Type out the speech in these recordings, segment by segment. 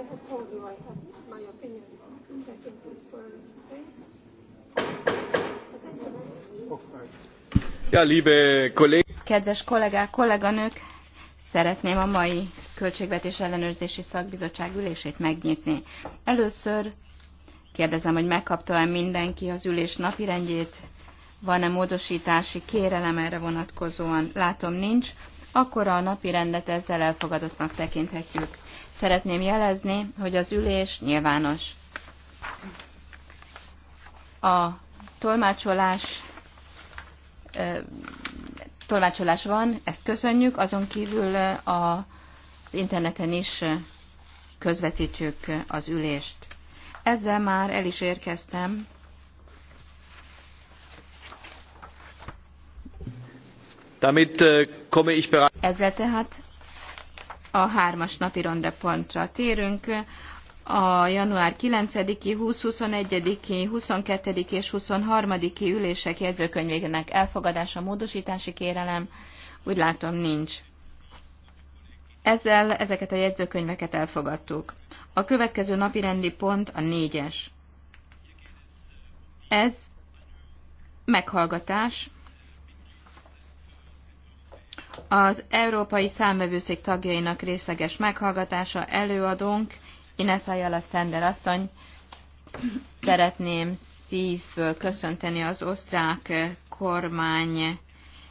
I have told you I have my opinion. I think it's for us to say. Ja, liebe Kedves kollégák, kolléganők, szeretném a mai Költségvetés Ellenőrzési Szakbizottság ülését megnyitni. Először kérdezem, hogy megkapta-e mindenki az ülés napirendjét, van-e módosítási kérelem erre vonatkozóan, látom nincs, akkor a napirendet ezzel elfogadottnak tekinthetjük. Szeretném jelezni, hogy az ülés nyilvános. A tolmácsolás tolmácsolás van, ezt köszönjük, azon kívül a, az interneten is közvetítjük az ülést. Ezzel már el is érkeztem. Damit, komme ich Ezzel tehát a hármas napi pontra térünk. A január 9-i, 20-21-i, 22 és 23 ülések jegyzőkönyvének elfogadása, módosítási kérelem úgy látom nincs. Ezzel ezeket a jegyzőkönyveket elfogadtuk. A következő napi rendi pont a négyes. Ez meghallgatás az Európai Számvevőszék tagjainak részleges meghallgatása előadónk, Ines Ayala Szender asszony, szeretném szívből köszönteni az osztrák kormány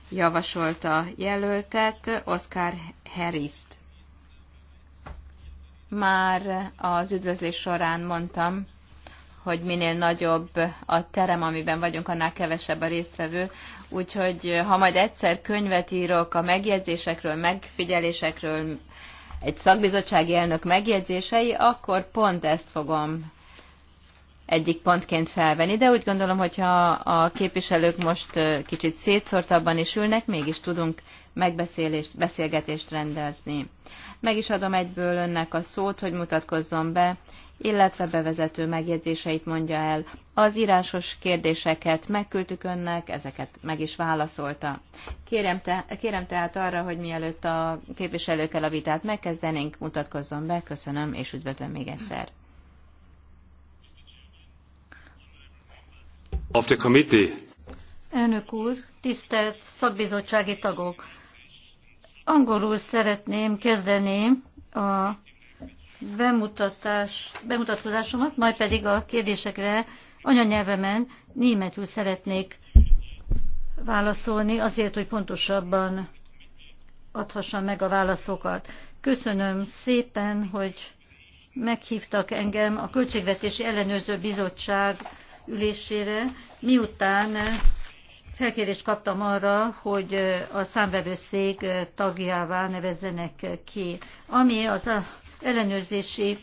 javasolta jelöltet, Oscar Harris-t. Már az üdvözlés során mondtam, hogy minél nagyobb a terem, amiben vagyunk, annál kevesebb a résztvevő úgyhogy eh, ha majd egyszer könyvet írok a megjegyzésekről, megfigyelésekről, egy szakbizottsági elnök megjegyzései, akkor pont ezt fogom egyik pontként felvenni, de úgy gondolom, hogyha a képviselők most eh, kicsit szétszortabban is ülnek, mégis tudunk megbeszélést, beszélgetést rendezni. Meg is adom egyből önnek a szót, hogy mutatkozzon be, illetve bevezető megjegyzéseit mondja el. Az írásos kérdéseket megküldtük önnek, ezeket meg is válaszolta. Kérem, te, kérem tehát arra, hogy mielőtt a képviselőkkel a vitát megkezdenénk, mutatkozzon be, köszönöm és üdvözlöm még egyszer. Of the committee. Elnök úr, tisztelt szakbizottsági tagok! Angolul szeretném kezdeni a bemutatás, bemutatkozásomat, majd pedig a kérdésekre anyanyelvemen németül szeretnék válaszolni, azért, hogy pontosabban adhassam meg a válaszokat. Köszönöm szépen, hogy meghívtak engem a Költségvetési Ellenőrző Bizottság ülésére, miután felkérést kaptam arra, hogy a számvevőszék tagjává nevezzenek ki. Ami az ellenőrzési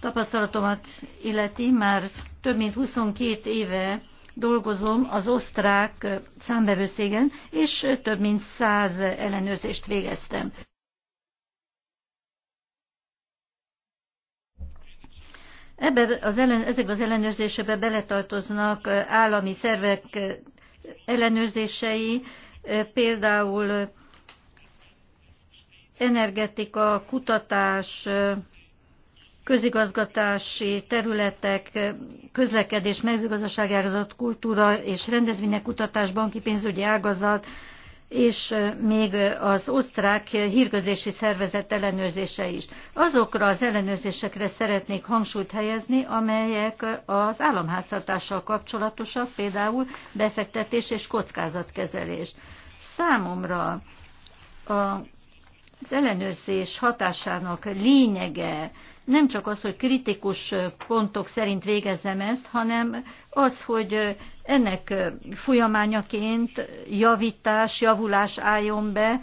tapasztalatomat illeti, már több mint 22 éve dolgozom az osztrák számbevőszégen, és több mint 100 ellenőrzést végeztem. Ebbe az ellen, ezekbe az ellenőrzésekbe beletartoznak állami szervek ellenőrzései, például energetika, kutatás, közigazgatási területek, közlekedés, mezőgazdaság ágazat, kultúra és rendezvények, kutatás, banki pénzügyi ágazat, és még az osztrák hírközlési szervezet ellenőrzése is. Azokra az ellenőrzésekre szeretnék hangsúlyt helyezni, amelyek az államháztartással kapcsolatosak, például befektetés és kockázatkezelés. Számomra a az ellenőrzés hatásának lényege nem csak az, hogy kritikus pontok szerint végezzem ezt, hanem az, hogy ennek folyamányaként javítás, javulás álljon be,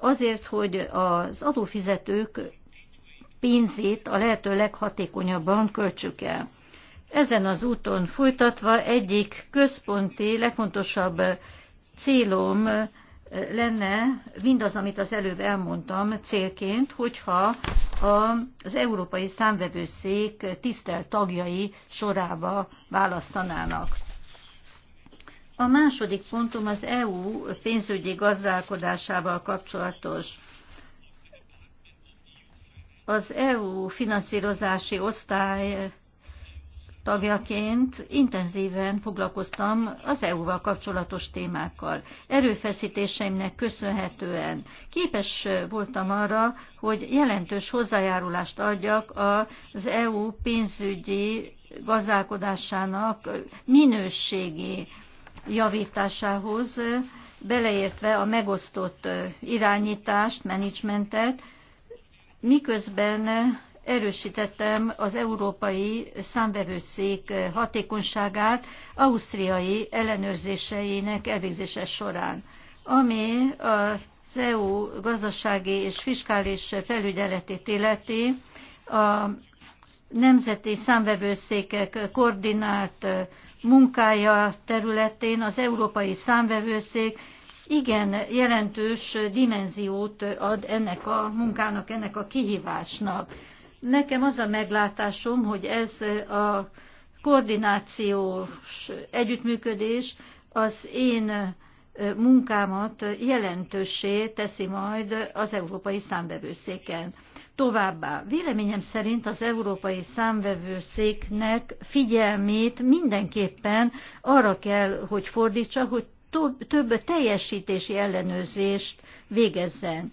azért, hogy az adófizetők pénzét a lehető leghatékonyabban költsük el. Ezen az úton folytatva egyik központi, legfontosabb célom lenne mindaz, amit az előbb elmondtam célként, hogyha az Európai Számvevőszék tisztelt tagjai sorába választanának. A második pontom az EU pénzügyi gazdálkodásával kapcsolatos. Az EU finanszírozási osztály tagjaként intenzíven foglalkoztam az EU-val kapcsolatos témákkal. Erőfeszítéseimnek köszönhetően képes voltam arra, hogy jelentős hozzájárulást adjak az EU pénzügyi gazdálkodásának minőségi javításához, beleértve a megosztott irányítást, menedzsmentet, miközben erősítettem az európai számvevőszék hatékonyságát ausztriai ellenőrzéseinek elvégzése során, ami az EU gazdasági és fiskális felügyeletét illeti, a nemzeti számvevőszékek koordinált munkája területén az európai számvevőszék igen jelentős dimenziót ad ennek a munkának, ennek a kihívásnak. Nekem az a meglátásom, hogy ez a koordinációs együttműködés az én munkámat jelentőssé teszi majd az Európai Számbevőszéken. Továbbá, véleményem szerint az Európai Számvevőszéknek figyelmét mindenképpen arra kell, hogy fordítsa, hogy több teljesítési ellenőrzést végezzen.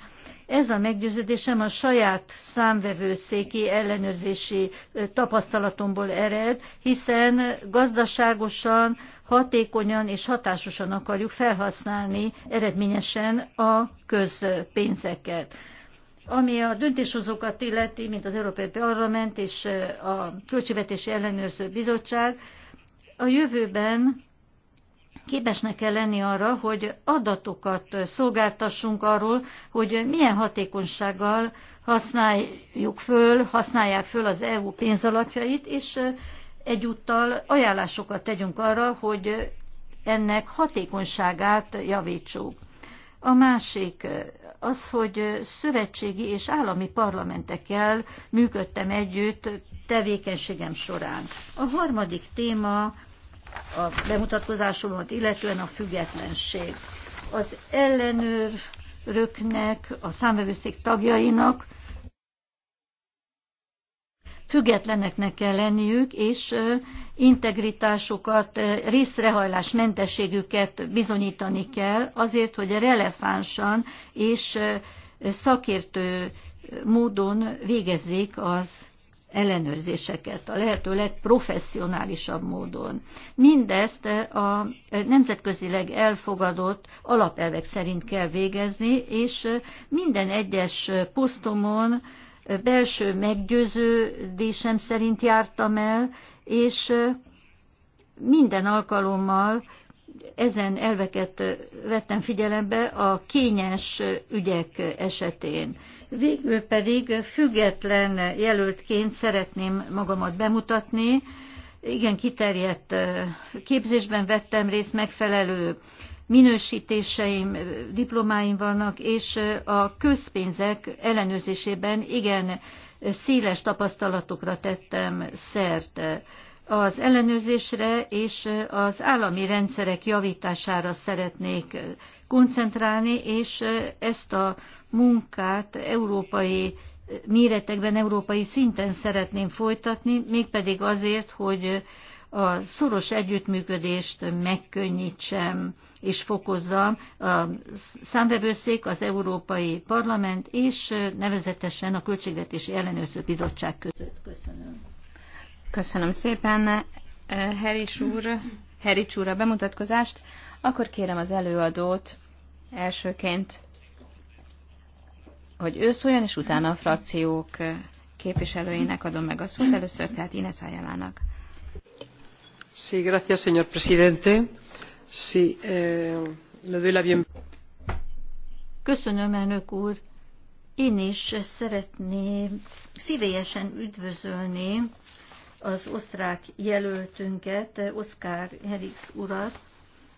Ez a meggyőződésem a saját számvevőszéki ellenőrzési tapasztalatomból ered, hiszen gazdaságosan, hatékonyan és hatásosan akarjuk felhasználni eredményesen a közpénzeket. Ami a döntéshozókat illeti, mint az Európai Parlament és a Költségvetési Ellenőrző Bizottság, a jövőben képesnek kell lenni arra, hogy adatokat szolgáltassunk arról, hogy milyen hatékonysággal használjuk föl, használják föl az EU pénzalapjait, és egyúttal ajánlásokat tegyünk arra, hogy ennek hatékonyságát javítsuk. A másik az, hogy szövetségi és állami parlamentekkel működtem együtt tevékenységem során. A harmadik téma a bemutatkozásomat, illetően a függetlenség. Az ellenőröknek, a számvevőszék tagjainak függetleneknek kell lenniük, és integritásukat, részrehajlás mentességüket bizonyítani kell, azért, hogy relevánsan és szakértő módon végezzék az ellenőrzéseket a lehető legprofessionálisabb módon. Mindezt a nemzetközileg elfogadott alapelvek szerint kell végezni, és minden egyes posztomon belső meggyőződésem szerint jártam el, és minden alkalommal ezen elveket vettem figyelembe a kényes ügyek esetén. Végül pedig független jelöltként szeretném magamat bemutatni. Igen, kiterjedt képzésben vettem részt, megfelelő minősítéseim, diplomáim vannak, és a közpénzek ellenőrzésében igen széles tapasztalatokra tettem szert az ellenőrzésre és az állami rendszerek javítására szeretnék koncentrálni, és ezt a munkát európai méretekben, európai szinten szeretném folytatni, mégpedig azért, hogy a szoros együttműködést megkönnyítsem és fokozzam a számvevőszék, az Európai Parlament és nevezetesen a Költségvetési Ellenőrző Bizottság között. Köszönöm. Köszönöm szépen, eh, Heris úr, Herics úr a bemutatkozást. Akkor kérem az előadót elsőként, hogy ő szóljon, és utána a frakciók eh, képviselőinek adom meg a szót. Először tehát Ines ayala Sí, gracias, señor presidente. Sí, eh, le doy la bien... Köszönöm, elnök úr. Én is szeretném szívélyesen üdvözölni az osztrák jelöltünket, Oszkár Herix urat,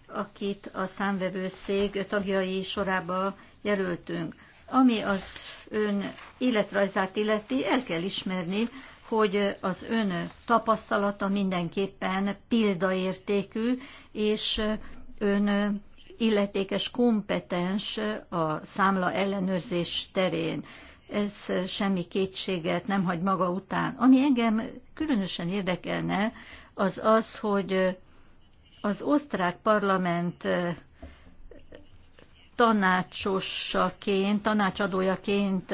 akit a Számvevőszék tagjai sorába jelöltünk. Ami az ön életrajzát illeti, el kell ismerni, hogy az ön tapasztalata mindenképpen példaértékű, és ön illetékes kompetens a számla ellenőrzés terén ez semmi kétséget nem hagy maga után. Ami engem különösen érdekelne, az az, hogy az osztrák parlament tanácsosaként, tanácsadójaként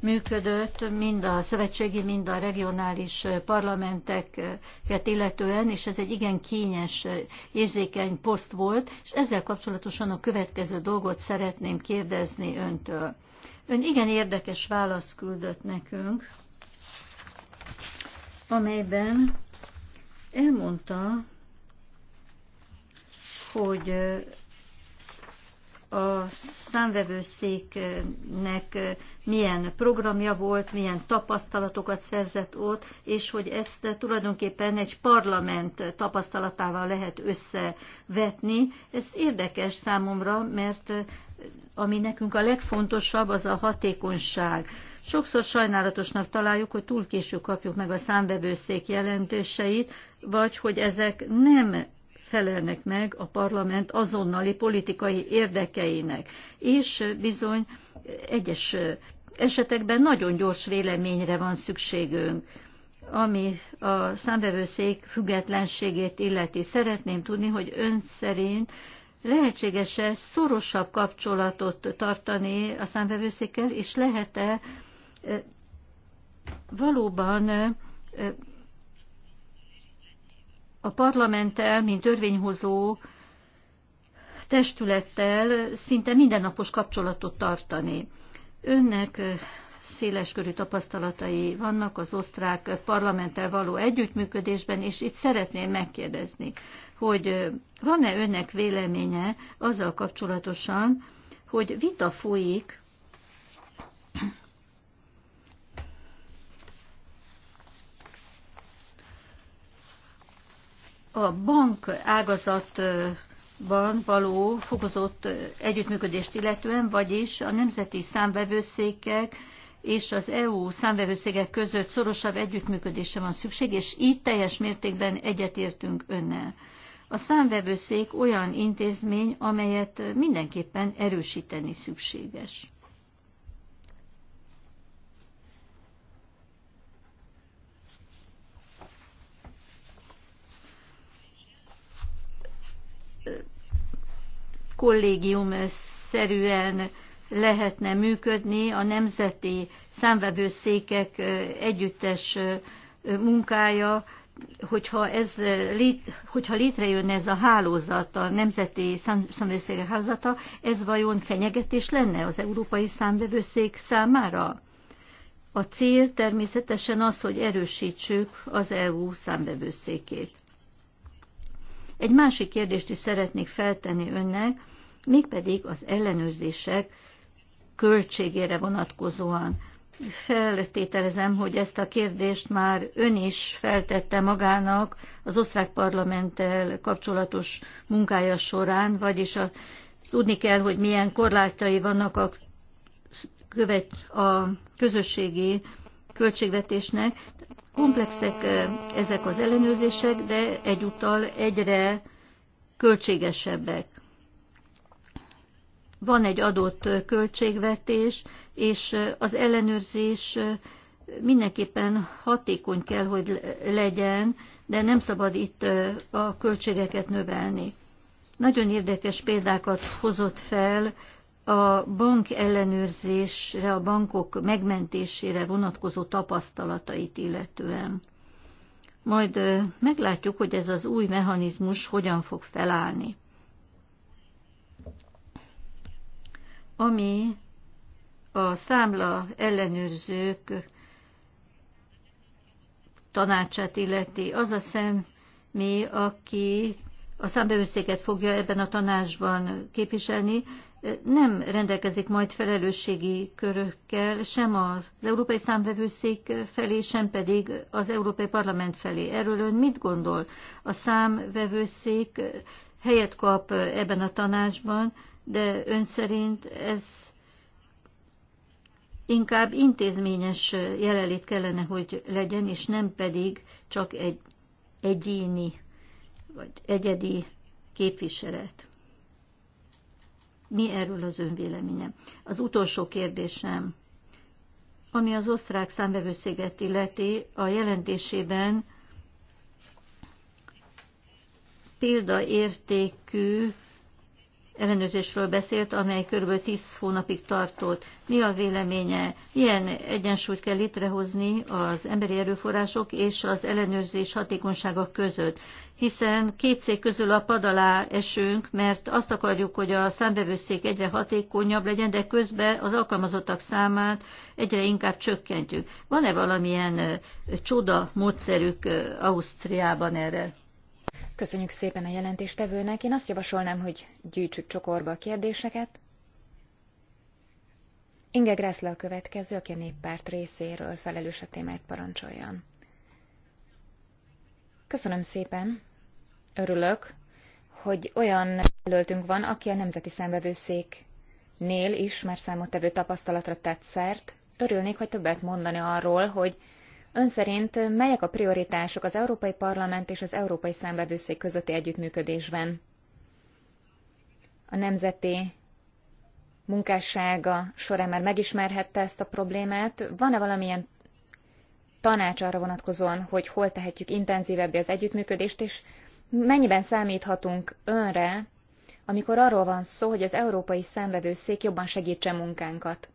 működött mind a szövetségi, mind a regionális parlamenteket illetően, és ez egy igen kényes, érzékeny poszt volt, és ezzel kapcsolatosan a következő dolgot szeretném kérdezni öntől. Ön igen érdekes választ küldött nekünk, amelyben elmondta, hogy a számvevőszéknek milyen programja volt, milyen tapasztalatokat szerzett ott, és hogy ezt tulajdonképpen egy parlament tapasztalatával lehet összevetni. Ez érdekes számomra, mert ami nekünk a legfontosabb, az a hatékonyság. Sokszor sajnálatosnak találjuk, hogy túl késő kapjuk meg a számvevőszék jelentéseit, vagy hogy ezek nem felelnek meg a parlament azonnali politikai érdekeinek. És bizony egyes esetekben nagyon gyors véleményre van szükségünk ami a számvevőszék függetlenségét illeti. Szeretném tudni, hogy ön szerint lehetséges-e szorosabb kapcsolatot tartani a számvevőszékkel, és lehet-e eh, valóban eh, a parlamenttel, mint törvényhozó testülettel szinte mindennapos kapcsolatot tartani. Önnek széleskörű tapasztalatai vannak az osztrák parlamenttel való együttműködésben, és itt szeretném megkérdezni, hogy van-e önnek véleménye azzal kapcsolatosan, hogy vita folyik a bank ágazatban való fokozott együttműködést illetően, vagyis a nemzeti számvevőszékek és az EU számvevőszégek között szorosabb együttműködésre van szükség, és így teljes mértékben egyetértünk önnel. A számvevőszék olyan intézmény, amelyet mindenképpen erősíteni szükséges. kollégium szerűen lehetne működni a nemzeti számvevőszékek együttes munkája, hogyha, ez, hogyha létrejön ez a hálózat, a Nemzeti Számvevőszék Hálózata, ez vajon fenyegetés lenne az Európai Számvevőszék számára? A cél természetesen az, hogy erősítsük az EU számvevőszékét. Egy másik kérdést is szeretnék feltenni önnek, mégpedig az ellenőrzések költségére vonatkozóan. Feltételezem, hogy ezt a kérdést már ön is feltette magának az osztrák parlamenttel kapcsolatos munkája során, vagyis a, tudni kell, hogy milyen korlátai vannak a, a közösségi költségvetésnek. Komplexek ezek az ellenőrzések, de egyúttal egyre költségesebbek. Van egy adott költségvetés, és az ellenőrzés mindenképpen hatékony kell, hogy legyen, de nem szabad itt a költségeket növelni. Nagyon érdekes példákat hozott fel a bank ellenőrzésre, a bankok megmentésére vonatkozó tapasztalatait illetően. Majd meglátjuk, hogy ez az új mechanizmus hogyan fog felállni. Ami a számla ellenőrzők tanácsát illeti, az a személy, aki a számbevőszéket fogja ebben a tanácsban képviselni, nem rendelkezik majd felelősségi körökkel, sem az Európai Számvevőszék felé, sem pedig az Európai Parlament felé. Erről ön mit gondol? A számvevőszék helyet kap ebben a tanácsban, de ön szerint ez inkább intézményes jelenlét kellene, hogy legyen, és nem pedig csak egy egyéni vagy egyedi képviselet. Mi erről az ön véleménye? Az utolsó kérdésem, ami az osztrák számvevőszéget illeti, a jelentésében példaértékű ellenőrzésről beszélt, amely kb. 10 hónapig tartott. Mi a véleménye? Milyen egyensúlyt kell létrehozni az emberi erőforrások és az ellenőrzés hatékonysága között? Hiszen két szék közül a pad alá esünk, mert azt akarjuk, hogy a számbevőszék egyre hatékonyabb legyen, de közben az alkalmazottak számát egyre inkább csökkentjük. Van-e valamilyen csoda módszerük Ausztriában erre? Köszönjük szépen a jelentéstevőnek. Én azt javasolnám, hogy gyűjtsük csokorba a kérdéseket. Inge Gressle a következő, aki a néppárt részéről felelős a témát parancsoljon. Köszönöm szépen. Örülök, hogy olyan jelöltünk van, aki a Nemzeti Számbevőszéknél is már számottevő tapasztalatra tett szert. Örülnék, hogy többet mondani arról, hogy Ön szerint melyek a prioritások az Európai Parlament és az Európai Számbevőszék közötti együttműködésben? A nemzeti munkássága során már megismerhette ezt a problémát. Van-e valamilyen tanács arra vonatkozóan, hogy hol tehetjük intenzívebbé az együttműködést, és mennyiben számíthatunk önre, amikor arról van szó, hogy az Európai Számvevőszék jobban segítse munkánkat?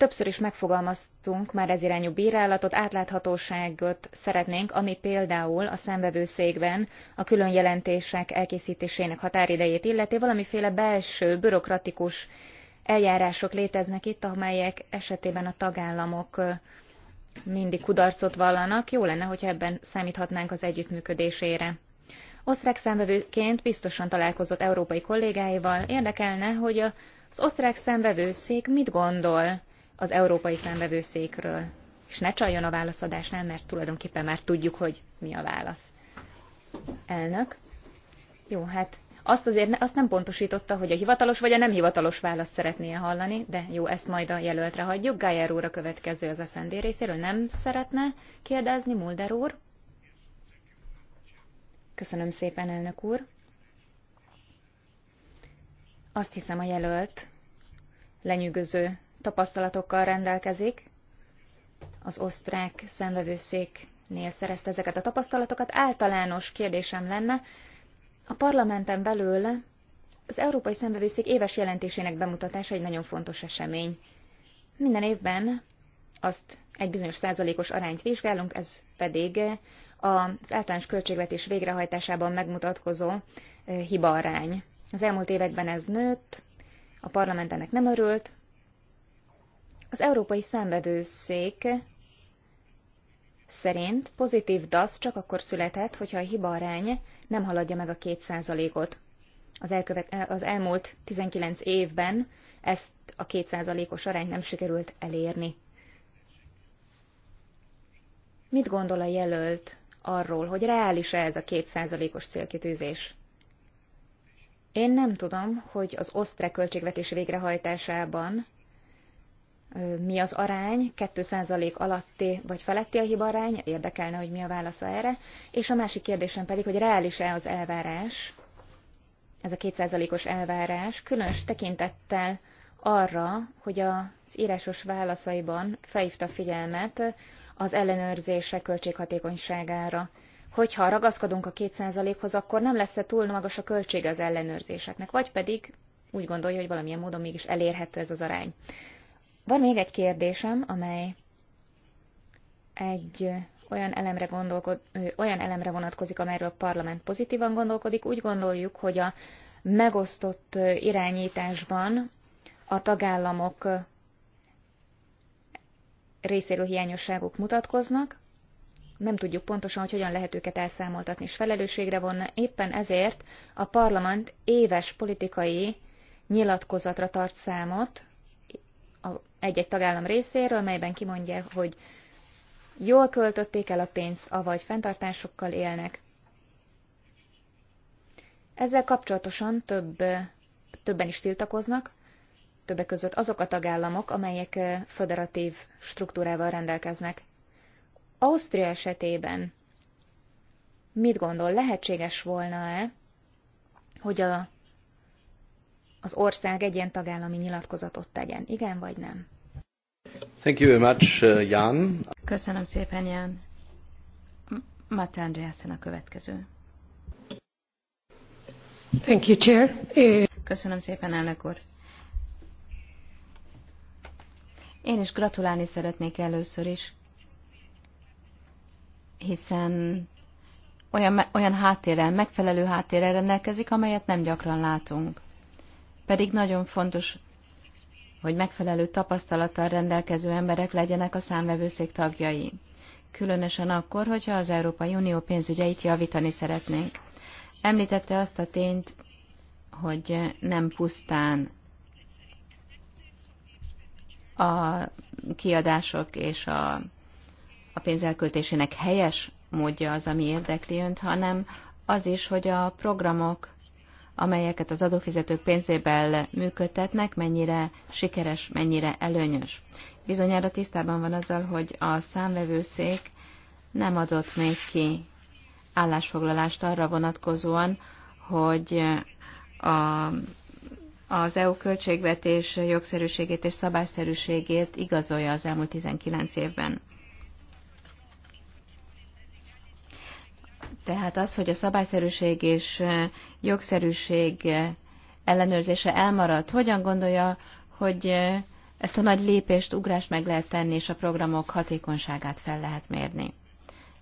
Többször is megfogalmaztunk már ez irányú bírálatot, átláthatóságot szeretnénk, ami például a szembevőszékben a külön jelentések elkészítésének határidejét illeti, valamiféle belső, bürokratikus eljárások léteznek itt, amelyek esetében a tagállamok mindig kudarcot vallanak. Jó lenne, hogyha ebben számíthatnánk az együttműködésére. Osztrák számvevőként biztosan találkozott európai kollégáival. Érdekelne, hogy az osztrák számvevőszék mit gondol az Európai Számvevőszékről. És ne csaljon a válaszadásnál, mert tulajdonképpen már tudjuk, hogy mi a válasz. Elnök. Jó, hát azt azért ne, azt nem pontosította, hogy a hivatalos vagy a nem hivatalos választ szeretné hallani, de jó, ezt majd a jelöltre hagyjuk. Gájer úr a következő az SZND részéről. Nem szeretne kérdezni, Mulder úr? Köszönöm szépen, elnök úr. Azt hiszem a jelölt lenyűgöző tapasztalatokkal rendelkezik, az osztrák szemvevőszéknél szerezte ezeket a tapasztalatokat. Általános kérdésem lenne, a parlamenten belül az Európai Szemvevőszék éves jelentésének bemutatása egy nagyon fontos esemény. Minden évben azt egy bizonyos százalékos arányt vizsgálunk, ez pedig az általános költségvetés végrehajtásában megmutatkozó eh, hibaarány. Az elmúlt években ez nőtt, a parlament ennek nem örült, az Európai Számbevőszék szerint pozitív DASZ csak akkor született, hogyha a arány nem haladja meg a 2%-ot. Az, elkövet, az elmúlt 19 évben ezt a 2%-os arányt nem sikerült elérni. Mit gondol a jelölt arról, hogy reális-e ez a 2%-os célkitűzés? Én nem tudom, hogy az osztrák költségvetés végrehajtásában mi az arány, 2% alatti vagy feletti a hibarány, érdekelne, hogy mi a válasza erre, és a másik kérdésem pedig, hogy reális-e az elvárás, ez a 2%-os elvárás, különös tekintettel arra, hogy az írásos válaszaiban felhívta figyelmet az ellenőrzése költséghatékonyságára. Hogyha ragaszkodunk a 2%-hoz, akkor nem lesz-e túl magas a költsége az ellenőrzéseknek, vagy pedig úgy gondolja, hogy valamilyen módon mégis elérhető ez az arány. Van még egy kérdésem, amely egy olyan elemre, gondolkod, olyan elemre vonatkozik, amelyről a parlament pozitívan gondolkodik. Úgy gondoljuk, hogy a megosztott irányításban a tagállamok részéről hiányosságok mutatkoznak, nem tudjuk pontosan, hogy hogyan lehet őket elszámoltatni és felelősségre vonna. Éppen ezért a parlament éves politikai nyilatkozatra tart számot, egy-egy tagállam részéről, melyben kimondja, hogy jól költötték el a pénzt, avagy fenntartásokkal élnek. Ezzel kapcsolatosan több, többen is tiltakoznak, többek között azok a tagállamok, amelyek föderatív struktúrával rendelkeznek. Ausztria esetében mit gondol, lehetséges volna-e, hogy a az ország egy ilyen tagállami nyilatkozatot tegyen. Igen vagy nem? Thank you very much, uh, Jan. Köszönöm szépen, Jan. Mata Andreasen a következő. Thank you, Chair. Eh, Köszönöm szépen, elnök úr. Én is gratulálni szeretnék először is, hiszen olyan, olyan háttérrel, megfelelő háttérrel rendelkezik, amelyet nem gyakran látunk pedig nagyon fontos, hogy megfelelő tapasztalattal rendelkező emberek legyenek a számvevőszék tagjai. Különösen akkor, hogyha az Európai Unió pénzügyeit javítani szeretnénk. Említette azt a tényt, hogy nem pusztán a kiadások és a, a pénzelköltésének helyes módja az, ami érdekli önt, hanem az is, hogy a programok amelyeket az adófizetők pénzéből működtetnek, mennyire sikeres, mennyire előnyös. Bizonyára tisztában van azzal, hogy a számvevőszék nem adott még ki állásfoglalást arra vonatkozóan, hogy a, az EU költségvetés jogszerűségét és szabályszerűségét igazolja az elmúlt 19 évben. Tehát az, hogy a szabályszerűség és jogszerűség ellenőrzése elmaradt. hogyan gondolja, hogy ezt a nagy lépést, ugrást meg lehet tenni, és a programok hatékonyságát fel lehet mérni.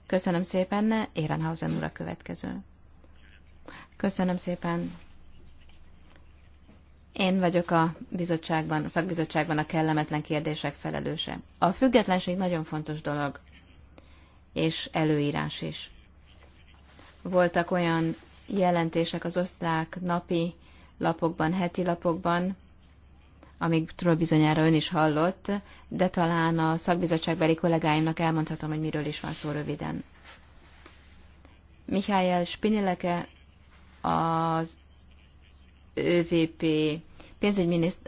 Köszönöm szépen, Ehrenhausen úr a következő. Köszönöm szépen. Én vagyok a bizottságban, a szakbizottságban a kellemetlen kérdések felelőse. A függetlenség nagyon fontos dolog, és előírás is voltak olyan jelentések az osztrák napi lapokban, heti lapokban, amikről bizonyára ön is hallott, de talán a szakbizottságbeli kollégáimnak elmondhatom, hogy miről is van szó röviden. Mihályel Spinileke az ÖVP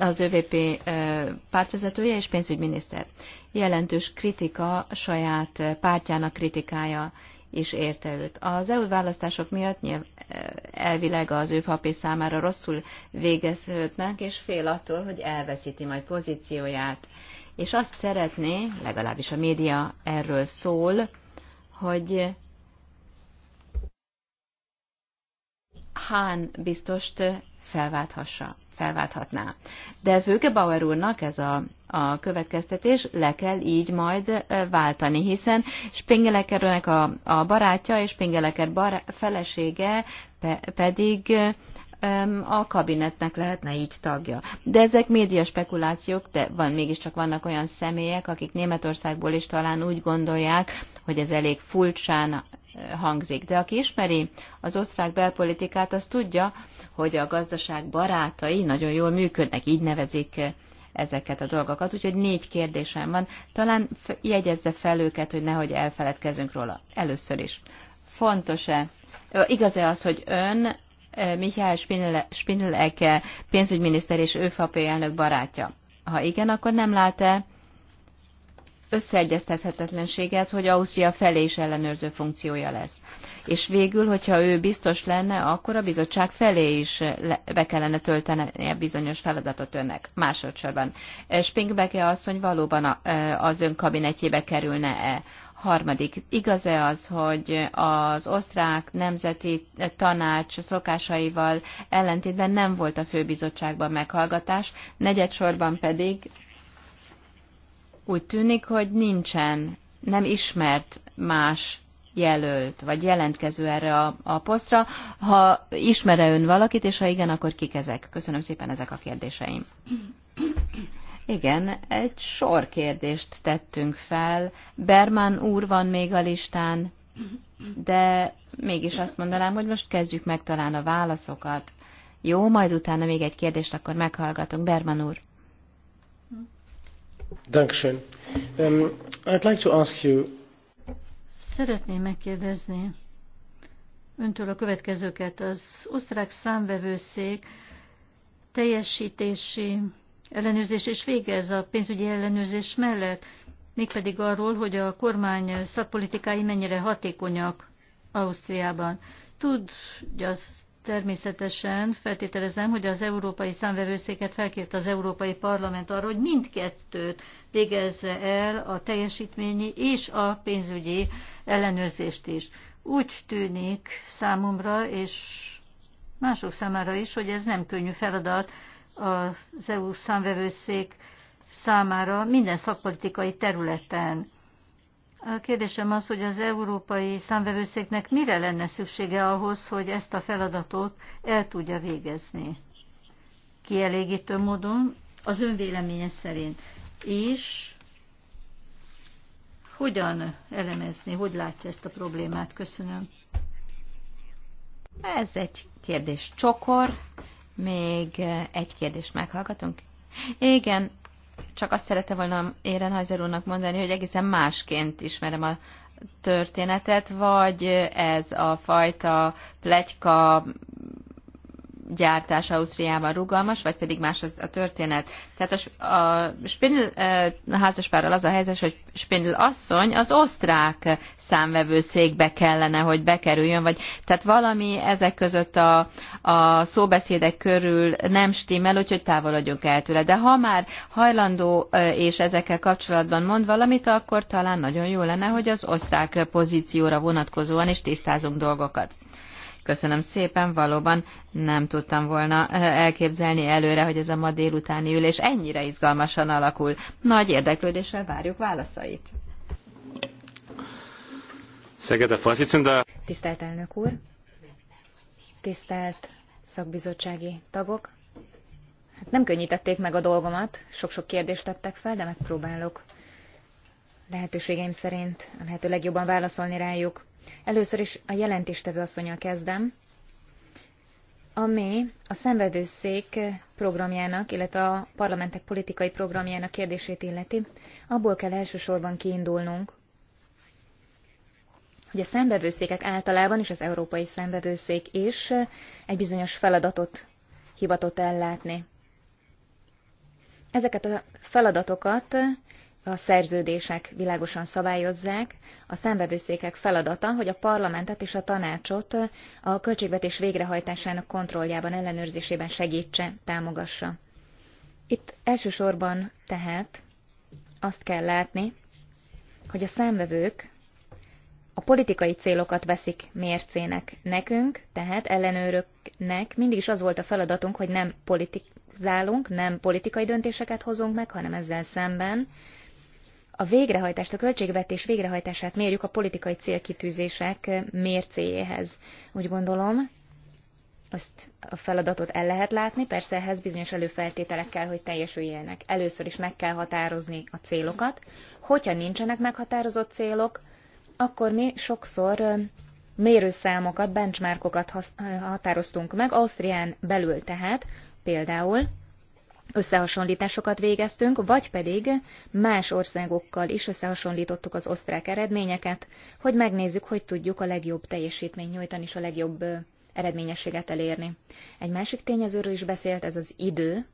az ÖVP pártvezetője és pénzügyminiszter. Jelentős kritika, saját pártjának kritikája is érte őt. Az EU választások miatt nyilv, elvileg az ő papír számára rosszul végeződnek, és fél attól, hogy elveszíti majd pozícióját. És azt szeretné, legalábbis a média erről szól, hogy Hán biztost felválthassa felválthatná. De Főkebauer úrnak ez a, a következtetés le kell így majd váltani, hiszen Spengelekerőnek a, a barátja és Spengeleker bará- felesége pe- pedig a kabinetnek lehetne így tagja. De ezek média spekulációk, de van, mégiscsak vannak olyan személyek, akik Németországból is talán úgy gondolják, hogy ez elég furcsán eh, hangzik. De aki ismeri az osztrák belpolitikát, az tudja, hogy a gazdaság barátai nagyon jól működnek, így nevezik eh, ezeket a dolgokat. Úgyhogy négy kérdésem van. Talán jegyezze fel őket, hogy nehogy elfeledkezünk róla. Először is. Fontos-e, igaz-e az, hogy ön Mihály Spindleke pénzügyminiszter és ÖFAP elnök barátja? Ha igen, akkor nem lát-e összeegyeztethetetlenséget, hogy Ausztria felé is ellenőrző funkciója lesz. És végül, hogyha ő biztos lenne, akkor a bizottság felé is be kellene töltenie bizonyos feladatot önnek. Másodszorban. Spinkbeke asszony valóban az ön kabinetjébe kerülne-e? Harmadik, igaz-e az, hogy az osztrák nemzeti tanács szokásaival ellentétben nem volt a főbizottságban meghallgatás, negyedsorban pedig úgy tűnik, hogy nincsen, nem ismert más jelölt, vagy jelentkező erre a, a posztra. Ha ismere ön valakit, és ha igen, akkor kik ezek? Köszönöm szépen ezek a kérdéseim. Igen, egy sor kérdést tettünk fel. Berman úr van még a listán, de mégis azt mondanám, hogy most kezdjük meg talán a válaszokat. Jó, majd utána még egy kérdést akkor meghallgatunk. Berman úr. Dankeschön. Um, I'd like to ask you... Szeretném megkérdezni öntől a következőket. Az osztrák számvevőszék teljesítési ellenőrzés is végez a pénzügyi ellenőrzés mellett, mégpedig arról, hogy a kormány szakpolitikái mennyire hatékonyak Ausztriában. az természetesen, feltételezem, hogy az Európai Számvevőszéket felkért az Európai Parlament arra, hogy mindkettőt végezze el a teljesítményi és a pénzügyi ellenőrzést is. Úgy tűnik számomra, és mások számára is, hogy ez nem könnyű feladat, az EU számvevőszék számára minden szakpolitikai területen. A kérdésem az, hogy az európai számvevőszéknek mire lenne szüksége ahhoz, hogy ezt a feladatot el tudja végezni kielégítő módon, az ön véleménye szerint. És hogyan elemezni, hogy látja ezt a problémát? Köszönöm. Ez egy kérdés csokor, még eh, egy kérdést meghallgatunk? Igen, csak azt szerette volna Érenhajzer úrnak mondani, hogy egészen másként ismerem a történetet, vagy ez a fajta plegyka gyártás Ausztriában rugalmas, vagy pedig más a történet. Tehát a, a Spindl a házaspárral az a helyzet, hogy Spindl asszony az osztrák számvevőszékbe kellene, hogy bekerüljön, vagy tehát valami ezek között a, a szóbeszédek körül nem stimmel, úgyhogy távolodjunk el tőle. De ha már hajlandó és ezekkel kapcsolatban mond valamit, akkor talán nagyon jó lenne, hogy az osztrák pozícióra vonatkozóan is tisztázunk dolgokat. Köszönöm szépen, valóban nem tudtam volna eh, elképzelni előre, hogy ez a ma délutáni ülés ennyire izgalmasan alakul. Nagy érdeklődéssel várjuk válaszait. Szegede Faszicinda. Tisztelt elnök úr, tisztelt szakbizottsági tagok, Hát nem könnyítették meg a dolgomat, sok-sok kérdést tettek fel, de megpróbálok lehetőségeim szerint a lehető legjobban válaszolni rájuk. Először is a jelentéstevő asszonyal kezdem, ami a szenvedőszék programjának, illetve a parlamentek politikai programjának kérdését illeti, abból kell elsősorban kiindulnunk, hogy a szembevőszékek általában, és az európai szembevőszék is egy bizonyos feladatot hivatott ellátni. Ezeket a feladatokat a szerződések világosan szabályozzák, a számbevőszékek feladata, hogy a parlamentet és a tanácsot a költségvetés végrehajtásának kontrolljában, ellenőrzésében segítse, támogassa. Itt elsősorban tehát azt kell látni, hogy a számvevők a politikai célokat veszik mércének nekünk, tehát ellenőröknek mindig is az volt a feladatunk, hogy nem politizálunk, nem politikai döntéseket hozunk meg, hanem ezzel szemben a végrehajtást, a költségvetés végrehajtását mérjük a politikai célkitűzések mércéjéhez. Úgy gondolom, Ezt a feladatot el lehet látni, persze ehhez bizonyos előfeltételek kell, hogy teljesüljenek. Először is meg kell határozni a célokat. Hogyha nincsenek meghatározott célok, akkor mi sokszor mérőszámokat, benchmarkokat határoztunk meg, Ausztrián belül tehát, például összehasonlításokat végeztünk, vagy pedig más országokkal is összehasonlítottuk az osztrák eredményeket, hogy megnézzük, hogy tudjuk a legjobb teljesítményt nyújtani és a legjobb eredményességet elérni. Egy másik tényezőről is beszélt, ez az idő.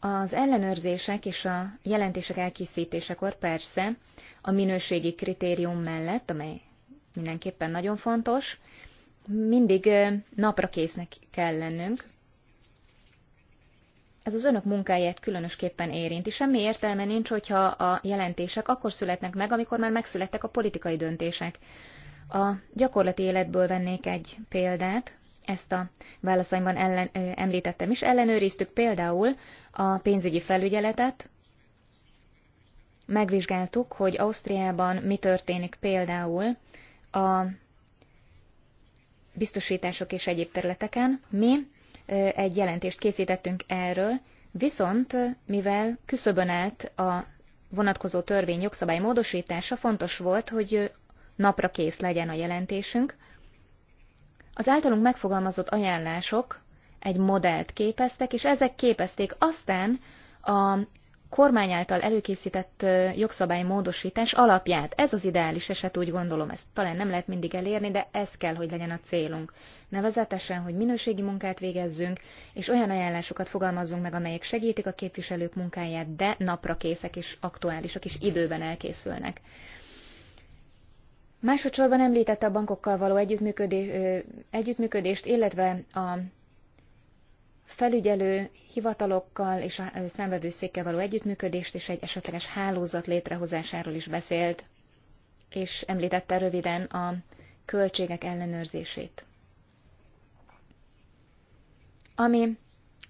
Az ellenőrzések és a jelentések elkészítésekor persze a minőségi kritérium mellett, amely mindenképpen nagyon fontos, mindig napra késznek kell lennünk, ez az önök munkáját különösképpen érinti. Semmi értelme nincs, hogyha a jelentések akkor születnek meg, amikor már megszülettek a politikai döntések. A gyakorlati életből vennék egy példát, ezt a válaszaimban ellen, ö, említettem is. Ellenőriztük például a pénzügyi felügyeletet, megvizsgáltuk, hogy Ausztriában mi történik például a biztosítások és egyéb területeken. Mi egy jelentést készítettünk erről, viszont mivel küszöbön állt a vonatkozó törvény jogszabály módosítása, fontos volt, hogy napra kész legyen a jelentésünk. Az általunk megfogalmazott ajánlások egy modellt képeztek, és ezek képezték aztán a kormány által előkészített jogszabálymódosítás alapját. Ez az ideális eset, úgy gondolom, ezt talán nem lehet mindig elérni, de ez kell, hogy legyen a célunk. Nevezetesen, hogy minőségi munkát végezzünk, és olyan ajánlásokat fogalmazzunk meg, amelyek segítik a képviselők munkáját, de napra készek és aktuálisak, és időben elkészülnek. Másodszorban említette a bankokkal való együttműködést, illetve a felügyelő hivatalokkal és a szembevőszékkel való együttműködést és egy esetleges hálózat létrehozásáról is beszélt, és említette röviden a költségek ellenőrzését. Ami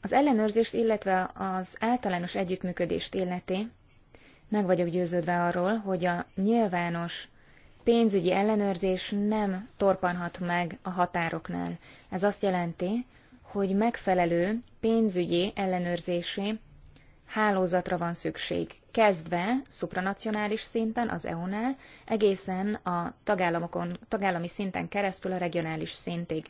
az ellenőrzést, illetve az általános együttműködést illeti, meg vagyok győződve arról, hogy a nyilvános pénzügyi ellenőrzés nem torpanhat meg a határoknál. Ez azt jelenti, hogy megfelelő pénzügyi ellenőrzési hálózatra van szükség, kezdve szupranacionális szinten, az EU-nál, egészen a tagállamokon, tagállami szinten keresztül a regionális szintig.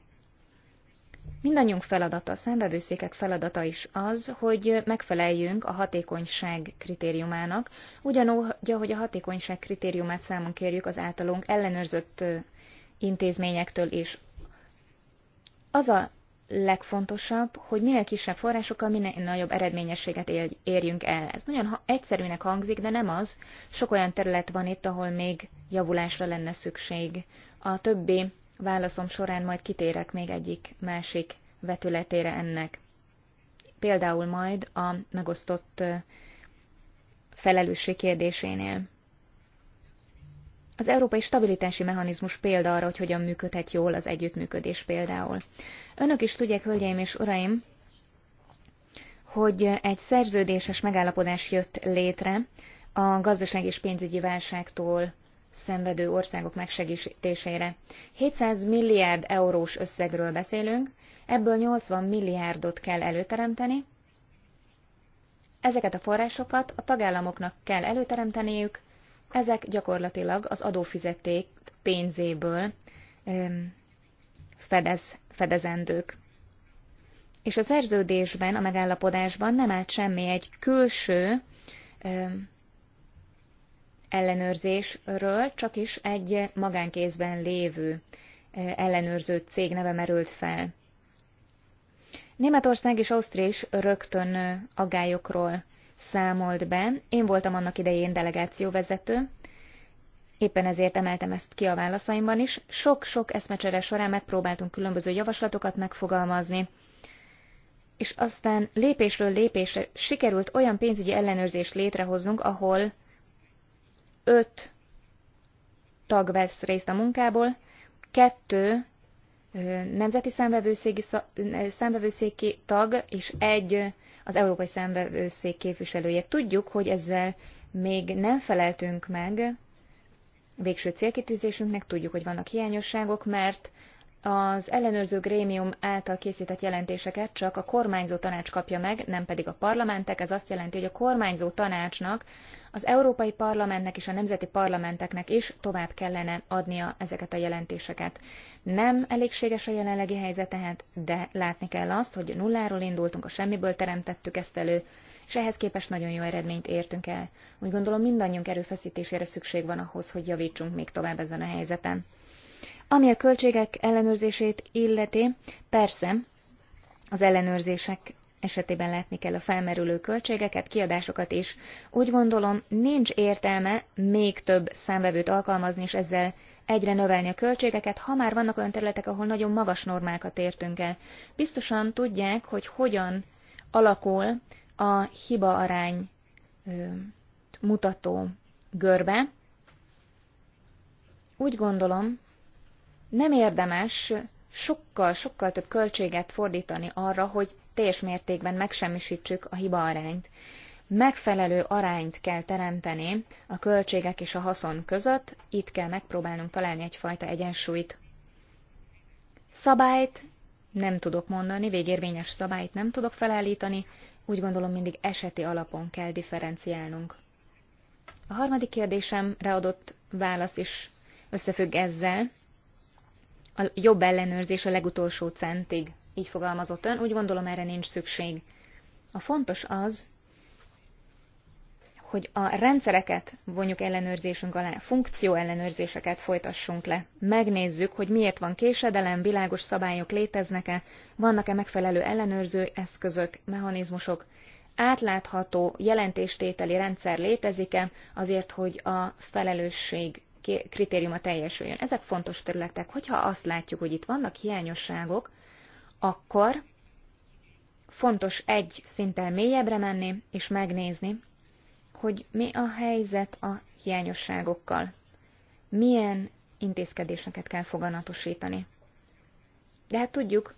Mindannyiunk feladata, a számbevőszékek feladata is az, hogy megfeleljünk a hatékonyság kritériumának, ugyanúgy, ahogy a hatékonyság kritériumát számon kérjük az általunk ellenőrzött intézményektől is. Az a legfontosabb, hogy minél kisebb forrásokkal minél nagyobb eredményességet érjünk el. Ez nagyon egyszerűnek hangzik, de nem az. Sok olyan terület van itt, ahol még javulásra lenne szükség. A többi válaszom során majd kitérek még egyik másik vetületére ennek. Például majd a megosztott felelősség kérdésénél. Az európai stabilitási mechanizmus példa arra, hogy hogyan működhet jól az együttműködés például. Önök is tudják, hölgyeim és uraim, hogy egy szerződéses megállapodás jött létre a gazdaság és pénzügyi válságtól szenvedő országok megsegítésére. 700 milliárd eurós összegről beszélünk, ebből 80 milliárdot kell előteremteni. Ezeket a forrásokat a tagállamoknak kell előteremteniük, ezek gyakorlatilag az adófizeték pénzéből fedez, fedezendők. És a szerződésben, a megállapodásban nem állt semmi egy külső ellenőrzésről, csak is egy magánkézben lévő e, ellenőrző cég neve merült fel. Németország és Ausztria is rögtön aggályokról számolt be. Én voltam annak idején delegációvezető, éppen ezért emeltem ezt ki a válaszaimban is. Sok-sok eszmecsere során megpróbáltunk különböző javaslatokat megfogalmazni, és aztán lépésről lépésre sikerült olyan pénzügyi ellenőrzést létrehoznunk, ahol öt tag vesz részt a munkából, kettő nemzeti számvevőszéki tag és egy az Európai Szembevőszék képviselője. Tudjuk, hogy ezzel még nem feleltünk meg végső célkitűzésünknek, tudjuk, hogy vannak hiányosságok, mert az ellenőrző grémium által készített jelentéseket csak a kormányzó tanács kapja meg, nem pedig a parlamentek. Ez azt jelenti, hogy a kormányzó tanácsnak, az Európai Parlamentnek és a nemzeti parlamenteknek is tovább kellene adnia ezeket a jelentéseket. Nem elégséges a jelenlegi helyzet tehát, de látni kell azt, hogy nulláról indultunk, a semmiből teremtettük ezt elő, és ehhez képest nagyon jó eredményt értünk el. Úgy gondolom mindannyiunk erőfeszítésére szükség van ahhoz, hogy javítsunk még tovább ezen a helyzeten. Ami a költségek ellenőrzését illeti, persze az ellenőrzések esetében látni kell a felmerülő költségeket, kiadásokat is. Úgy gondolom, nincs értelme még több számvevőt alkalmazni, és ezzel egyre növelni a költségeket, ha már vannak olyan területek, ahol nagyon magas normákat értünk el. Biztosan tudják, hogy hogyan alakul a hiba arány mutató görbe. Úgy gondolom, nem érdemes sokkal-sokkal több költséget fordítani arra, hogy teljes mértékben megsemmisítsük a hiba arányt. Megfelelő arányt kell teremteni a költségek és a haszon között, itt kell megpróbálnunk találni egyfajta egyensúlyt. Szabályt nem tudok mondani, végérvényes szabályt nem tudok felállítani, úgy gondolom mindig eseti alapon kell differenciálnunk. A harmadik kérdésemre adott válasz is összefügg ezzel a jobb ellenőrzés a legutolsó centig. Így fogalmazott ön, úgy gondolom erre nincs szükség. A fontos az, hogy a rendszereket vonjuk ellenőrzésünk alá, funkció ellenőrzéseket folytassunk le. Megnézzük, hogy miért van késedelem, világos szabályok léteznek-e, vannak-e megfelelő ellenőrző eszközök, mechanizmusok, átlátható jelentéstételi rendszer létezik-e azért, hogy a felelősség kritériuma teljesüljön. Ezek fontos területek. Hogyha azt látjuk, hogy itt vannak hiányosságok, akkor fontos egy szinten mélyebbre menni és megnézni, hogy mi a helyzet a hiányosságokkal. Milyen intézkedéseket kell foganatosítani. De hát tudjuk,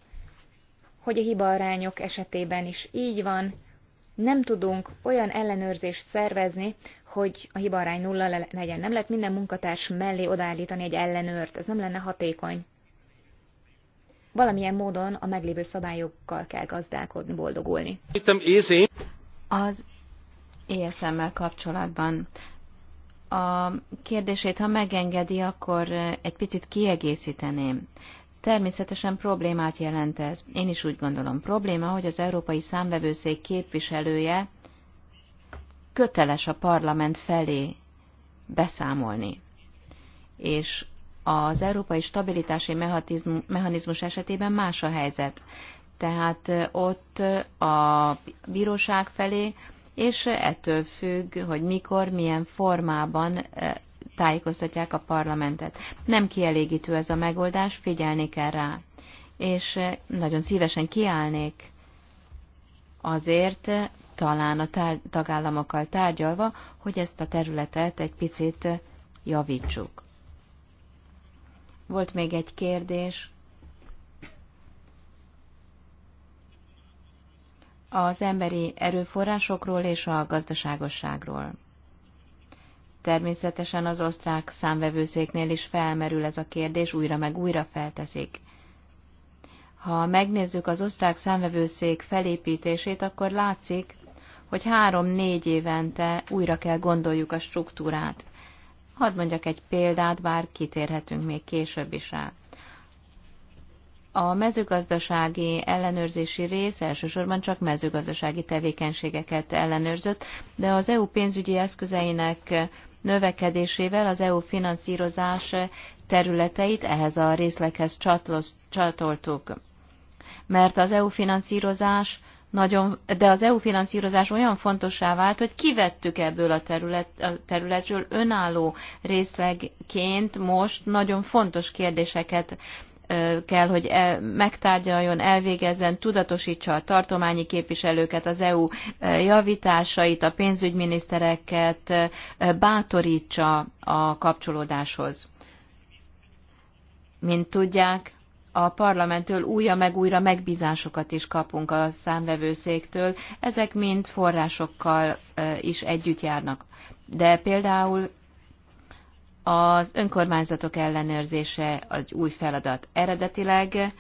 hogy a hibaarányok esetében is így van, nem tudunk olyan ellenőrzést szervezni, hogy a hibarány nulla legyen. Nem lehet minden munkatárs mellé odaállítani egy ellenőrt, ez nem lenne hatékony. Valamilyen módon a meglévő szabályokkal kell gazdálkodni, boldogulni. Az ESM-mel kapcsolatban a kérdését, ha megengedi, akkor egy picit kiegészíteném. Természetesen problémát jelent ez. Én is úgy gondolom probléma, hogy az Európai Számvevőszék képviselője köteles a parlament felé beszámolni. És az európai stabilitási mechanizmus esetében más a helyzet. Tehát ott a bíróság felé, és ettől függ, hogy mikor, milyen formában tájékoztatják a parlamentet. Nem kielégítő ez a megoldás, figyelni kell rá. És eh, nagyon szívesen kiállnék azért, talán a tár- tagállamokkal tárgyalva, hogy ezt a területet egy picit eh, javítsuk. Volt még egy kérdés. Az emberi erőforrásokról és a gazdaságosságról. Természetesen az osztrák számvevőszéknél is felmerül ez a kérdés, újra meg újra felteszik. Ha megnézzük az osztrák számvevőszék felépítését, akkor látszik, hogy három-négy évente újra kell gondoljuk a struktúrát. Hadd mondjak egy példát, bár kitérhetünk még később is rá. A mezőgazdasági ellenőrzési rész elsősorban csak mezőgazdasági tevékenységeket ellenőrzött, de az EU pénzügyi eszközeinek növekedésével az EU finanszírozás területeit ehhez a részleghez csatoltuk. Mert az EU finanszírozás nagyon, de az EU finanszírozás olyan fontossá vált, hogy kivettük ebből a, terület, a területről önálló részlegként most nagyon fontos kérdéseket kell, hogy e, megtárgyaljon, elvégezzen, tudatosítsa a tartományi képviselőket, az EU javításait, a pénzügyminisztereket, bátorítsa a kapcsolódáshoz. Mint tudják, a parlamenttől újra meg újra megbízásokat is kapunk a számvevőszéktől, ezek mind forrásokkal is együtt járnak. De például az önkormányzatok ellenőrzése az új feladat eredetileg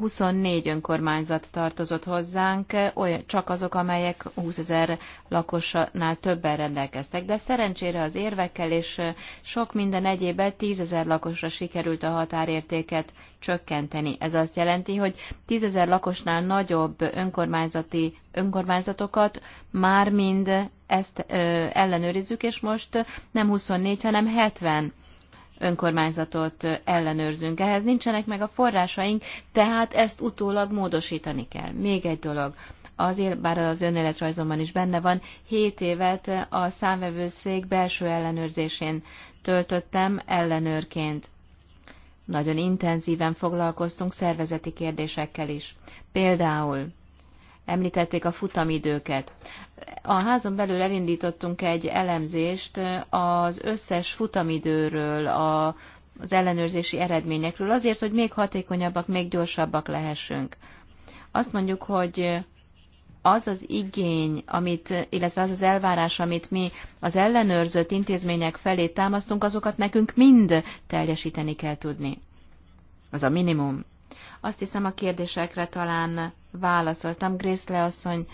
24 önkormányzat tartozott hozzánk, olyan, csak azok, amelyek 20 ezer lakosnál többen rendelkeztek. De szerencsére az érvekkel és sok minden egyébben 10 ezer lakosra sikerült a határértéket csökkenteni. Ez azt jelenti, hogy 10 ezer lakosnál nagyobb önkormányzati önkormányzatokat már mind ezt ö, ellenőrizzük, és most nem 24, hanem 70 önkormányzatot ellenőrzünk. Ehhez nincsenek meg a forrásaink, tehát ezt utólag módosítani kell. Még egy dolog azért bár az önéletrajzomban is benne van, 7 évet a számvevőszék belső ellenőrzésén töltöttem ellenőrként. Nagyon intenzíven foglalkoztunk szervezeti kérdésekkel is. Például említették a futamidőket. A házon belül elindítottunk egy elemzést az összes futamidőről, a, az ellenőrzési eredményekről, azért, hogy még hatékonyabbak, még gyorsabbak lehessünk. Azt mondjuk, hogy az az igény, amit, illetve az az elvárás, amit mi az ellenőrzött intézmények felé támasztunk, azokat nekünk mind teljesíteni kell tudni. Az a minimum. Azt hiszem a kérdésekre talán válaszoltam. Grész leasszony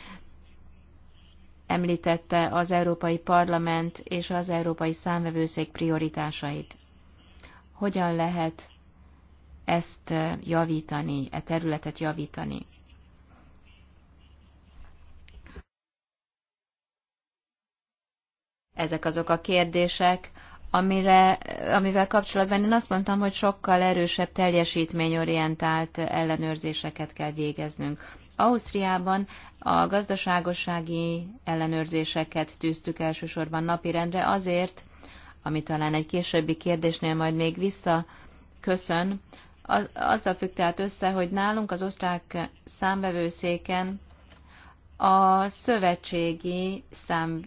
említette az Európai Parlament és az Európai Számvevőszék prioritásait. Hogyan lehet ezt javítani, e területet javítani? Ezek azok a kérdések, amire, amivel kapcsolatban én azt mondtam, hogy sokkal erősebb teljesítményorientált ellenőrzéseket kell végeznünk. Ausztriában a gazdaságossági ellenőrzéseket tűztük elsősorban napirendre azért, ami talán egy későbbi kérdésnél majd még vissza köszön, azzal függ tehát össze, hogy nálunk az osztrák számvevőszéken a szövetségi szám,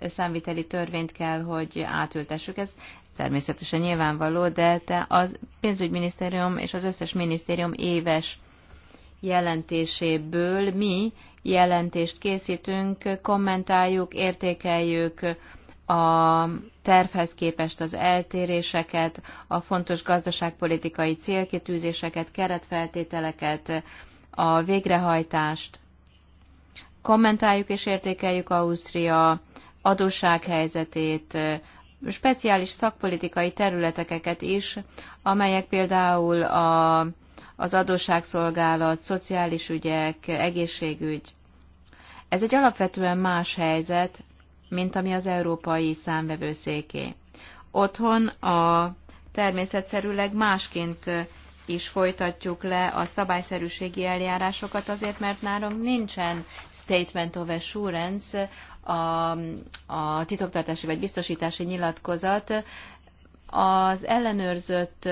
számviteli törvényt kell, hogy átültessük. Ez természetesen nyilvánvaló, de te a pénzügyminisztérium és az összes minisztérium éves jelentéséből mi jelentést készítünk, kommentáljuk, értékeljük a tervhez képest az eltéréseket, a fontos gazdaságpolitikai célkitűzéseket, keretfeltételeket, a végrehajtást, kommentáljuk és értékeljük Ausztria adóssághelyzetét, speciális szakpolitikai területeket is, amelyek például a, az adósságszolgálat, szociális ügyek, egészségügy. Ez egy alapvetően más helyzet, mint ami az európai számvevőszéké. Otthon a természetszerűleg másként is folytatjuk le a szabályszerűségi eljárásokat azért, mert nálunk nincsen statement of assurance, a, a titoktartási vagy biztosítási nyilatkozat. Az ellenőrzött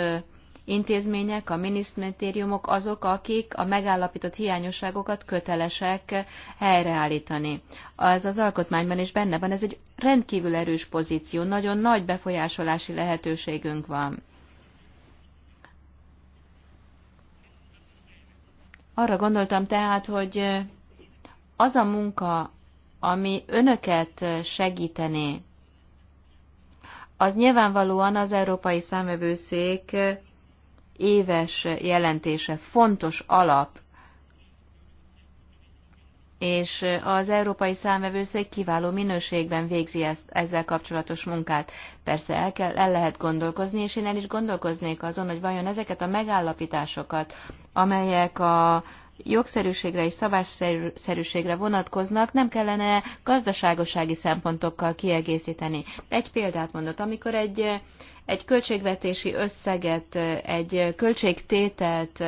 intézmények, a minisztériumok azok, akik a megállapított hiányosságokat kötelesek helyreállítani. Az az alkotmányban is benne van, ez egy rendkívül erős pozíció, nagyon nagy befolyásolási lehetőségünk van. Arra gondoltam tehát, hogy az a munka, ami önöket segítené, az nyilvánvalóan az Európai Számövőszék éves jelentése fontos alap és az Európai Számvevőszék kiváló minőségben végzi ezt, ezzel kapcsolatos munkát. Persze el, kell, el lehet gondolkozni, és én el is gondolkoznék azon, hogy vajon ezeket a megállapításokat, amelyek a jogszerűségre és szabásszerűségre vonatkoznak, nem kellene gazdaságosági szempontokkal kiegészíteni. Egy példát mondott, amikor egy, egy költségvetési összeget, egy költségtételt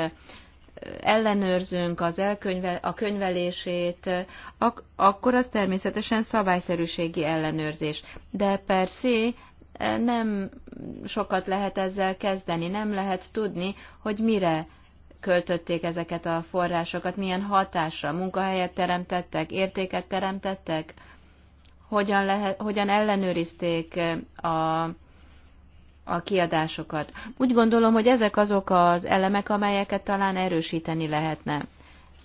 ellenőrzünk az elkönyve, a könyvelését, ak- akkor az természetesen szabályszerűségi ellenőrzés. De persze eh, nem sokat lehet ezzel kezdeni, nem lehet tudni, hogy mire költötték ezeket a forrásokat, milyen hatásra, munkahelyet teremtettek, értéket teremtettek, hogyan, lehet, hogyan ellenőrizték eh, a a kiadásokat. Úgy gondolom, hogy ezek azok az elemek, amelyeket talán erősíteni lehetne.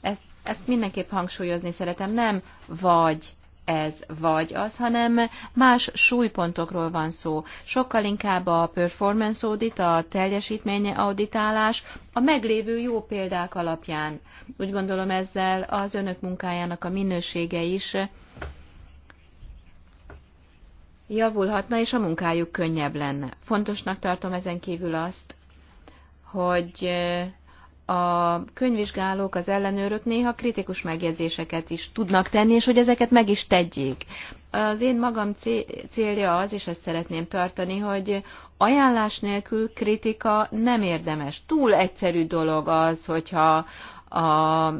Ezt, ezt mindenképp hangsúlyozni szeretem. Nem vagy ez vagy az, hanem más súlypontokról van szó. Sokkal inkább a performance audit, a teljesítménye auditálás a meglévő jó példák alapján. Úgy gondolom ezzel az önök munkájának a minősége is javulhatna, és a munkájuk könnyebb lenne. Fontosnak tartom ezen kívül azt, hogy eh, a könyvvizsgálók, az ellenőrök néha kritikus megjegyzéseket is tudnak tenni, és hogy ezeket meg is tegyék. Az én magam célja az, és ezt szeretném tartani, hogy ajánlás nélkül kritika nem érdemes. Túl egyszerű dolog az, hogyha a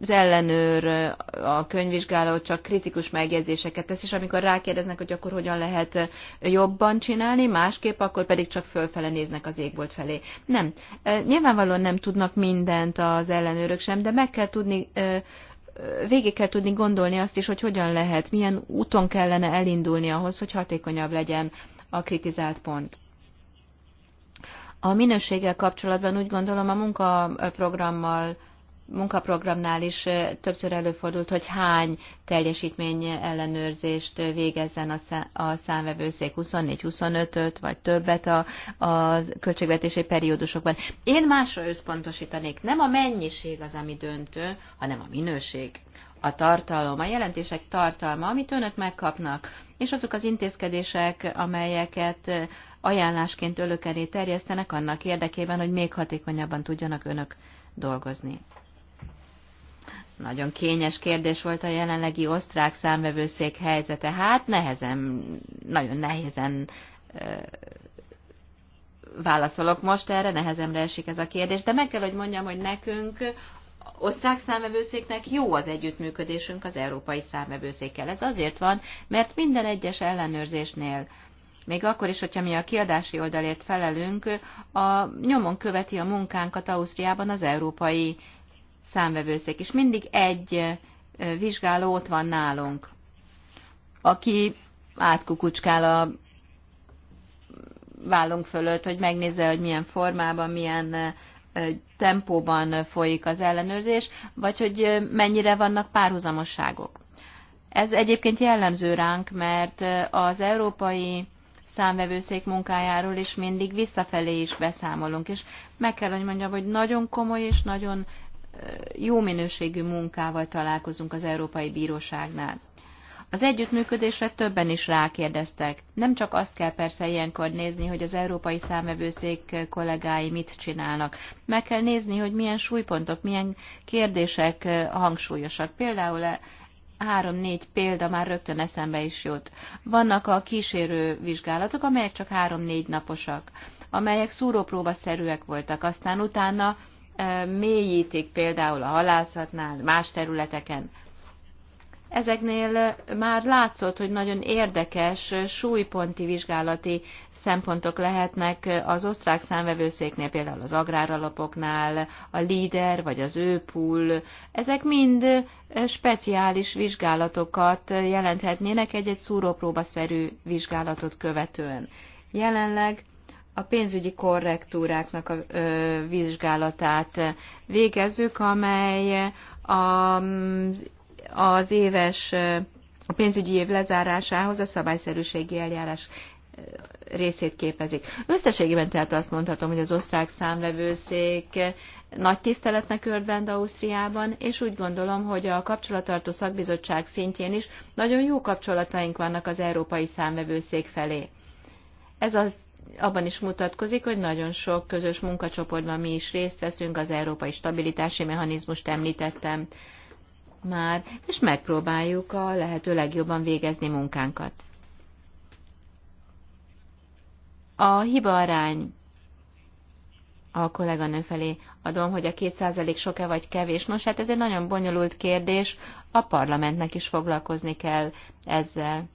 az ellenőr, a könyvvizsgáló csak kritikus megjegyzéseket tesz, és amikor rákérdeznek, hogy akkor hogyan lehet jobban csinálni, másképp, akkor pedig csak fölfele néznek az égbolt felé. Nem. E, nyilvánvalóan nem tudnak mindent az ellenőrök sem, de meg kell tudni e, végig kell tudni gondolni azt is, hogy hogyan lehet, milyen úton kellene elindulni ahhoz, hogy hatékonyabb legyen a kritizált pont. A minőséggel kapcsolatban úgy gondolom a munkaprogrammal munkaprogramnál is többször előfordult, hogy hány teljesítmény ellenőrzést végezzen a, számvevőszék 24-25-öt, vagy többet a, a költségvetési periódusokban. Én másra összpontosítanék. Nem a mennyiség az, ami döntő, hanem a minőség. A tartalom, a jelentések tartalma, amit önök megkapnak, és azok az intézkedések, amelyeket ajánlásként ölök elé terjesztenek annak érdekében, hogy még hatékonyabban tudjanak önök dolgozni. Nagyon kényes kérdés volt a jelenlegi osztrák számvevőszék helyzete. Hát nehezen, nagyon nehezen válaszolok most erre, nehezemre esik ez a kérdés, de meg kell, hogy mondjam, hogy nekünk osztrák számvevőszéknek jó az együttműködésünk az európai számvevőszékkel. Ez azért van, mert minden egyes ellenőrzésnél még akkor is, hogyha mi a kiadási oldalért felelünk, a nyomon követi a munkánkat Ausztriában az európai számvevőszék, és mindig egy vizsgáló ott van nálunk, aki átkukucskál a vállunk fölött, hogy megnézze, hogy milyen formában, milyen tempóban folyik az ellenőrzés, vagy hogy mennyire vannak párhuzamosságok. Ez egyébként jellemző ránk, mert az európai számvevőszék munkájáról is mindig visszafelé is beszámolunk, és meg kell, hogy mondjam, hogy nagyon komoly és nagyon jó minőségű munkával találkozunk az Európai Bíróságnál. Az együttműködésre többen is rákérdeztek. Nem csak azt kell persze ilyenkor nézni, hogy az Európai számevőszék kollégái mit csinálnak. Meg kell nézni, hogy milyen súlypontok, milyen kérdések hangsúlyosak. Például három-négy példa már rögtön eszembe is jut. Vannak a kísérő vizsgálatok, amelyek csak három-négy naposak, amelyek szúrópróbaszerűek voltak, aztán utána mélyítik például a halászatnál, más területeken. Ezeknél már látszott, hogy nagyon érdekes súlyponti vizsgálati szempontok lehetnek az osztrák számvevőszéknél, például az agráralapoknál, a LIDER vagy az ÖPUL. Ezek mind speciális vizsgálatokat jelenthetnének egy-egy szúrópróbaszerű vizsgálatot követően. Jelenleg a pénzügyi korrektúráknak a vizsgálatát végezzük, amely az, az éves, a pénzügyi év lezárásához a szabályszerűségi eljárás részét képezik. Összességében tehát azt mondhatom, hogy az osztrák számvevőszék nagy tiszteletnek örvend Ausztriában, és úgy gondolom, hogy a kapcsolattartó szakbizottság szintjén is nagyon jó kapcsolataink vannak az európai számvevőszék felé. Ez az abban is mutatkozik, hogy nagyon sok közös munkacsoportban mi is részt veszünk, az európai stabilitási mechanizmust említettem már, és megpróbáljuk a lehető legjobban végezni munkánkat. A hiba arány a kolléganő felé adom, hogy a kétszázalék sok-e vagy kevés. Nos, hát ez egy nagyon bonyolult kérdés, a parlamentnek is foglalkozni kell ezzel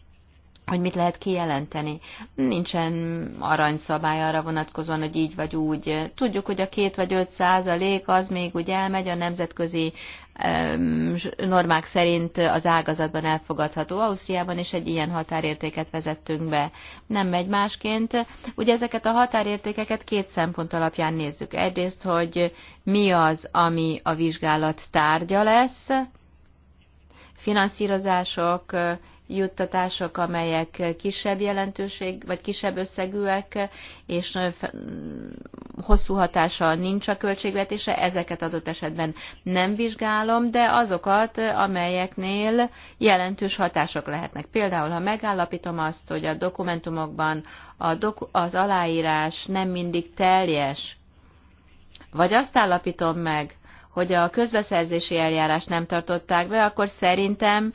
hogy mit lehet kijelenteni. Nincsen aranyszabály arra vonatkozóan, hogy így vagy úgy. Tudjuk, hogy a két vagy öt százalék az még ugye elmegy a nemzetközi normák szerint az ágazatban elfogadható. Ausztriában is egy ilyen határértéket vezettünk be. Nem megy másként. Ugye ezeket a határértékeket két szempont alapján nézzük. Egyrészt, hogy mi az, ami a vizsgálat tárgya lesz, finanszírozások, juttatások, amelyek kisebb jelentőség, vagy kisebb összegűek, és hosszú hatása nincs a költségvetése, ezeket adott esetben nem vizsgálom, de azokat, amelyeknél jelentős hatások lehetnek. Például, ha megállapítom azt, hogy a dokumentumokban a doku- az aláírás nem mindig teljes, vagy azt állapítom meg, hogy a közbeszerzési eljárást nem tartották be, akkor szerintem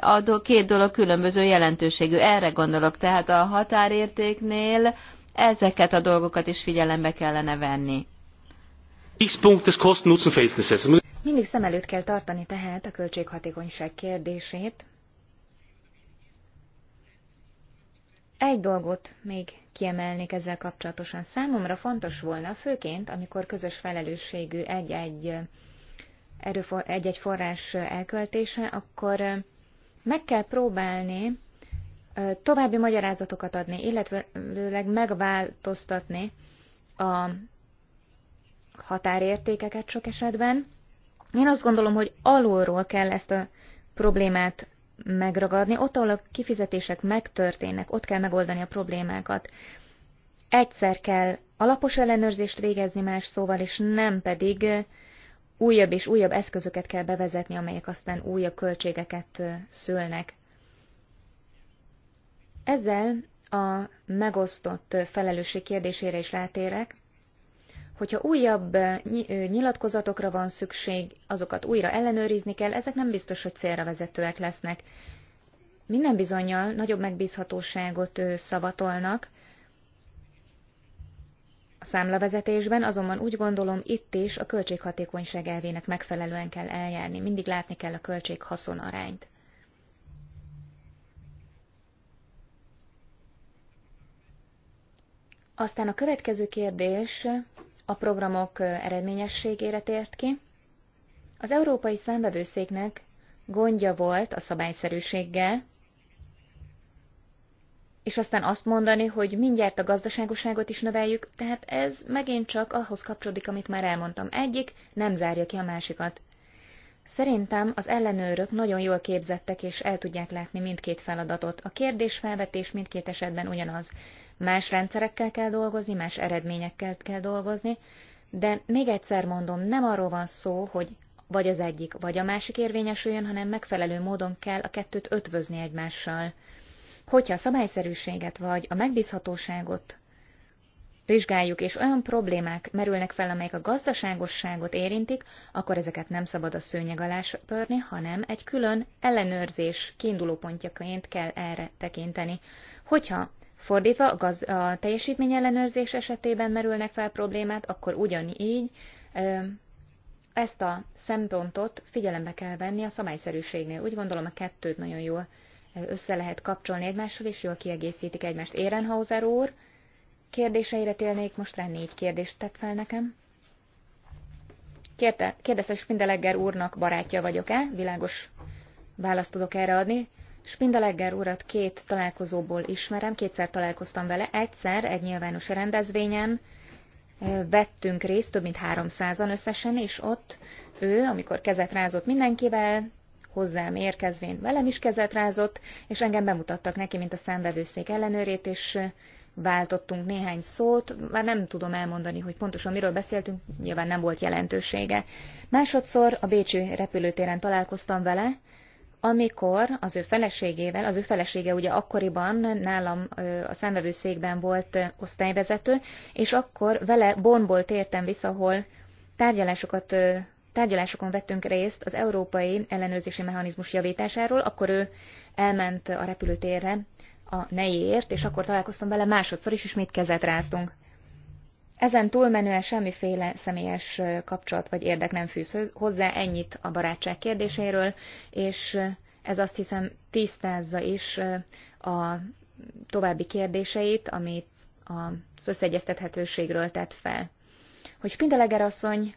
a két dolog különböző jelentőségű. Erre gondolok, tehát a határértéknél ezeket a dolgokat is figyelembe kellene venni. Mindig szem előtt kell tartani tehát a költséghatékonyság kérdését. Egy dolgot még kiemelnék ezzel kapcsolatosan. Számomra fontos volna, főként, amikor közös felelősségű egy-egy egy-egy forrás elköltése, akkor meg kell próbálni további magyarázatokat adni, illetve megváltoztatni a határértékeket sok esetben. Én azt gondolom, hogy alulról kell ezt a problémát megragadni. Ott, ahol a kifizetések megtörténnek, ott kell megoldani a problémákat. Egyszer kell alapos ellenőrzést végezni más szóval, és nem pedig újabb és újabb eszközöket kell bevezetni, amelyek aztán újabb költségeket szülnek. Ezzel a megosztott felelősség kérdésére is rátérek. Hogyha újabb eh, eh, nyilatkozatokra van szükség, azokat újra ellenőrizni kell, ezek nem biztos, hogy célra vezetőek lesznek. Minden bizonyal nagyobb megbízhatóságot szavatolnak a számlavezetésben, azonban úgy gondolom itt is a költséghatékonyság elvének megfelelően kell eljárni. Mindig látni kell a költség-haszon arányt. Aztán a következő kérdés a programok eredményességére tért ki. Az Európai Számbevőszéknek gondja volt a szabályszerűséggel, és aztán azt mondani, hogy mindjárt a gazdaságoságot is növeljük, tehát ez megint csak ahhoz kapcsolódik, amit már elmondtam. Egyik nem zárja ki a másikat. Szerintem az ellenőrök nagyon jól képzettek, és el tudják látni mindkét feladatot. A kérdésfelvetés mindkét esetben ugyanaz más rendszerekkel kell dolgozni, más eredményekkel kell dolgozni, de még egyszer mondom, nem arról van szó, hogy vagy az egyik, vagy a másik érvényesüljön, hanem megfelelő módon kell a kettőt ötvözni egymással. Hogyha a szabályszerűséget vagy a megbízhatóságot vizsgáljuk, és olyan problémák merülnek fel, amelyek a gazdaságosságot érintik, akkor ezeket nem szabad a szőnyeg alá pörni, hanem egy külön ellenőrzés kiindulópontjaként kell erre tekinteni. Hogyha Fordítva, a, gaz- a teljesítményellenőrzés esetében merülnek fel problémát, akkor ugyanígy ezt a szempontot figyelembe kell venni a szabályszerűségnél. Úgy gondolom a kettőt nagyon jól össze lehet kapcsolni egymással, és jól kiegészítik egymást. Érenhauser úr, kérdéseire télnék, most rá négy kérdést tett fel nekem. Kérdezte Spindelegger úrnak, barátja vagyok-e? Világos választ tudok erre adni. Spindelegger urat két találkozóból ismerem, kétszer találkoztam vele, egyszer egy nyilvános rendezvényen vettünk részt, több mint háromszázan összesen, és ott ő, amikor kezet rázott mindenkivel, hozzám érkezvén velem is kezet rázott, és engem bemutattak neki, mint a számvevőszék ellenőrét, és váltottunk néhány szót, már nem tudom elmondani, hogy pontosan miről beszéltünk, nyilván nem volt jelentősége. Másodszor a Bécsi repülőtéren találkoztam vele, amikor az ő feleségével, az ő felesége ugye akkoriban nálam a számvevőszékben volt osztályvezető, és akkor vele Bonból tértem vissza, ahol tárgyalásokat, tárgyalásokon vettünk részt az európai ellenőrzési mechanizmus javításáról, akkor ő elment a repülőtérre a nejéért, és akkor találkoztam vele másodszor is, és mit kezet ráztunk. Ezen túlmenően semmiféle személyes kapcsolat vagy érdek nem fűz hozzá, ennyit a barátság kérdéséről, és ez azt hiszem tisztázza is a további kérdéseit, amit az összeegyeztethetőségről tett fel. Hogy Spindeleger asszony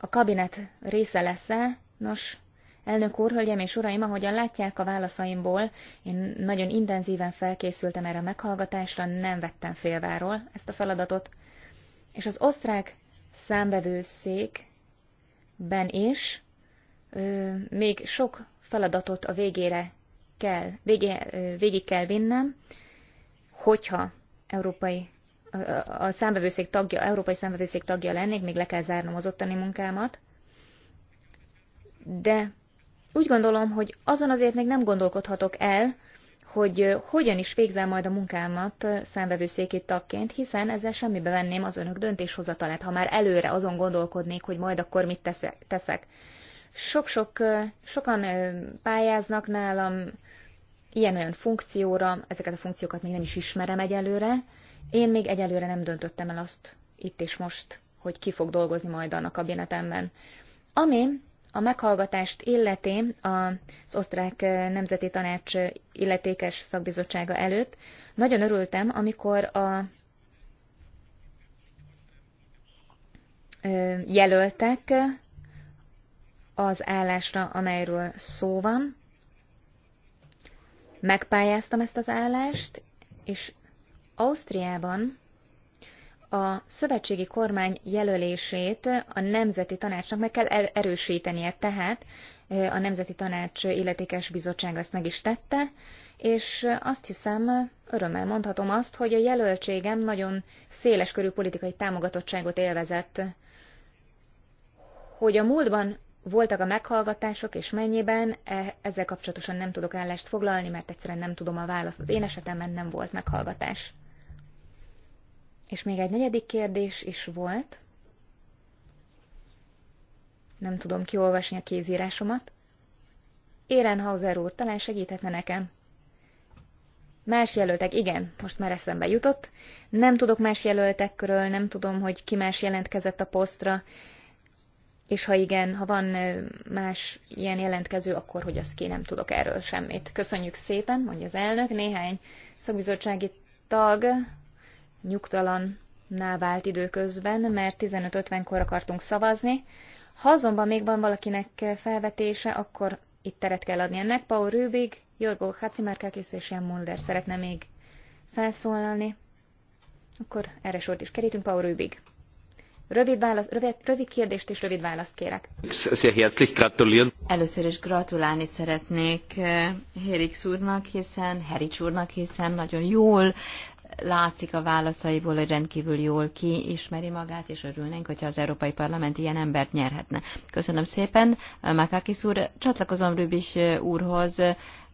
a kabinet része lesz-e? Nos, elnök úr, hölgyem és uraim, ahogyan látják a válaszaimból, én nagyon intenzíven felkészültem erre a meghallgatásra, nem vettem félváról ezt a feladatot, és az osztrák számbevőszékben is ö, még sok feladatot a végére kell, végé, ö, végig kell vinnem, hogyha európai a számbevőszék tagja, európai számbevőszék tagja lennék, még le kell zárnom az ottani munkámat. De úgy gondolom, hogy azon azért még nem gondolkodhatok el, hogy hogyan is végzem majd a munkámat számbevőszéki tagként, hiszen ezzel semmibe venném az önök döntéshozatalát, ha már előre azon gondolkodnék, hogy majd akkor mit teszek. Sok-sok, sokan pályáznak nálam ilyen-olyan funkcióra, ezeket a funkciókat még nem is ismerem egyelőre. Én még egyelőre nem döntöttem el azt itt és most, hogy ki fog dolgozni majd a kabinetemben. Ami a meghallgatást illeti az osztrák eh, nemzeti tanács eh, illetékes szakbizottsága előtt. Nagyon örültem, amikor a eh, jelöltek az állásra, amelyről szó van. Megpályáztam ezt az állást, és Ausztriában a szövetségi kormány jelölését a Nemzeti Tanácsnak meg kell erősítenie, tehát a Nemzeti Tanács illetékes bizottság azt meg is tette, és azt hiszem, örömmel mondhatom azt, hogy a jelöltségem nagyon széles körű politikai támogatottságot élvezett. Hogy a múltban voltak a meghallgatások, és mennyiben, e, ezzel kapcsolatosan nem tudok állást foglalni, mert egyszerűen nem tudom a választ. Az én esetemben nem volt meghallgatás. És még egy negyedik kérdés is volt. Nem tudom kiolvasni a kézírásomat. Hauser úr, talán segíthetne nekem. Más jelöltek, igen, most már eszembe jutott. Nem tudok más jelöltekről, nem tudom, hogy ki más jelentkezett a posztra, és ha igen, ha van más ilyen jelentkező, akkor hogy az ki, nem tudok erről semmit. Köszönjük szépen, mondja az elnök. Néhány szakbizottsági tag nyugtalanná vált időközben, mert 15.50-kor akartunk szavazni. Ha azonban még van valakinek felvetése, akkor itt teret kell adni ennek. Paul Rübig, Jorgó Hacimárkákis és Jan Mulder szeretne még felszólalni. Akkor erre sort is kerítünk, Paul Rübig. Rövid, válasz, rövid, rövid kérdést és rövid választ kérek. Először is gratulálni szeretnék eh, Herix úrnak, hiszen Herics úrnak, hiszen nagyon jól látszik a válaszaiból, hogy rendkívül jól kiismeri magát, és örülnénk, hogyha az Európai Parlament ilyen embert nyerhetne. Köszönöm szépen, Makakis úr. Csatlakozom Rübis úrhoz.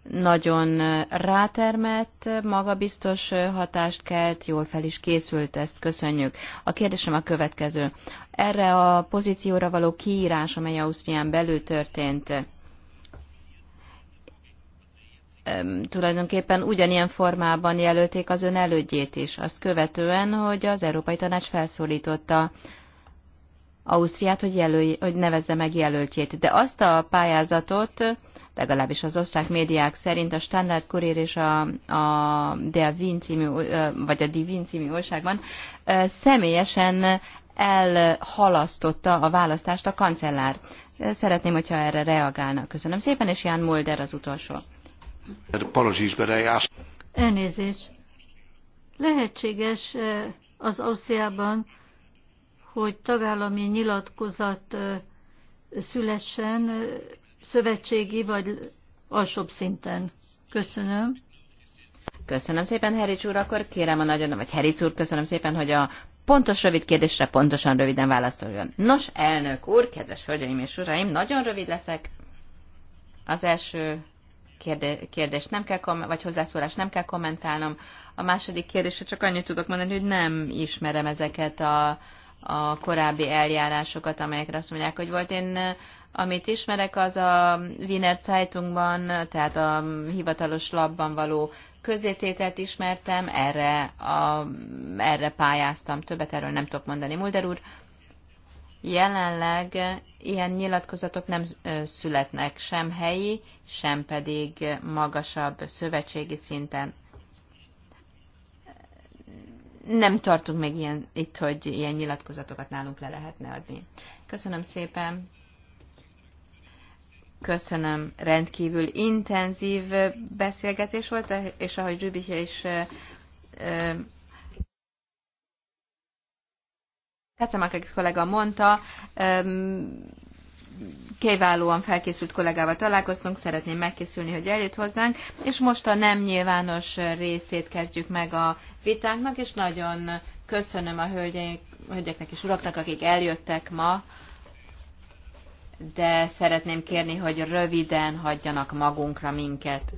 Nagyon rátermett, magabiztos hatást kelt, jól fel is készült, ezt köszönjük. A kérdésem a következő. Erre a pozícióra való kiírás, amely Ausztrián belül történt, tulajdonképpen ugyanilyen formában jelölték az ön elődjét is, azt követően, hogy az Európai Tanács felszólította Ausztriát, hogy, jelölj, hogy nevezze meg jelöltjét. De azt a pályázatot, legalábbis az osztrák médiák szerint a Standard Courier és a, a Der Wien című, vagy a Die Wien című újságban személyesen elhalasztotta a választást a kancellár. Szeretném, hogyha erre reagálnak. Köszönöm szépen, és Ján Mulder az utolsó. Hát Elnézés. Lehetséges az Ausztriában, hogy tagállami nyilatkozat szülessen szövetségi vagy alsóbb szinten. Köszönöm. Köszönöm szépen, Herics úr, akkor kérem a nagyon, vagy Herics úr, köszönöm szépen, hogy a pontos rövid kérdésre pontosan röviden válaszoljon. Nos, elnök úr, kedves hölgyeim és uraim, nagyon rövid leszek. Az első kérdés nem kell, vagy hozzászólás nem kell kommentálnom. A második kérdésre csak annyit tudok mondani, hogy nem ismerem ezeket a, a korábbi eljárásokat, amelyekre azt mondják, hogy volt. Én amit ismerek, az a Wiener Zeitungban, tehát a hivatalos labban való közétételt ismertem, erre, a, erre pályáztam, többet erről nem tudok mondani. Mulder úr, Jelenleg ilyen nyilatkozatok nem születnek sem helyi, sem pedig magasabb szövetségi szinten. Nem tartunk még ilyen, itt, hogy ilyen nyilatkozatokat nálunk le lehetne adni. Köszönöm szépen! Köszönöm, rendkívül intenzív beszélgetés volt, és ahogy Zsübih is Kacamakakis kollega mondta, kiválóan felkészült kollégával találkoztunk, szeretném megkészülni, hogy eljött hozzánk, és most a nem nyilvános részét kezdjük meg a vitánknak, és nagyon köszönöm a hölgyeknek és uraknak, akik eljöttek ma, de szeretném kérni, hogy röviden hagyjanak magunkra minket.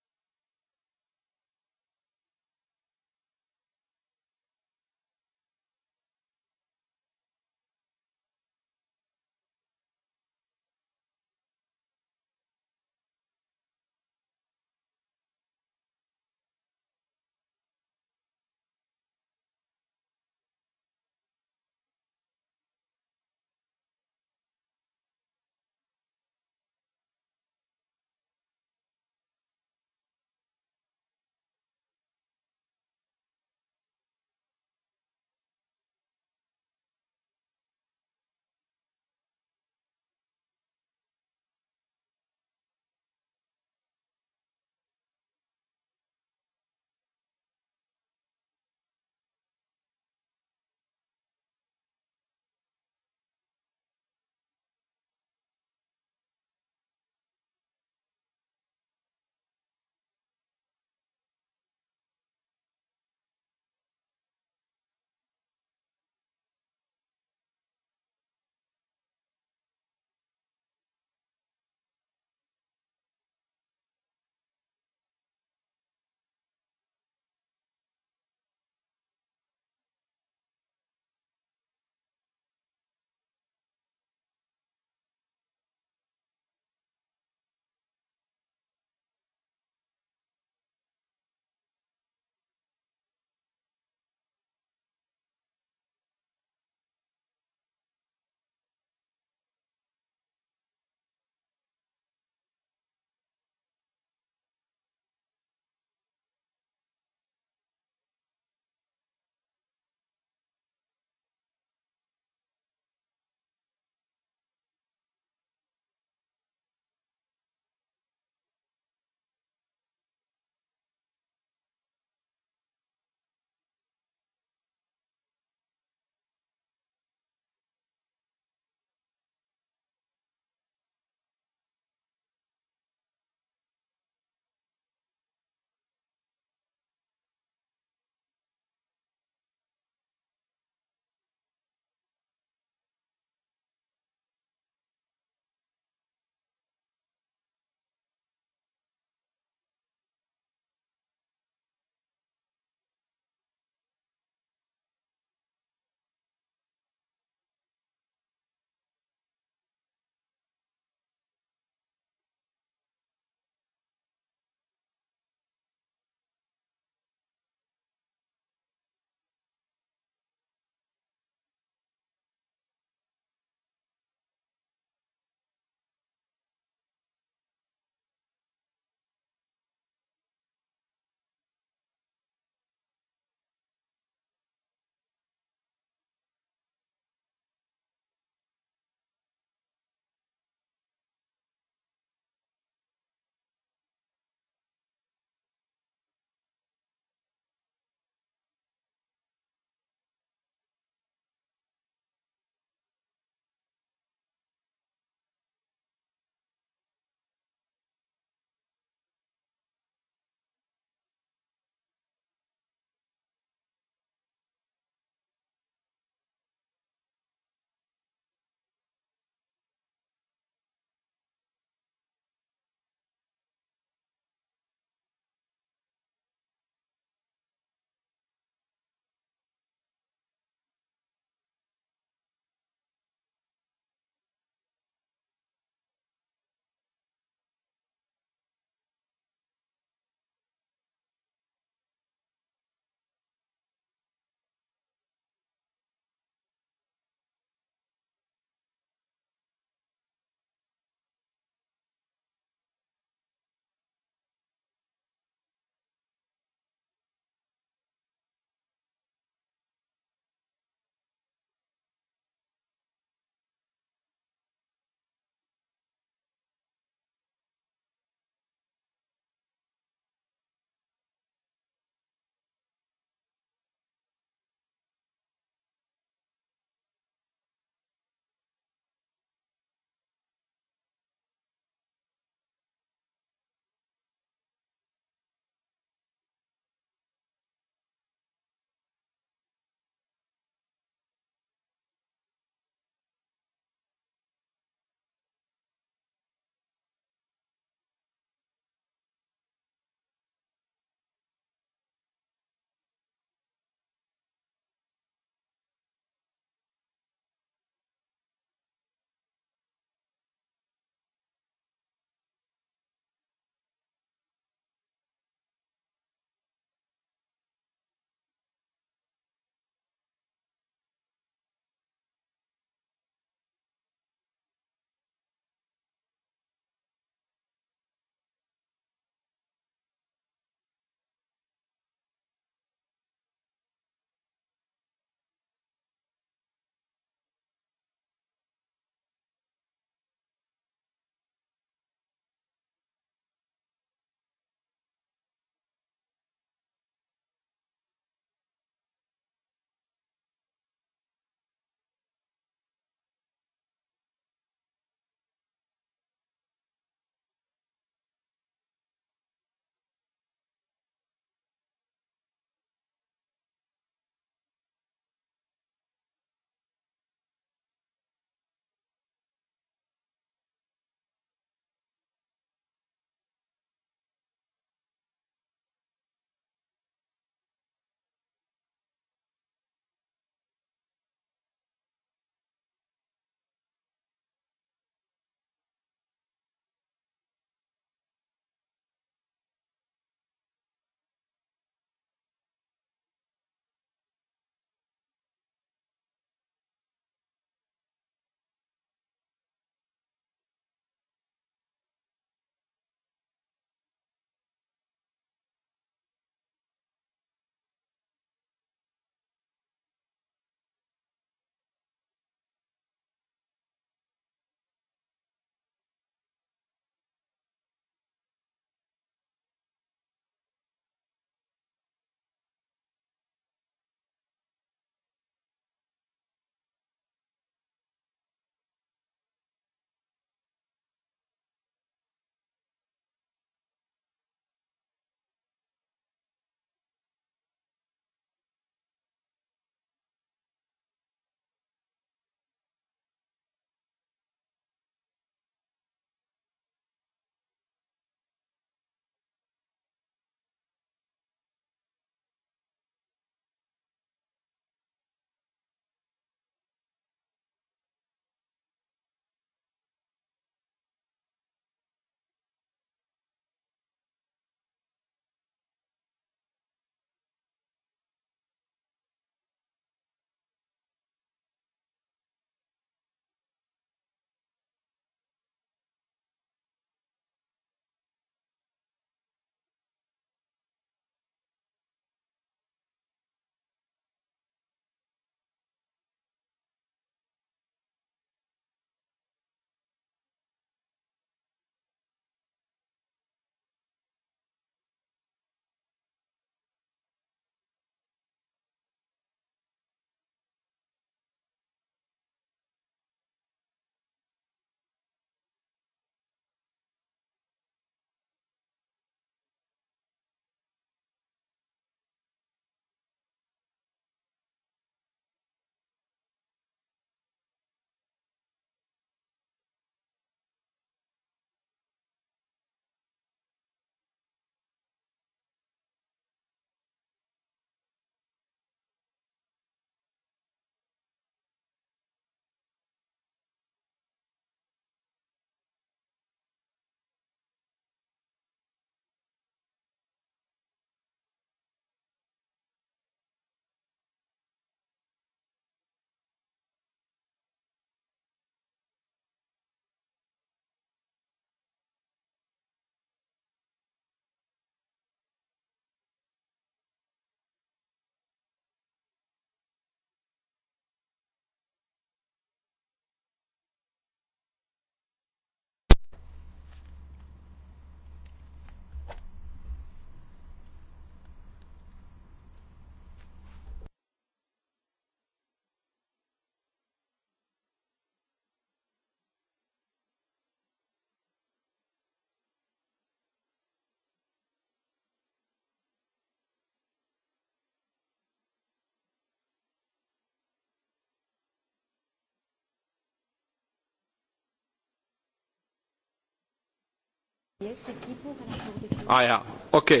Ah, ja. Oké. Okay.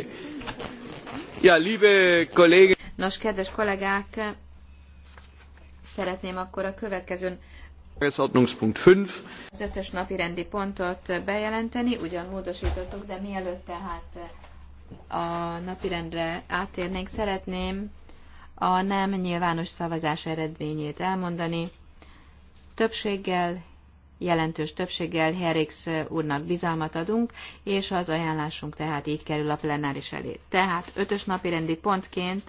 Ja, liebe Kollegen. Nos, kedves kollégák, szeretném akkor a következőn Tagesordnungspunkt 5. Az ötös napi rendi pontot bejelenteni, ugyan módosítottuk, de mielőtt tehát a napirendre átérnénk, szeretném a nem nyilvános szavazás eredményét elmondani. Többséggel jelentős többséggel Herix úrnak bizalmat adunk, és az ajánlásunk tehát így kerül a plenáris elé. Tehát ötös napi rendi pontként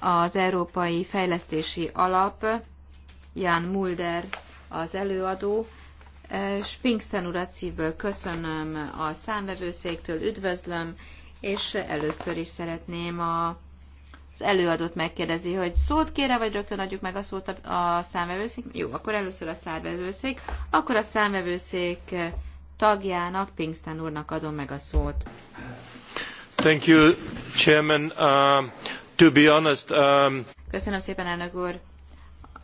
az Európai Fejlesztési Alap, Jan Mulder az előadó, Spinksten urat szívből köszönöm a számvevőszéktől, üdvözlöm, és először is szeretném a előadót megkérdezi, hogy szót kére, vagy rögtön adjuk meg a szót a, a számvevőszék. Jó, akkor először a számvevőszék, akkor a számvevőszék tagjának, Pinkston úrnak adom meg a szót. Thank you, Chairman. Uh, to be honest, um... Köszönöm szépen, elnök úr.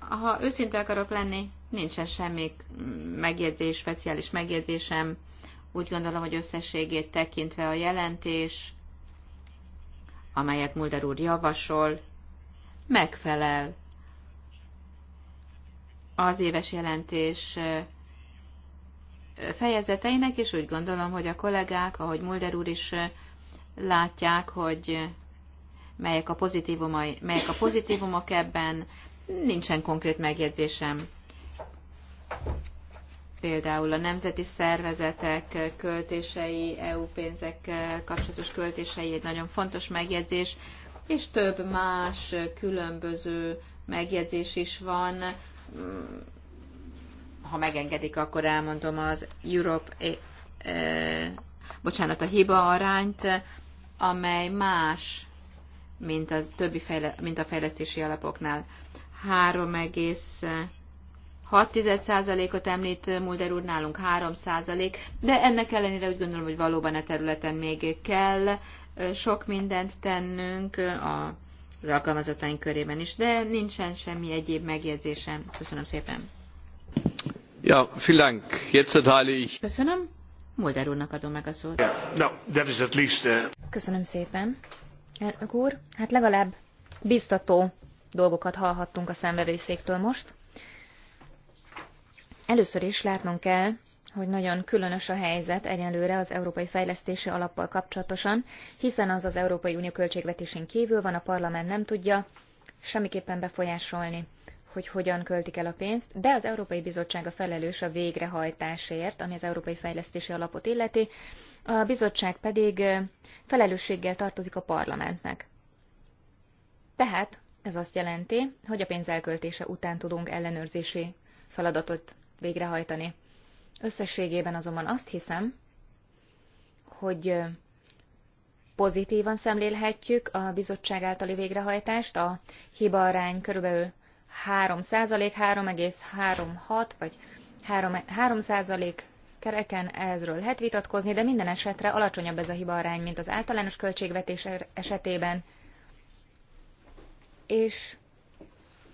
Ha őszinte akarok lenni, nincsen semmi megjegyzés, speciális megjegyzésem. Úgy gondolom, hogy összességét tekintve a jelentés amelyet Mulder úr javasol, megfelel az éves jelentés fejezeteinek, és úgy gondolom, hogy a kollégák, ahogy Mulder úr is látják, hogy melyek a, melyek a pozitívumok ebben, nincsen konkrét megjegyzésem például a nemzeti szervezetek költései, EU pénzek kapcsolatos költései egy nagyon fontos megjegyzés, és több más különböző megjegyzés is van. Mm, ha megengedik, akkor elmondom az Europe, eh, eh, bocsánat, a hiba arányt, amely más, mint a, többi fejle, mint a fejlesztési alapoknál. 3, 6%-ot említ Mulder úr, nálunk 3%, de ennek ellenére úgy gondolom, hogy valóban a e területen még kell sok mindent tennünk a az alkalmazottaink körében is, de nincsen semmi egyéb megjegyzésem. Köszönöm szépen. Ja, vielen Dank. Jetzt erteile ich. Köszönöm. Mulder úrnak adom meg a szót. Yeah, no, that is at least, uh... Köszönöm szépen. Elnök úr, hát legalább biztató dolgokat hallhattunk a szemvevőszéktől most. Először is látnunk kell, hogy nagyon különös a helyzet egyelőre az Európai Fejlesztési Alappal kapcsolatosan, hiszen az az Európai Unió költségvetésén kívül van, a parlament nem tudja semmiképpen befolyásolni, hogy hogyan költik el a pénzt, de az Európai Bizottság a felelős a végrehajtásért, ami az Európai Fejlesztési Alapot illeti, a bizottság pedig felelősséggel tartozik a parlamentnek. Tehát ez azt jelenti, hogy a pénz elköltése után tudunk ellenőrzési feladatot végrehajtani. Összességében azonban azt hiszem, hogy pozitívan szemlélhetjük a bizottság általi végrehajtást, a arány körülbelül 3 százalék, 3,36 vagy 3, 3 kereken ezről lehet vitatkozni, de minden esetre alacsonyabb ez a arány, mint az általános költségvetés er-, esetében, és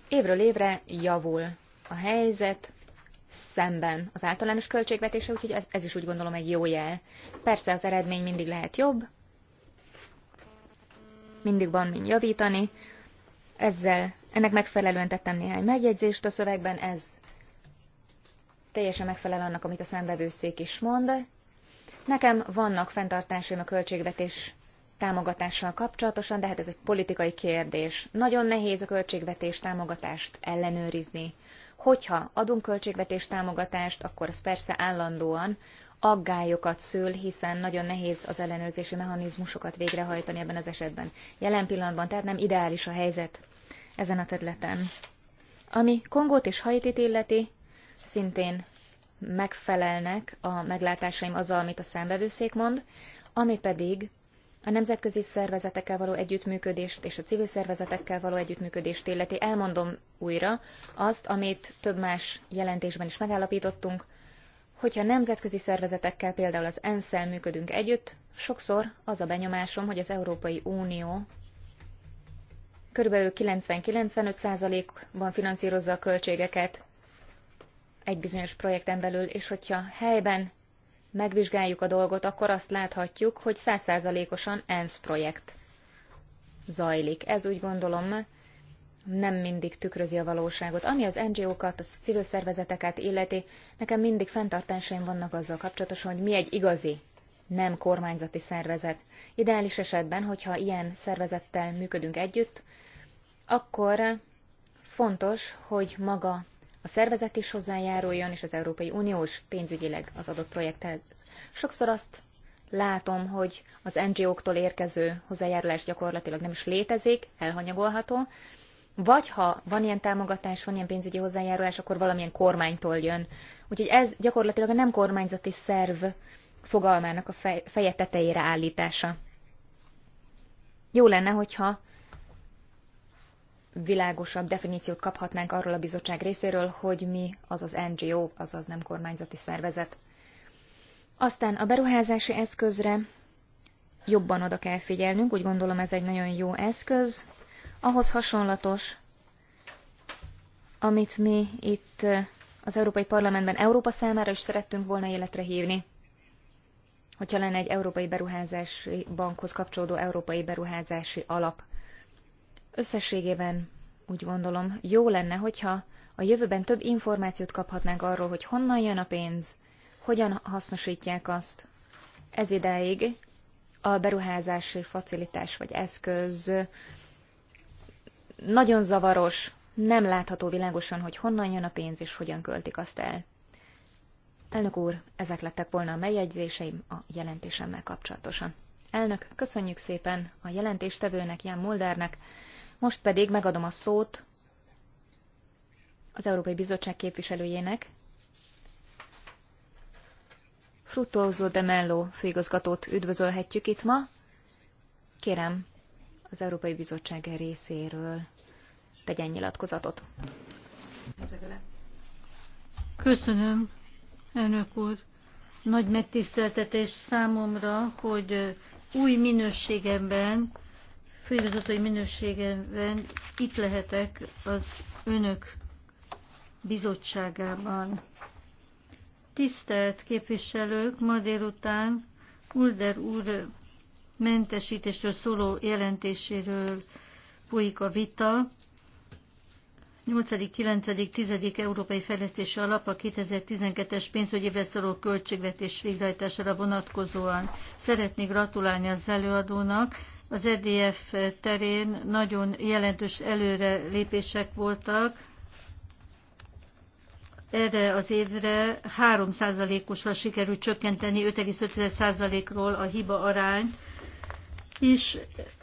évről évre javul a helyzet, szemben az általános költségvetése, úgyhogy ez, ez is úgy gondolom egy jó jel. Persze az eredmény mindig lehet jobb, mindig van mind javítani. Ezzel, ennek megfelelően tettem néhány megjegyzést a szövegben, ez teljesen megfelel annak, amit a szembevőszék is mond. Nekem vannak fenntartásaim a költségvetés támogatással kapcsolatosan, de hát ez egy politikai kérdés. Nagyon nehéz a költségvetés támogatást ellenőrizni. Hogyha adunk költségvetés támogatást, akkor az persze állandóan aggályokat szül, hiszen nagyon nehéz az ellenőrzési mechanizmusokat végrehajtani ebben az esetben. Jelen pillanatban tehát nem ideális a helyzet ezen a területen. Ami Kongót és Haitit illeti, szintén megfelelnek a meglátásaim azzal, amit a számbevőszék mond, ami pedig a nemzetközi szervezetekkel való együttműködést és a civil szervezetekkel való együttműködést illeti, elmondom újra azt, amit több más jelentésben is megállapítottunk, hogyha nemzetközi szervezetekkel, például az ENSZ-el működünk együtt, sokszor az a benyomásom, hogy az Európai Unió kb. 90-95%-ban finanszírozza a költségeket egy bizonyos projekten belül, és hogyha helyben megvizsgáljuk a dolgot, akkor azt láthatjuk, hogy százszázalékosan ENSZ projekt zajlik. Ez úgy gondolom nem mindig tükrözi a valóságot. Ami az NGO-kat, a civil szervezeteket illeti, nekem mindig fenntartásaim vannak azzal kapcsolatosan, hogy mi egy igazi, nem kormányzati szervezet. Ideális esetben, hogyha ilyen szervezettel működünk együtt, akkor fontos, hogy maga a szervezet is hozzájáruljon, és az Európai Uniós pénzügyileg az adott projekthez. Sokszor azt látom, hogy az NGO-któl érkező hozzájárulás gyakorlatilag nem is létezik, elhanyagolható, vagy ha van ilyen támogatás, van ilyen pénzügyi hozzájárulás, akkor valamilyen kormánytól jön. Úgyhogy ez gyakorlatilag a nem kormányzati szerv fogalmának a feje tetejére állítása. Jó lenne, hogyha világosabb definíciót kaphatnánk arról a bizottság részéről, hogy mi az az NGO, azaz nem kormányzati szervezet. Aztán a beruházási eszközre jobban oda kell figyelnünk, úgy gondolom ez egy nagyon jó eszköz, ahhoz hasonlatos, amit mi itt eh, az Európai Parlamentben Európa számára is szerettünk volna életre hívni. Hogyha lenne egy Európai Beruházási Bankhoz kapcsolódó Európai Beruházási Alap. Összességében úgy gondolom, jó lenne, hogyha a jövőben több információt kaphatnánk arról, hogy honnan jön a pénz, hogyan hasznosítják azt. Ez ideig a beruházási facilitás vagy eszköz nagyon zavaros, nem látható világosan, hogy honnan jön a pénz és hogyan költik azt el. Elnök úr, ezek lettek volna a megjegyzéseim a jelentésemmel kapcsolatosan. Elnök, köszönjük szépen a jelentéstevőnek, Ján Moldernek, most pedig megadom a szót az Európai Bizottság képviselőjének, Frutózó de Mello főigazgatót üdvözölhetjük itt ma. Kérem, az Európai Bizottság részéről tegyen nyilatkozatot. Köszönöm, elnök úr. Nagy megtiszteltetés számomra, hogy új minőségemben főigazgatói minőségében itt lehetek az önök bizottságában. Tisztelt képviselők, ma délután Ulder úr mentesítésről szóló jelentéséről folyik a vita. 8., 9., 10. Európai Fejlesztési Alap a 2012-es pénzügyévre szóló költségvetés végrehajtására vonatkozóan. Szeretnék gratulálni az előadónak, az EDF terén nagyon jelentős előre voltak. Erre az évre 3%-osra sikerült csökkenteni 5,5%-ról a hiba arányt, és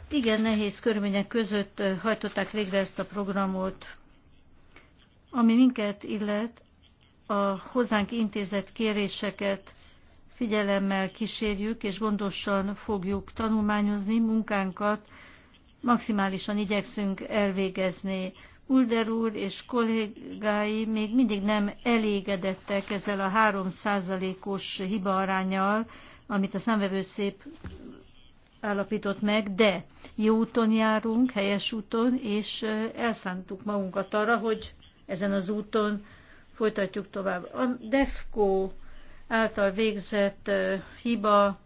igen nehéz körülmények között hajtották végre ezt a programot. Ami minket illet, a hozzánk intézett kéréseket figyelemmel kísérjük, és gondosan fogjuk tanulmányozni munkánkat, maximálisan igyekszünk elvégezni. Ulder úr és kollégái még mindig nem elégedettek ezzel a 3%-os hibaarányjal, amit a számvevőszép állapított meg, de jó úton járunk, helyes úton, és elszántuk magunkat arra, hogy ezen az úton folytatjuk tovább. A DEFCO által végzett hiba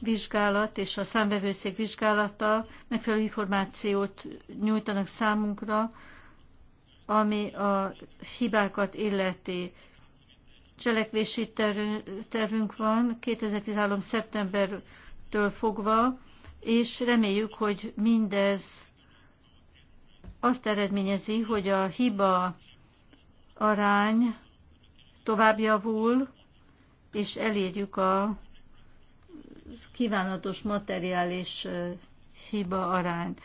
vizsgálat és a számvevőszék vizsgálata megfelelő információt nyújtanak számunkra, ami a hibákat illeti. Cselekvési tervünk van 2013. szeptembertől fogva, és reméljük, hogy mindez azt eredményezi, hogy a hiba arány tovább javul, és elérjük a kívánatos materiális hiba arányt.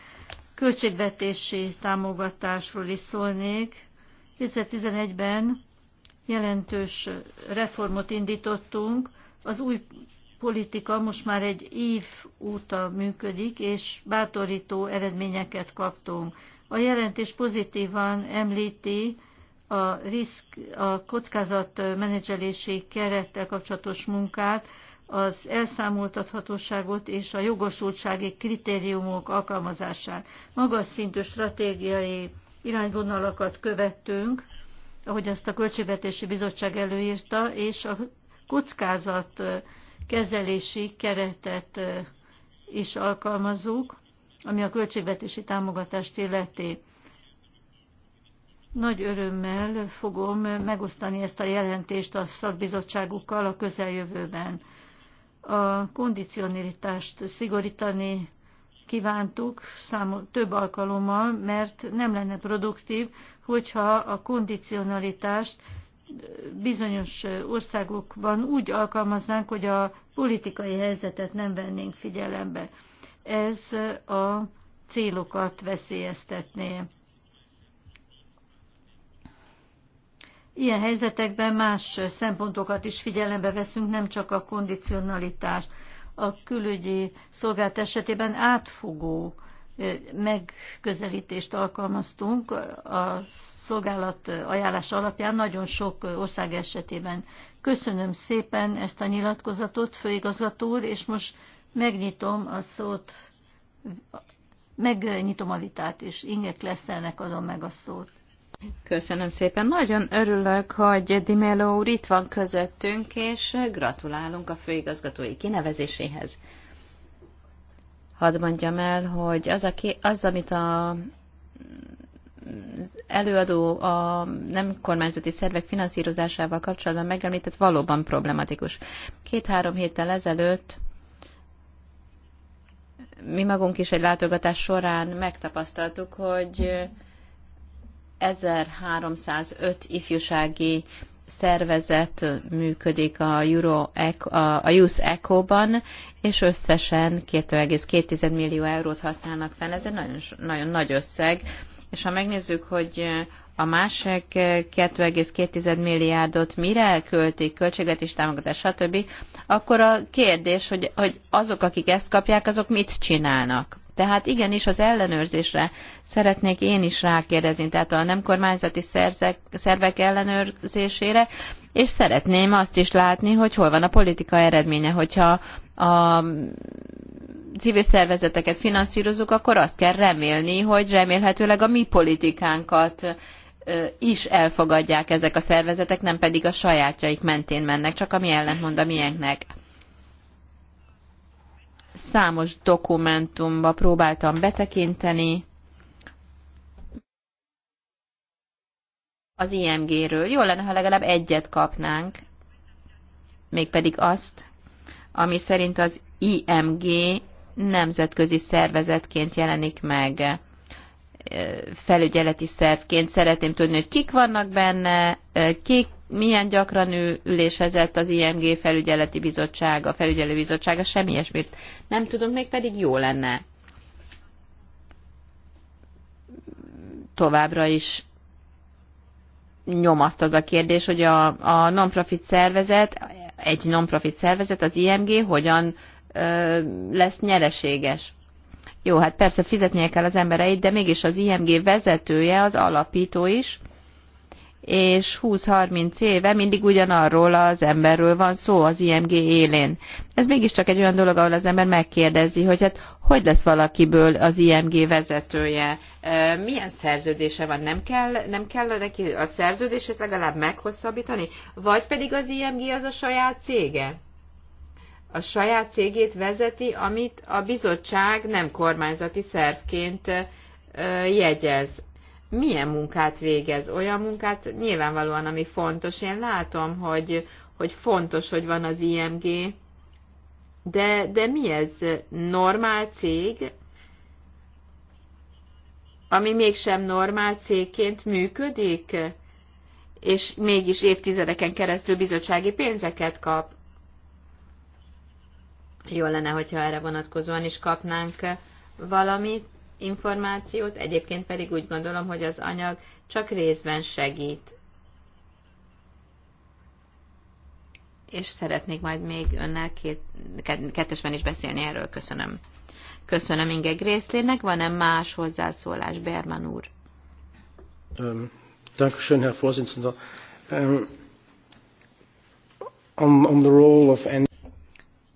Költségvetési támogatásról is szólnék. 2011-ben jelentős reformot indítottunk. Az új politika most már egy év óta működik, és bátorító eredményeket kaptunk. A jelentés pozitívan említi a, risk, a kockázat menedzselési kerettel kapcsolatos munkát, az elszámoltathatóságot és a jogosultsági kritériumok alkalmazását. Magas szintű stratégiai irányvonalakat követtünk, ahogy azt a Költségvetési Bizottság előírta, és a kockázat kezelési keretet is alkalmazunk, ami a költségvetési támogatást illeti. Nagy örömmel fogom megosztani ezt a jelentést a szakbizottságukkal a közeljövőben. A kondicionalitást szigorítani kívántuk számos, több alkalommal, mert nem lenne produktív, hogyha a kondicionalitást bizonyos országokban úgy alkalmaznánk, hogy a politikai helyzetet nem vennénk figyelembe. Ez a célokat veszélyeztetné. Ilyen helyzetekben más szempontokat is figyelembe veszünk, nem csak a kondicionalitást. A külügyi szolgált esetében átfogó megközelítést alkalmaztunk a szolgálat ajánlása alapján nagyon sok ország esetében. Köszönöm szépen ezt a nyilatkozatot, főigazgató úr, és most megnyitom a szót, megnyitom a vitát, és Inge Klesszelnek adom meg a szót. Köszönöm szépen. Nagyon örülök, hogy Dimelo úr itt van közöttünk, és gratulálunk a főigazgatói kinevezéséhez. Hadd mondjam el, hogy az, aki, az amit a, az előadó a nem kormányzati szervek finanszírozásával kapcsolatban megemlített, valóban problematikus. Két-három héttel ezelőtt mi magunk is egy látogatás során megtapasztaltuk, hogy 1305 ifjúsági szervezet működik a, Euro, a Youth Eco-ban, és összesen 2,2 millió eurót használnak fel. Ez egy nagyon, nagyon nagy összeg. És ha megnézzük, hogy a másik 2,2 milliárdot mire költik, költségvetés, támogatás, stb., akkor a kérdés, hogy, hogy azok, akik ezt kapják, azok mit csinálnak? Tehát igenis az ellenőrzésre szeretnék én is rákérdezni, tehát a nem kormányzati szerzek, szervek ellenőrzésére, és szeretném azt is látni, hogy hol van a politika eredménye, hogyha a civil szervezeteket finanszírozunk, akkor azt kell remélni, hogy remélhetőleg a mi politikánkat is elfogadják ezek a szervezetek, nem pedig a sajátjaik mentén mennek, csak ami ellentmond a miénknek számos dokumentumba próbáltam betekinteni, az IMG-ről. Jó lenne, ha legalább egyet kapnánk, mégpedig azt, ami szerint az IMG nemzetközi szervezetként jelenik meg felügyeleti szervként. Szeretném tudni, hogy kik vannak benne, kik milyen gyakran ő ülésezett az IMG felügyeleti bizottsága, felügyelőbizottsága, semmi ilyesmit nem tudunk, még pedig jó lenne továbbra is nyomaszt az a kérdés, hogy a, a non-profit szervezet, egy non-profit szervezet, az IMG hogyan ö, lesz nyereséges. Jó, hát persze fizetnie kell az embereit, de mégis az IMG vezetője, az alapító is, és 20-30 éve mindig ugyanarról az emberről van szó az IMG élén. Ez mégiscsak egy olyan dolog, ahol az ember megkérdezi, hogy hát hogy lesz valakiből az IMG vezetője, milyen szerződése van, nem kell, nem kell neki a szerződését legalább meghosszabbítani, vagy pedig az IMG az a saját cége? a saját cégét vezeti, amit a bizottság nem kormányzati szervként jegyez milyen munkát végez. Olyan munkát nyilvánvalóan, ami fontos. Én látom, hogy, hogy fontos, hogy van az IMG, de, de mi ez? Normál cég, ami mégsem normál cégként működik, és mégis évtizedeken keresztül bizottsági pénzeket kap. Jó lenne, hogyha erre vonatkozóan is kapnánk valamit, információt, egyébként pedig úgy gondolom, hogy az anyag csak részben segít. És szeretnék majd még önnel két, kettesben is beszélni erről. Köszönöm. Köszönöm Inge Grészlének. Van-e más hozzászólás, Berman úr? Um, Dankeschön, Herr Vorsitzender. Um, on, on the role of...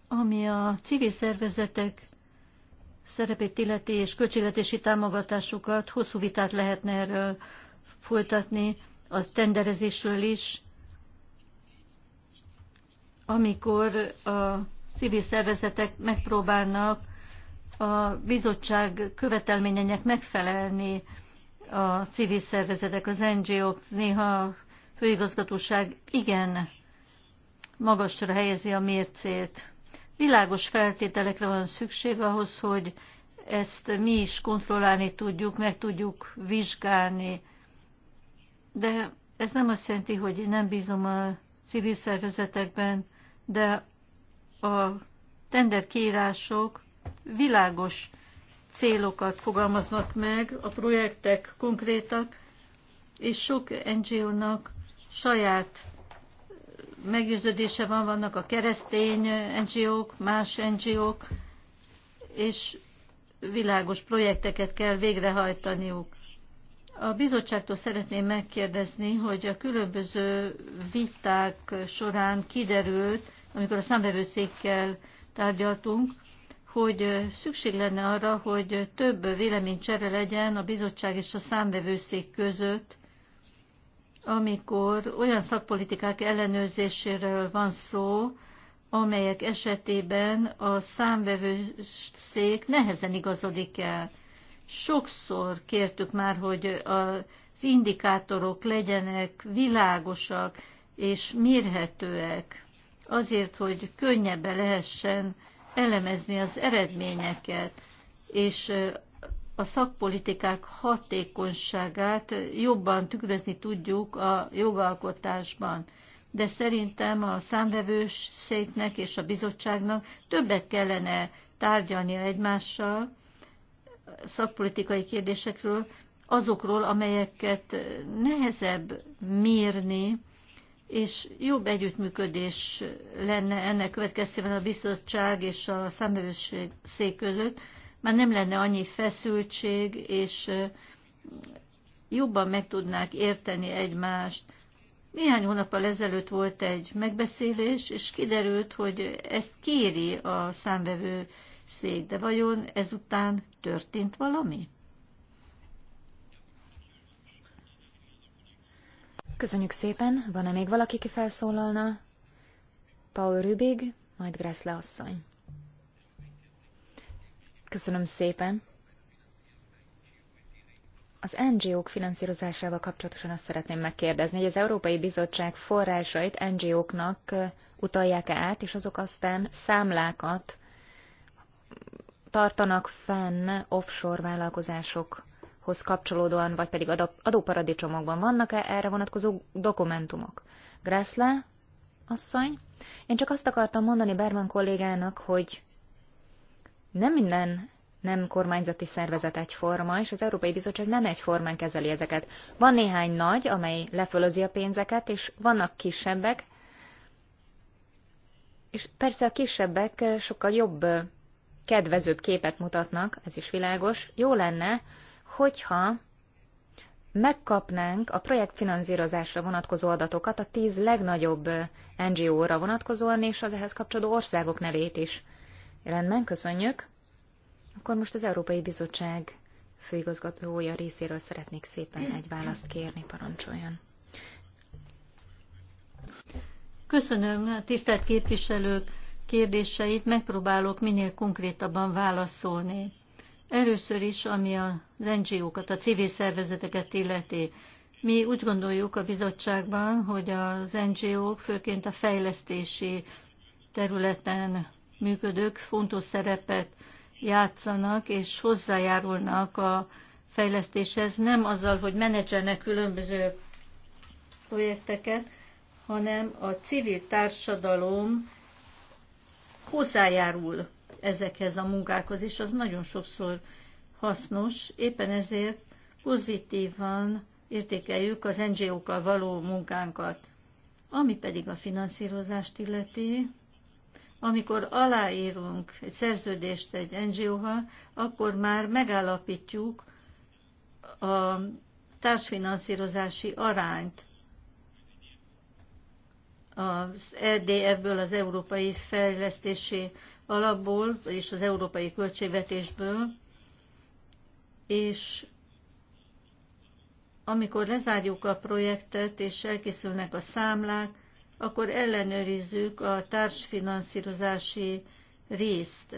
Ami a civil szervezetek szerepét illeti és költségvetési támogatásukat. Hosszú vitát lehetne erről folytatni, a tenderezésről is, amikor a civil szervezetek megpróbálnak a bizottság követelményeinek megfelelni a civil szervezetek, az NGO-k, néha a főigazgatóság igen magasra helyezi a mércét. Világos feltételekre van szükség ahhoz, hogy ezt mi is kontrollálni tudjuk, meg tudjuk vizsgálni. De ez nem azt jelenti, hogy nem bízom a civil szervezetekben, de a tenderkírások világos célokat fogalmaznak meg, a projektek konkrétak, és sok NGO-nak saját meggyőződése van, vannak a keresztény NGO-k, más NGO-k, és világos projekteket kell végrehajtaniuk. A bizottságtól szeretném megkérdezni, hogy a különböző viták során kiderült, amikor a számbevőszékkel tárgyaltunk, hogy szükség lenne arra, hogy több véleménycsere legyen a bizottság és a számbevőszék között amikor olyan szakpolitikák ellenőrzéséről van szó, amelyek esetében a számvevőszék nehezen igazodik el. Sokszor kértük már, hogy az indikátorok legyenek világosak és mérhetőek, azért, hogy könnyebben lehessen elemezni az eredményeket, és a szakpolitikák hatékonyságát jobban tükrözni tudjuk a jogalkotásban. De szerintem a számvevőségnek és a bizottságnak többet kellene tárgyalnia egymással szakpolitikai kérdésekről, azokról, amelyeket nehezebb mérni, és jobb együttműködés lenne ennek következtében a bizottság és a számvevőszék között, már nem lenne annyi feszültség, és jobban meg tudnák érteni egymást. Néhány hónappal ezelőtt volt egy megbeszélés, és kiderült, hogy ezt kéri a számvevő szék, de vajon ezután történt valami? Köszönjük szépen. Van-e még valaki, ki felszólalna? Paul Rübig, majd Gressle asszony. Köszönöm szépen. Az NGO-k finanszírozásával kapcsolatosan azt szeretném megkérdezni, hogy az Európai Bizottság forrásait NGO-knak utalják-e át, és azok aztán számlákat tartanak fenn offshore vállalkozásokhoz kapcsolódóan, vagy pedig adóparadicsomokban. Vannak-e erre vonatkozó dokumentumok? Grászlá, asszony, én csak azt akartam mondani Berman kollégának, hogy nem minden nem kormányzati szervezet egyforma, és az Európai Bizottság nem egyformán kezeli ezeket. Van néhány nagy, amely lefölözi a pénzeket, és vannak kisebbek, és persze a kisebbek sokkal jobb, kedvezőbb képet mutatnak, ez is világos. Jó lenne, hogyha megkapnánk a projektfinanszírozásra vonatkozó adatokat a tíz legnagyobb NGO-ra vonatkozóan, és az ehhez kapcsolódó országok nevét is. Rendben, köszönjük. Akkor most az Európai Bizottság főigazgatója részéről szeretnék szépen egy választ kérni, parancsoljon. Köszönöm, tisztelt képviselők kérdéseit, megpróbálok minél konkrétabban válaszolni. Először is, ami az NGO-kat, a civil szervezeteket illeti. Mi úgy gondoljuk a bizottságban, hogy az NGO-k főként a fejlesztési területen működők fontos szerepet játszanak és hozzájárulnak a fejlesztéshez, nem azzal, hogy menedzselnek különböző projekteket, hanem a civil társadalom hozzájárul ezekhez a munkákhoz, és az nagyon sokszor hasznos, éppen ezért pozitívan értékeljük az NGO-kkal való munkánkat. Ami pedig a finanszírozást illeti, amikor aláírunk egy szerződést egy NGO-val, akkor már megállapítjuk a társfinanszírozási arányt az EDF-ből, az Európai Fejlesztési Alapból és az Európai Költségvetésből, és amikor lezárjuk a projektet és elkészülnek a számlák, akkor ellenőrizzük a társfinanszírozási részt,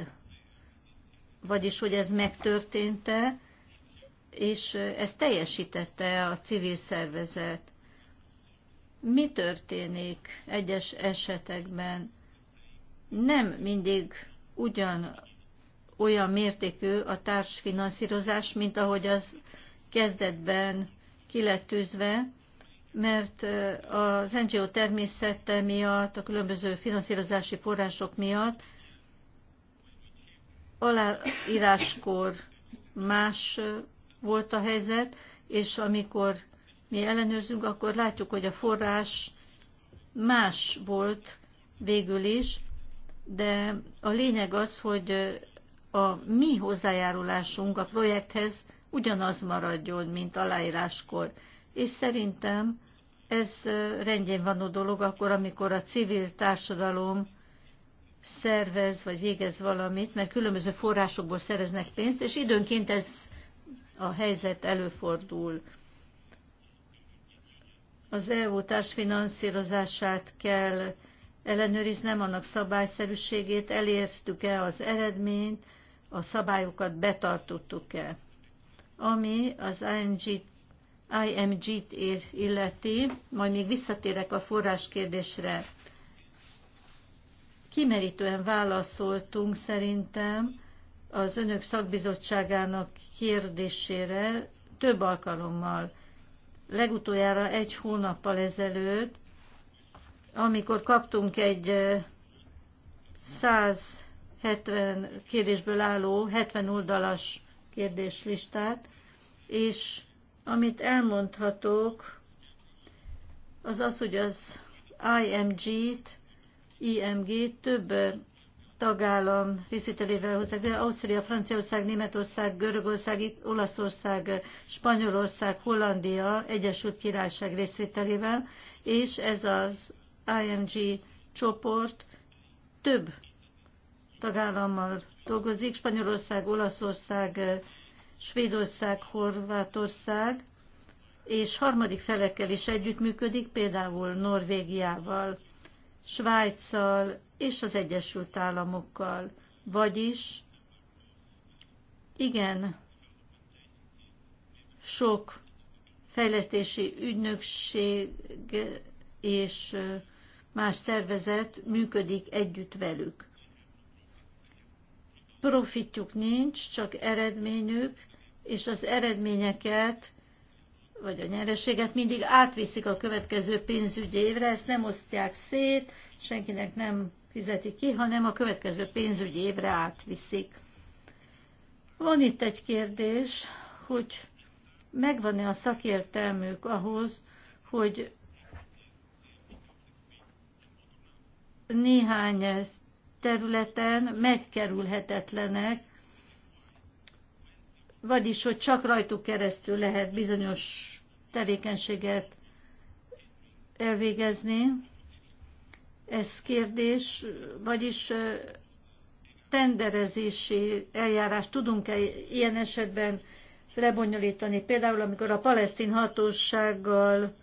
vagyis hogy ez megtörtént-e, és ezt teljesítette a civil szervezet. Mi történik egyes esetekben? Nem mindig ugyan olyan mértékű a társfinanszírozás, mint ahogy az kezdetben kiletűzve, mert az NGO természete miatt, a különböző finanszírozási források miatt aláíráskor más volt a helyzet, és amikor mi ellenőrzünk, akkor látjuk, hogy a forrás más volt végül is, de a lényeg az, hogy a mi hozzájárulásunk a projekthez ugyanaz maradjon, mint aláíráskor és szerintem ez rendjén van a dolog akkor, amikor a civil társadalom szervez vagy végez valamit, mert különböző forrásokból szereznek pénzt, és időnként ez a helyzet előfordul. Az EU társfinanszírozását kell ellenőriznem, annak szabályszerűségét, elértük-e az eredményt, a szabályokat betartottuk-e. Ami az ING IMG-t illeti, majd még visszatérek a forrás kérdésre. Kimerítően válaszoltunk szerintem az önök szakbizottságának kérdésére több alkalommal. Legutoljára egy hónappal ezelőtt, amikor kaptunk egy 170 kérdésből álló, 70 oldalas kérdéslistát, és amit elmondhatok, az az, hogy az IMG-t, IMG több tagállam részvételével hozzák, de Ausztria, Franciaország, Németország, Görögország, Olaszország, Spanyolország, Hollandia, Egyesült Királyság részvételével, és ez az IMG csoport több tagállammal dolgozik, Spanyolország, Olaszország, Svédország, Horvátország, és harmadik felekkel is együttműködik, például Norvégiával, Svájccal és az Egyesült Államokkal. Vagyis igen, sok fejlesztési ügynökség és más szervezet működik együtt velük profitjuk nincs, csak eredményük, és az eredményeket vagy a nyereséget mindig átviszik a következő pénzügyi évre, ezt nem osztják szét, senkinek nem fizeti ki, hanem a következő pénzügyi évre átviszik. Van itt egy kérdés, hogy megvan-e a szakértelmük ahhoz, hogy néhány területen megkerülhetetlenek, vagyis, hogy csak rajtuk keresztül lehet bizonyos tevékenységet elvégezni. Ez kérdés, vagyis tenderezési eljárást tudunk-e ilyen esetben lebonyolítani? Például, amikor a palesztin hatósággal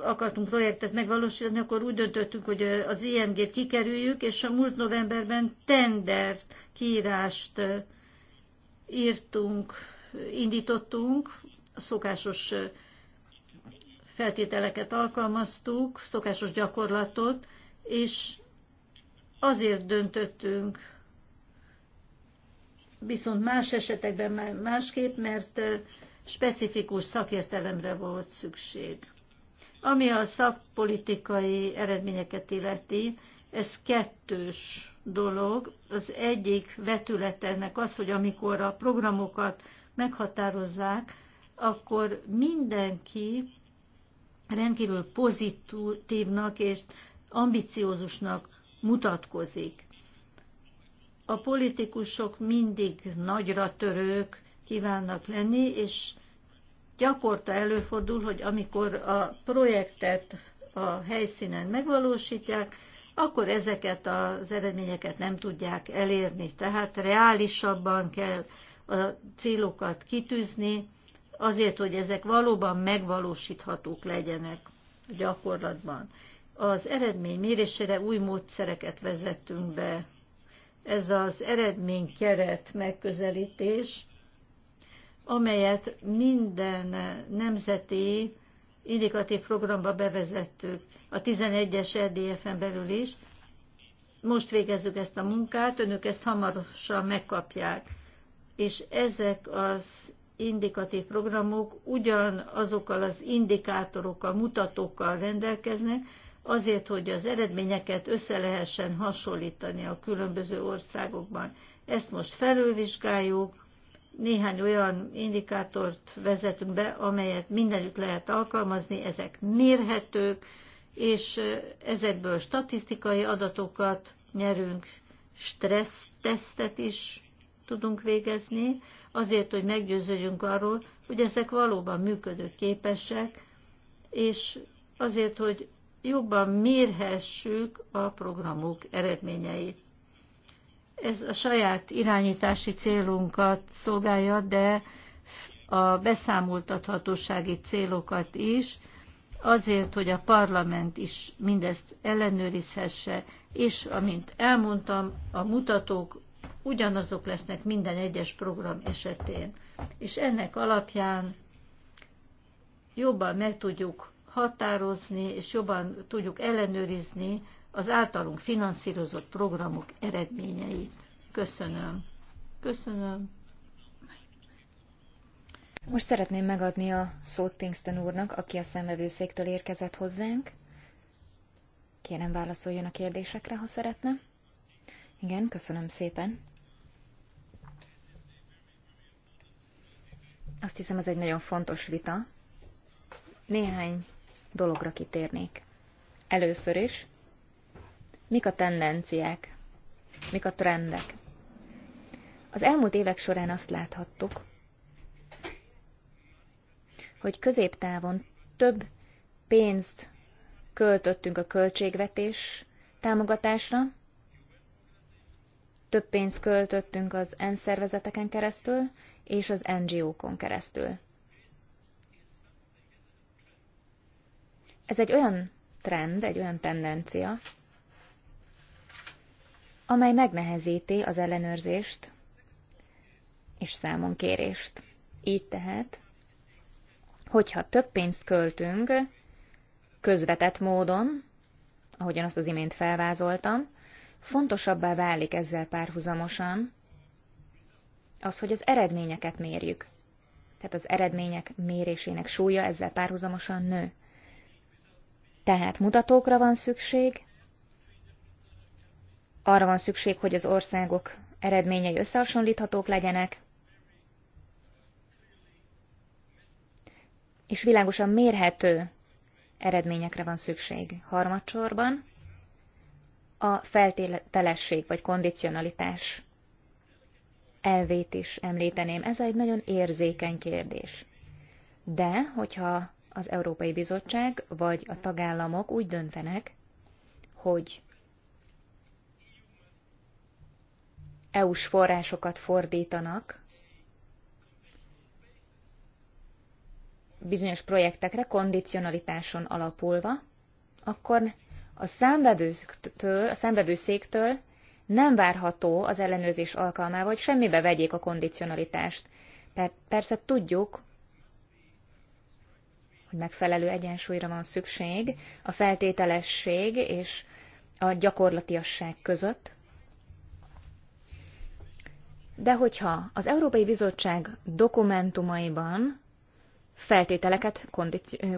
akartunk projektet megvalósítani, akkor úgy döntöttünk, hogy az IMG-t kikerüljük, és a múlt novemberben tendert, kiírást írtunk, indítottunk, a szokásos feltételeket alkalmaztuk, szokásos gyakorlatot, és azért döntöttünk, viszont más esetekben másképp, mert specifikus szakértelemre volt szükség. Ami a szakpolitikai eredményeket illeti, ez kettős dolog. Az egyik vetület ennek az, hogy amikor a programokat meghatározzák, akkor mindenki rendkívül pozitívnak és ambiciózusnak mutatkozik. A politikusok mindig nagyra törők kívánnak lenni, és gyakorta előfordul, hogy amikor a projektet a helyszínen megvalósítják, akkor ezeket az eredményeket nem tudják elérni. Tehát reálisabban kell a célokat kitűzni, azért, hogy ezek valóban megvalósíthatók legyenek gyakorlatban. Az eredmény mérésére új módszereket vezettünk be. Ez az eredménykeret megközelítés amelyet minden nemzeti indikatív programba bevezettük, a 11-es EDF-en belül is. Most végezzük ezt a munkát, önök ezt hamarosan megkapják. És ezek az indikatív programok ugyanazokkal az indikátorokkal, mutatókkal rendelkeznek, azért, hogy az eredményeket össze lehessen hasonlítani a különböző országokban. Ezt most felülvizsgáljuk, néhány olyan indikátort vezetünk be, amelyet mindenütt lehet alkalmazni, ezek mérhetők, és ezekből statisztikai adatokat nyerünk, stressz tesztet is tudunk végezni, azért, hogy meggyőződjünk arról, hogy ezek valóban működőképesek, és azért, hogy jobban mérhessük a programok eredményeit. Ez a saját irányítási célunkat szolgálja, de a beszámoltathatósági célokat is, azért, hogy a parlament is mindezt ellenőrizhesse, és amint elmondtam, a mutatók ugyanazok lesznek minden egyes program esetén. És ennek alapján jobban meg tudjuk határozni, és jobban tudjuk ellenőrizni az általunk finanszírozott programok eredményeit. Köszönöm. Köszönöm. Most szeretném megadni a szót Pinkston úrnak, aki a szemvevőszéktől érkezett hozzánk. Kérem válaszoljon a kérdésekre, ha szeretne. Igen, köszönöm szépen. Azt hiszem, ez egy nagyon fontos vita. Néhány dologra kitérnék. Először is, Mik a tendenciák? Mik a trendek? Az elmúlt évek során azt láthattuk, hogy középtávon több pénzt költöttünk a költségvetés támogatásra, több pénzt költöttünk az ENSZ szervezeteken keresztül és az NGO-kon keresztül. Ez egy olyan trend, egy olyan tendencia, amely megnehezíti az ellenőrzést és számonkérést. Így tehát, hogyha több pénzt költünk közvetett módon, ahogyan azt az imént felvázoltam, fontosabbá válik ezzel párhuzamosan az, hogy az eredményeket mérjük. Tehát az eredmények mérésének súlya ezzel párhuzamosan nő. Tehát mutatókra van szükség, arra van szükség, hogy az országok eredményei összehasonlíthatók legyenek, és világosan mérhető eredményekre van szükség. Harmadsorban a feltételesség vagy kondicionalitás elvét is említeném. Ez egy nagyon érzékeny kérdés. De, hogyha az Európai Bizottság vagy a tagállamok úgy döntenek, hogy EU-s forrásokat fordítanak bizonyos projektekre kondicionalitáson alapulva, akkor a számbevőszéktől, a számbevőszéktől nem várható az ellenőrzés alkalmával, hogy semmibe vegyék a kondicionalitást. Persze tudjuk, hogy megfelelő egyensúlyra van szükség a feltételesség és a gyakorlatiasság között, de hogyha az Európai Bizottság dokumentumaiban feltételeket,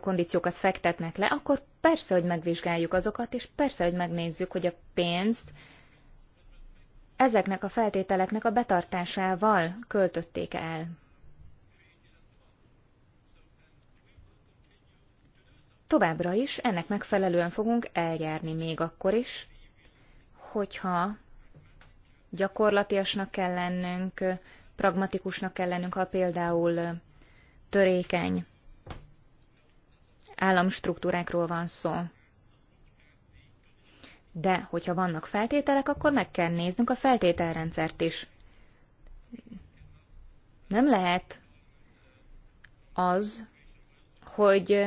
kondíciókat fektetnek le, akkor persze, hogy megvizsgáljuk azokat, és persze, hogy megnézzük, hogy a pénzt ezeknek a feltételeknek a betartásával költötték el. Továbbra is ennek megfelelően fogunk eljárni még akkor is, hogyha gyakorlatiasnak kell lennünk, pragmatikusnak kell lennünk, ha például törékeny államstruktúrákról van szó. De, hogyha vannak feltételek, akkor meg kell néznünk a feltételrendszert is. Nem lehet az, hogy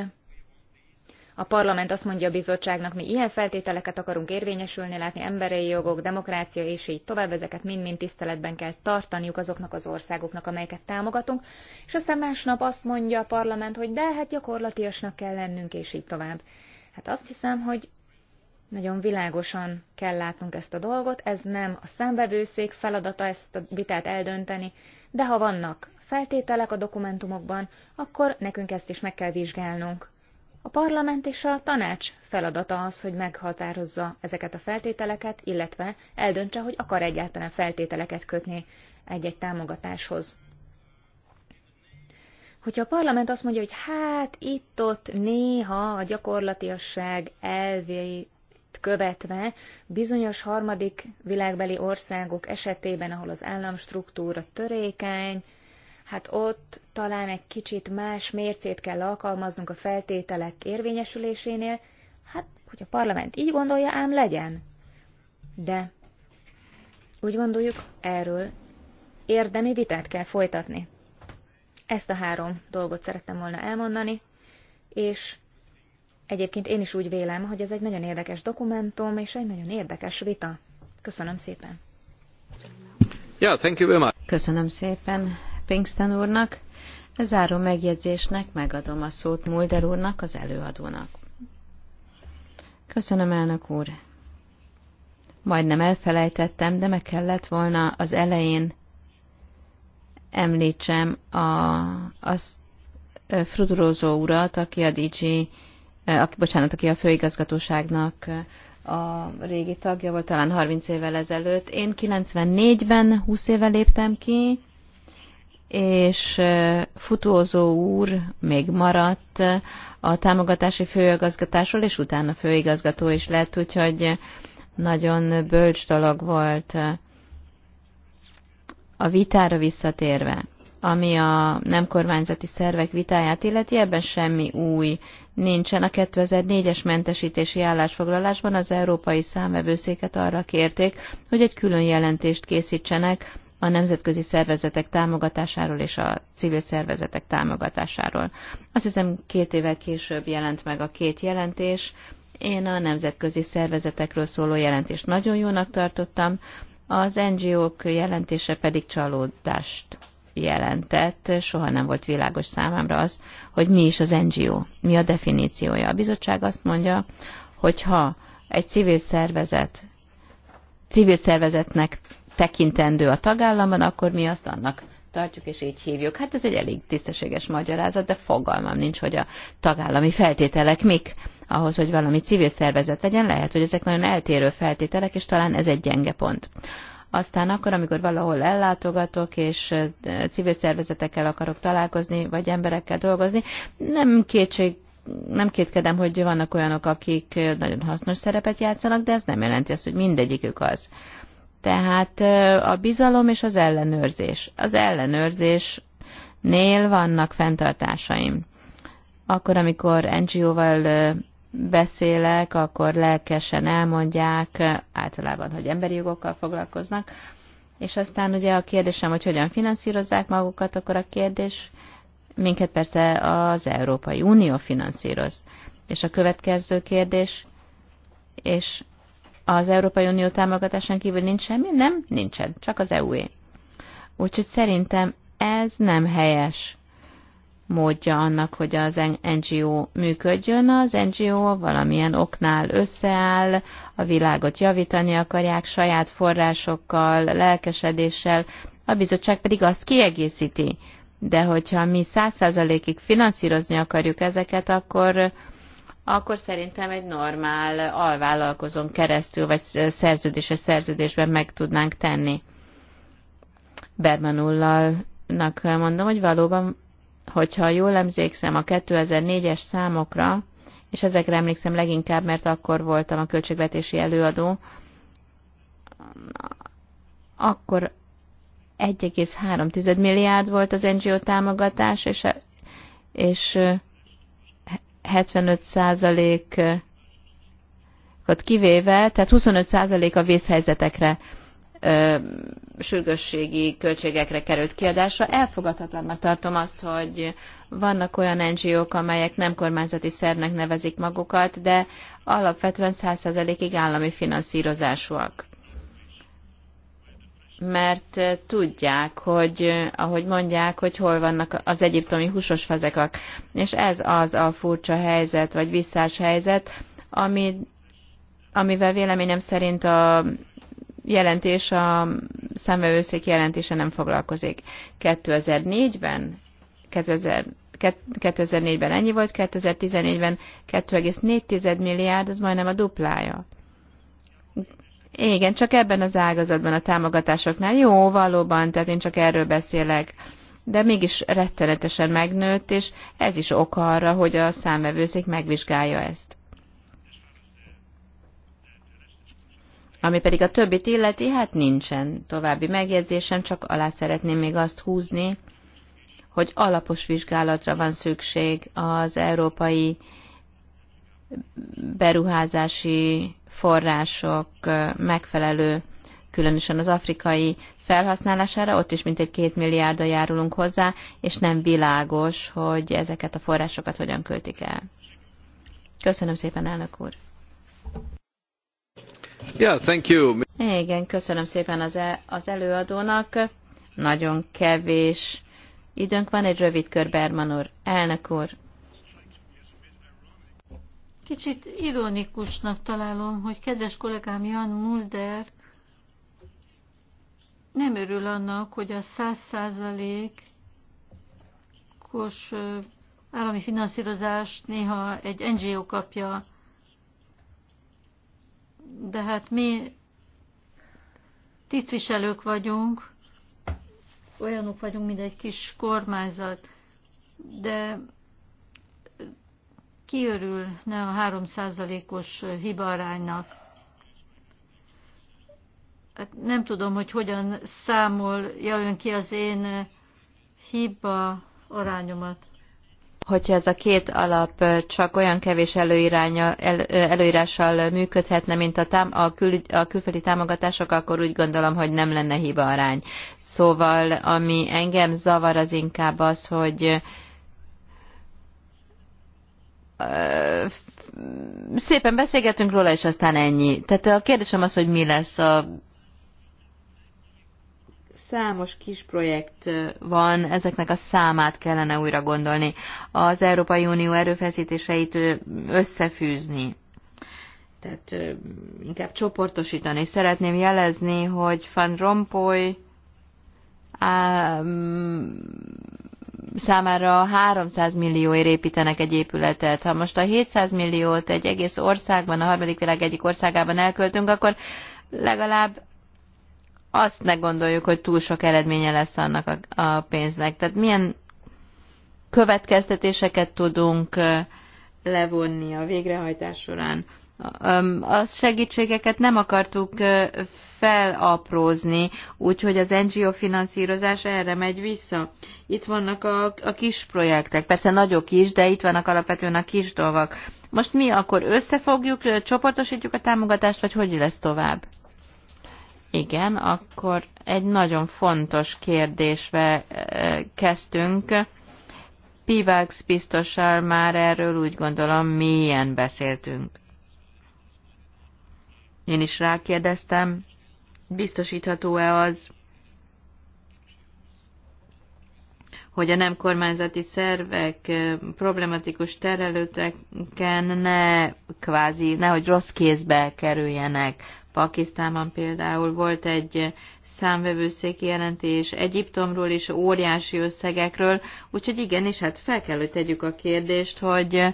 a parlament azt mondja a bizottságnak, mi ilyen feltételeket akarunk érvényesülni, látni emberi jogok, demokrácia és így tovább, ezeket mind-mind tiszteletben kell tartaniuk azoknak az országoknak, amelyeket támogatunk, és aztán másnap azt mondja a parlament, hogy de hát gyakorlatiasnak kell lennünk, és így tovább. Hát azt hiszem, hogy nagyon világosan kell látnunk ezt a dolgot, ez nem a számbevőszék feladata ezt a vitát eldönteni, de ha vannak feltételek a dokumentumokban, akkor nekünk ezt is meg kell vizsgálnunk. A parlament és a tanács feladata az, hogy meghatározza ezeket a feltételeket, illetve eldöntse, hogy akar egyáltalán feltételeket kötni egy-egy támogatáshoz. Hogyha a parlament azt mondja, hogy hát itt-ott néha a gyakorlatiasság elvét követve bizonyos harmadik világbeli országok esetében, ahol az államstruktúra törékeny, hát ott talán egy kicsit más mércét kell alkalmaznunk a feltételek érvényesülésénél, hát hogy a parlament így gondolja, ám legyen. De úgy gondoljuk, erről érdemi vitát kell folytatni. Ezt a három dolgot szerettem volna elmondani, és egyébként én is úgy vélem, hogy ez egy nagyon érdekes dokumentum, és egy nagyon érdekes vita. Köszönöm szépen! Yeah, thank you very much. Köszönöm szépen, Pinkston úrnak. Záró megjegyzésnek megadom a szót Mulder úrnak, az előadónak. Köszönöm, elnök úr. Majdnem elfelejtettem, de meg kellett volna az elején említsem a, az Frudurozó urat, aki a DG, aki, bocsánat, aki a főigazgatóságnak a régi tagja volt talán 30 évvel ezelőtt. Én 94-ben 20 éve léptem ki, és futózó úr még maradt a támogatási főigazgatásról, és utána főigazgató is lett, úgyhogy nagyon bölcs dolog volt a vitára visszatérve, ami a nem kormányzati szervek vitáját illeti, ebben semmi új nincsen. A 2004-es mentesítési állásfoglalásban az Európai Számvevőszéket arra kérték, hogy egy külön jelentést készítsenek a nemzetközi szervezetek támogatásáról és a civil szervezetek támogatásáról. Azt hiszem két évvel később jelent meg a két jelentés. Én a nemzetközi szervezetekről szóló jelentést nagyon jónak tartottam, az NGO-k jelentése pedig csalódást jelentett, soha nem volt világos számomra az, hogy mi is az NGO, mi a definíciója. A bizottság azt mondja, hogy ha egy civil szervezet civil szervezetnek tekintendő a tagállamban, akkor mi azt annak tartjuk, és így hívjuk. Hát ez egy elég tisztességes magyarázat, de fogalmam nincs, hogy a tagállami feltételek mik. Ahhoz, hogy valami civil szervezet legyen, lehet, hogy ezek nagyon eltérő feltételek, és talán ez egy gyenge pont. Aztán akkor, amikor valahol ellátogatok, és civil szervezetekkel akarok találkozni, vagy emberekkel dolgozni, nem kétség nem kétkedem, hogy vannak olyanok, akik nagyon hasznos szerepet játszanak, de ez nem jelenti azt, hogy mindegyikük az. Tehát a bizalom és az ellenőrzés. Az ellenőrzésnél vannak fenntartásaim. Akkor, amikor NGO-val beszélek, akkor lelkesen elmondják, általában, hogy emberi jogokkal foglalkoznak, és aztán ugye a kérdésem, hogy hogyan finanszírozzák magukat, akkor a kérdés, minket persze az Európai Unió finanszíroz. És a következő kérdés, és az Európai Unió támogatásán kívül nincs semmi? Nem, nincsen, csak az EU-é. Úgyhogy szerintem ez nem helyes módja annak, hogy az NGO működjön. Az NGO valamilyen oknál összeáll, a világot javítani akarják saját forrásokkal, lelkesedéssel, a bizottság pedig azt kiegészíti. De hogyha mi száz százalékig finanszírozni akarjuk ezeket, akkor akkor szerintem egy normál alvállalkozón keresztül, vagy szerződéses szerződésben meg tudnánk tenni. Bermanullalnak mondom, hogy valóban, hogyha jól emlékszem a 2004-es számokra, és ezekre emlékszem leginkább, mert akkor voltam a költségvetési előadó, akkor 1,3 milliárd volt az NGO támogatás, és, és 75 ot kivéve, tehát 25% a vészhelyzetekre sürgősségi költségekre került kiadásra. Elfogadhatatlannak tartom azt, hogy vannak olyan NGO-k, amelyek nem kormányzati szervnek nevezik magukat, de alapvetően 100%-ig állami finanszírozásúak mert eh, tudják, hogy eh, ahogy mondják, hogy hol vannak az egyiptomi húsos fazekak. És ez az a furcsa helyzet, vagy visszás helyzet, ami, amivel véleményem szerint a jelentés, a számvevőszék jelentése nem foglalkozik. 2004-ben 2000, 2004-ben ennyi volt, 2014-ben 2,4 milliárd, ez majdnem a duplája. Igen, csak ebben az ágazatban a támogatásoknál. Jó, valóban, tehát én csak erről beszélek. De mégis rettenetesen megnőtt, és ez is ok arra, hogy a számvevőszék megvizsgálja ezt. Ami pedig a többit illeti, hát nincsen további megjegyzésem, csak alá szeretném még azt húzni, hogy alapos vizsgálatra van szükség az európai beruházási források megfelelő, különösen az afrikai felhasználására, ott is mintegy két milliárda járulunk hozzá, és nem világos, hogy ezeket a forrásokat hogyan költik el. Köszönöm szépen, elnök úr! Yeah, thank you. Igen, köszönöm szépen az, el, az előadónak. Nagyon kevés időnk van, egy rövid kör, Berman úr. Elnök úr, Kicsit ironikusnak találom, hogy kedves kollégám Jan Mulder nem örül annak, hogy a száz százalékos állami finanszírozást néha egy NGO kapja. De hát mi tisztviselők vagyunk, olyanok vagyunk, mint egy kis kormányzat. De kiörülne a 3%-os hibaránynak. Hát nem tudom, hogy hogyan számolja ön ki az én hiba arányomat. Hogyha ez a két alap csak olyan kevés el, előírással működhetne, mint a, tám, a, kül, a külföldi támogatások, akkor úgy gondolom, hogy nem lenne hiba arány. Szóval, ami engem zavar, az inkább az, hogy szépen beszélgetünk róla, és aztán ennyi. Tehát a kérdésem az, hogy mi lesz a számos kis projekt van, ezeknek a számát kellene újra gondolni, az Európai Unió erőfeszítéseit összefűzni. Tehát inkább csoportosítani. Szeretném jelezni, hogy Van Rompuy számára 300 millióért építenek egy épületet. Ha most a 700 milliót egy egész országban, a harmadik világ egyik országában elköltünk, akkor legalább azt ne gondoljuk, hogy túl sok eredménye lesz annak a, a pénznek. Tehát milyen következtetéseket tudunk levonni a végrehajtás során a segítségeket nem akartuk felaprózni, úgyhogy az NGO finanszírozás erre megy vissza. Itt vannak a, a kis projektek, persze nagyok is, de itt vannak alapvetően a kis dolgok. Most mi akkor összefogjuk, csoportosítjuk a támogatást, vagy hogy lesz tovább? Igen, akkor egy nagyon fontos kérdésbe kezdtünk. Pivax biztosan már erről úgy gondolom milyen beszéltünk. Én is rákérdeztem, biztosítható-e az, hogy a nem kormányzati szervek problematikus terelőteken ne kvázi, nehogy rossz kézbe kerüljenek. Pakisztánban például volt egy számvevőszéki jelentés Egyiptomról és óriási összegekről, úgyhogy igenis, hát fel kell, hogy tegyük a kérdést, hogy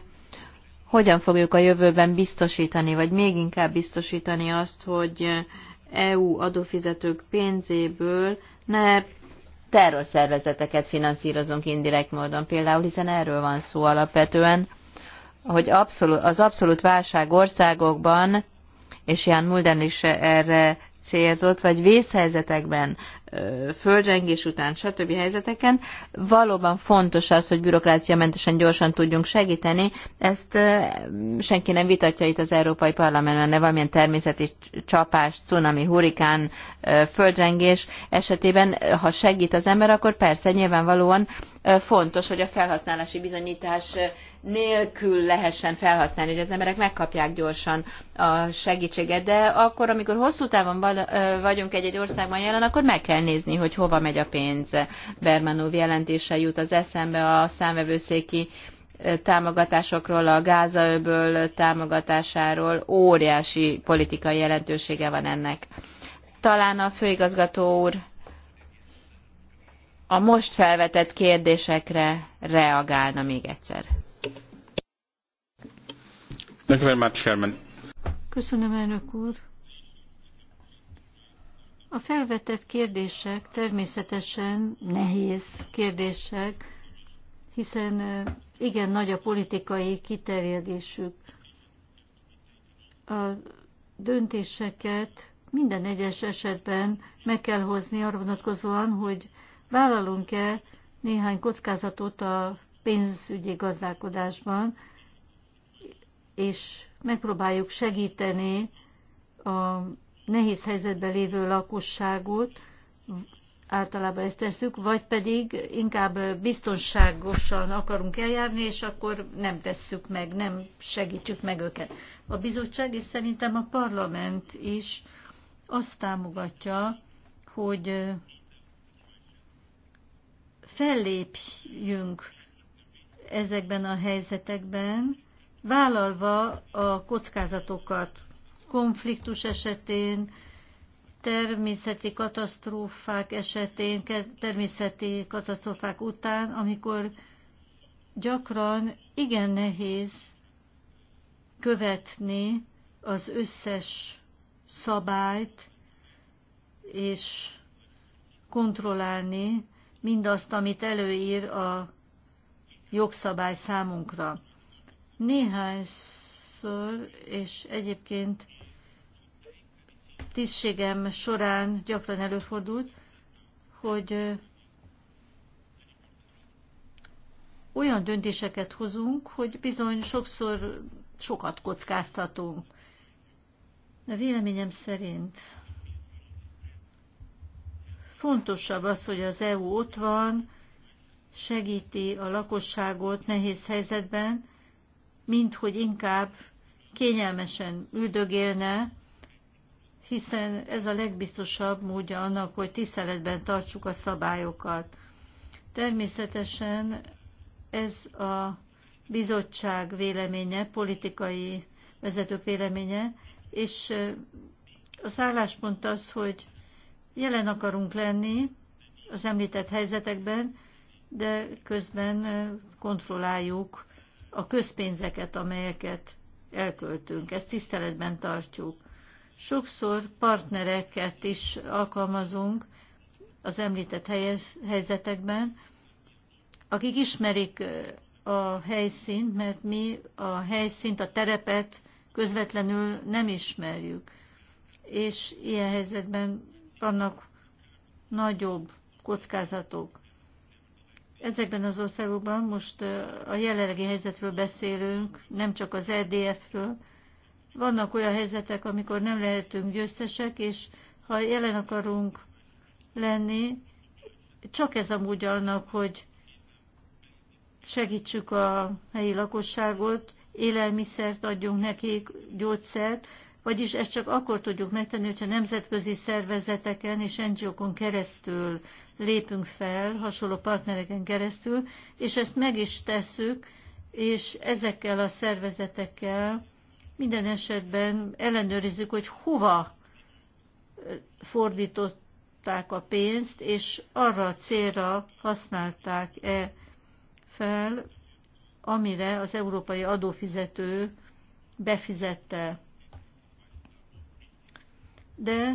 hogyan fogjuk a jövőben biztosítani, vagy még inkább biztosítani azt, hogy EU adófizetők pénzéből ne terrorszervezeteket finanszírozunk indirekt módon például, hiszen erről van szó alapvetően, hogy abszolút, az abszolút válság országokban, és Ján Mulden is erre célzott, vagy vészhelyzetekben földrengés után, stb. helyzeteken. Valóban fontos az, hogy bürokráciamentesen gyorsan tudjunk segíteni. Ezt senki nem vitatja itt az Európai Parlamentben, de valamilyen természeti csapás, cunami, hurikán, földrengés esetében, ha segít az ember, akkor persze nyilvánvalóan fontos, hogy a felhasználási bizonyítás nélkül lehessen felhasználni, hogy az emberek megkapják gyorsan a segítséget, de akkor, amikor hosszú távon vagyunk egy-egy országban jelen, akkor meg kell kell nézni, hogy hova megy a pénz. Bermanov jelentése jut az eszembe a számvevőszéki eh, támogatásokról, a gázaöböl támogatásáról. Óriási politikai jelentősége van ennek. Talán a főigazgató úr a most felvetett kérdésekre reagálna még egyszer. Thank you very much, Chairman. Köszönöm, elnök úr. A felvetett kérdések természetesen nehéz kérdések, hiszen igen nagy a politikai kiterjedésük. A döntéseket minden egyes esetben meg kell hozni arra vonatkozóan, hogy vállalunk-e néhány kockázatot a pénzügyi gazdálkodásban, és megpróbáljuk segíteni a nehéz helyzetben lévő lakosságot, általában ezt tesszük, vagy pedig inkább biztonságosan akarunk eljárni, és akkor nem tesszük meg, nem segítjük meg őket. A bizottság és szerintem a parlament is azt támogatja, hogy fellépjünk ezekben a helyzetekben, vállalva a kockázatokat, konfliktus esetén, természeti katasztrófák esetén, természeti katasztrófák után, amikor gyakran igen nehéz követni az összes szabályt, és kontrollálni mindazt, amit előír a jogszabály számunkra. Néhányszor, és egyébként tisztségem során gyakran előfordult, hogy olyan döntéseket hozunk, hogy bizony sokszor sokat kockáztatunk. De véleményem szerint fontosabb az, hogy az EU ott van, segíti a lakosságot nehéz helyzetben, mint hogy inkább kényelmesen üldögélne, hiszen ez a legbiztosabb módja annak, hogy tiszteletben tartsuk a szabályokat. Természetesen ez a bizottság véleménye, politikai vezetők véleménye, és az álláspont az, hogy jelen akarunk lenni az említett helyzetekben, de közben kontrolláljuk a közpénzeket, amelyeket elköltünk. Ezt tiszteletben tartjuk. Sokszor partnereket is alkalmazunk az említett helyez, helyzetekben, akik ismerik a helyszínt, mert mi a helyszínt, a terepet közvetlenül nem ismerjük. És ilyen helyzetben vannak nagyobb kockázatok. Ezekben az országokban most a jelenlegi helyzetről beszélünk, nem csak az EDF-ről, vannak olyan helyzetek, amikor nem lehetünk győztesek, és ha jelen akarunk lenni, csak ez a módja annak, hogy segítsük a helyi lakosságot, élelmiszert adjunk nekik, gyógyszert, vagyis ezt csak akkor tudjuk megtenni, hogyha nemzetközi szervezeteken és NGO-kon keresztül lépünk fel, hasonló partnereken keresztül, és ezt meg is tesszük, és ezekkel a szervezetekkel minden esetben ellenőrizzük, hogy hova fordították a pénzt, és arra a célra használták-e fel, amire az európai adófizető befizette. De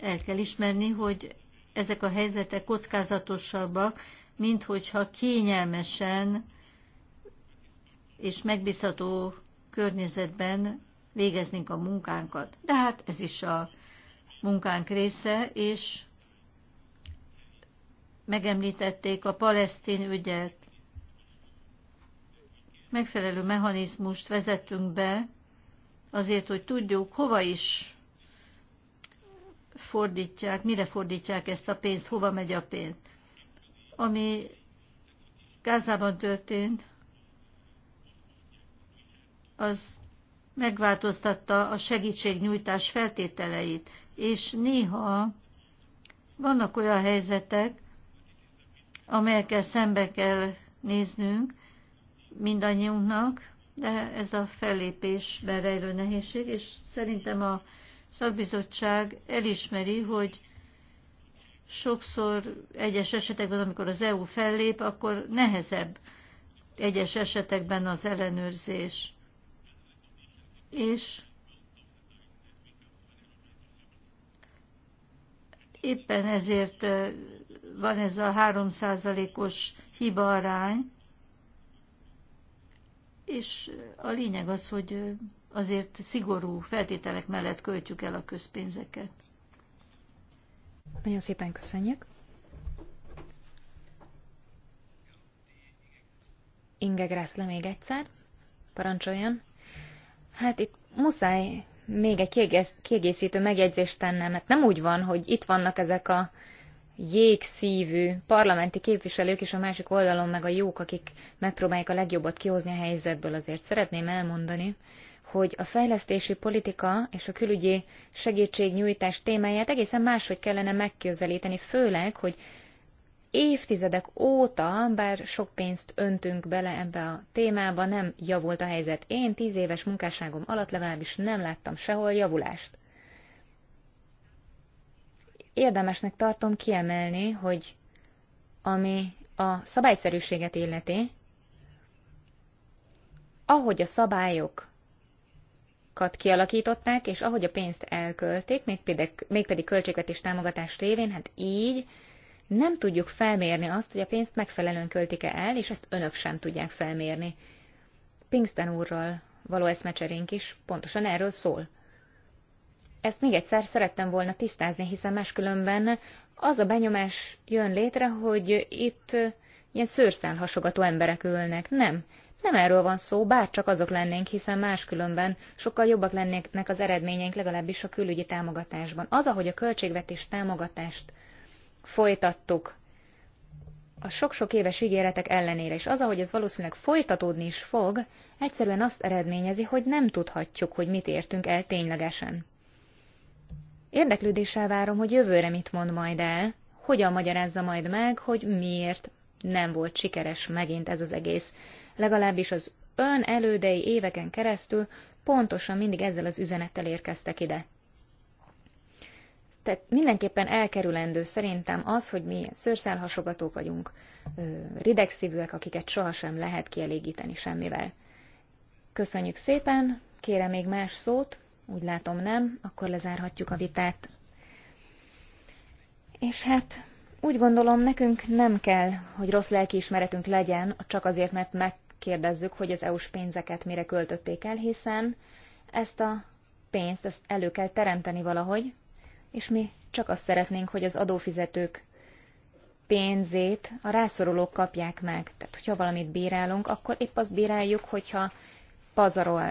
el kell ismerni, hogy ezek a helyzetek kockázatosabbak, mint hogyha kényelmesen és megbízható környezetben végeznénk a munkánkat. De hát ez is a munkánk része, és megemlítették a palesztin ügyet. Megfelelő mechanizmust vezettünk be, azért, hogy tudjuk, hova is fordítják, mire fordítják ezt a pénzt, hova megy a pénz. Ami Gázában történt, az megváltoztatta a segítségnyújtás feltételeit, és néha vannak olyan helyzetek, amelyekkel szembe kell néznünk mindannyiunknak, de ez a fellépésben rejlő nehézség, és szerintem a szakbizottság elismeri, hogy sokszor egyes esetekben, amikor az EU fellép, akkor nehezebb egyes esetekben az ellenőrzés és éppen ezért van ez a 3%-os hibaarány, és a lényeg az, hogy azért szigorú feltételek mellett költjük el a közpénzeket. Nagyon szépen köszönjük. Inge le még egyszer. Parancsoljon. Hát itt muszáj még egy kiegészítő megjegyzést tennem, mert nem úgy van, hogy itt vannak ezek a jégszívű parlamenti képviselők, és a másik oldalon meg a jók, akik megpróbálják a legjobbat kihozni a helyzetből. Azért szeretném elmondani, hogy a fejlesztési politika és a külügyi segítségnyújtás témáját egészen máshogy kellene megközelíteni, főleg, hogy évtizedek óta, bár sok pénzt öntünk bele ebbe a témába, nem javult a helyzet. Én tíz éves munkásságom alatt legalábbis nem láttam sehol javulást. Érdemesnek tartom kiemelni, hogy ami a szabályszerűséget illeti, ahogy a szabályokat kialakították, és ahogy a pénzt elköltik, mégpedig, mégpedig költségvetés támogatás révén, hát így nem tudjuk felmérni azt, hogy a pénzt megfelelően költik-e el, és ezt önök sem tudják felmérni. Pinkston úrral való eszmecserénk is pontosan erről szól. Ezt még egyszer szerettem volna tisztázni, hiszen máskülönben az a benyomás jön létre, hogy itt ilyen szőrszál hasogató emberek ülnek. Nem, nem erről van szó, bár csak azok lennénk, hiszen máskülönben sokkal jobbak lennének az eredményeink legalábbis a külügyi támogatásban. Az, ahogy a költségvetés támogatást folytattuk a sok-sok éves ígéretek ellenére, és az, ahogy ez valószínűleg folytatódni is fog, egyszerűen azt eredményezi, hogy nem tudhatjuk, hogy mit értünk el ténylegesen. Érdeklődéssel várom, hogy jövőre mit mond majd el, hogyan magyarázza majd meg, hogy miért nem volt sikeres megint ez az egész. Legalábbis az ön elődei éveken keresztül pontosan mindig ezzel az üzenettel érkeztek ide tehát mindenképpen elkerülendő szerintem az, hogy mi szőrszálhasogatók vagyunk, ridegszívűek, akiket sohasem lehet kielégíteni semmivel. Köszönjük szépen, kérem még más szót, úgy látom nem, akkor lezárhatjuk a vitát. És hát úgy gondolom, nekünk nem kell, hogy rossz lelkiismeretünk legyen, csak azért, mert megkérdezzük, hogy az EU-s pénzeket mire költötték el, hiszen ezt a pénzt ezt elő kell teremteni valahogy, és mi csak azt szeretnénk, hogy az adófizetők pénzét a rászorulók kapják meg. Tehát, hogyha valamit bírálunk, akkor épp azt bíráljuk, hogyha pazarol,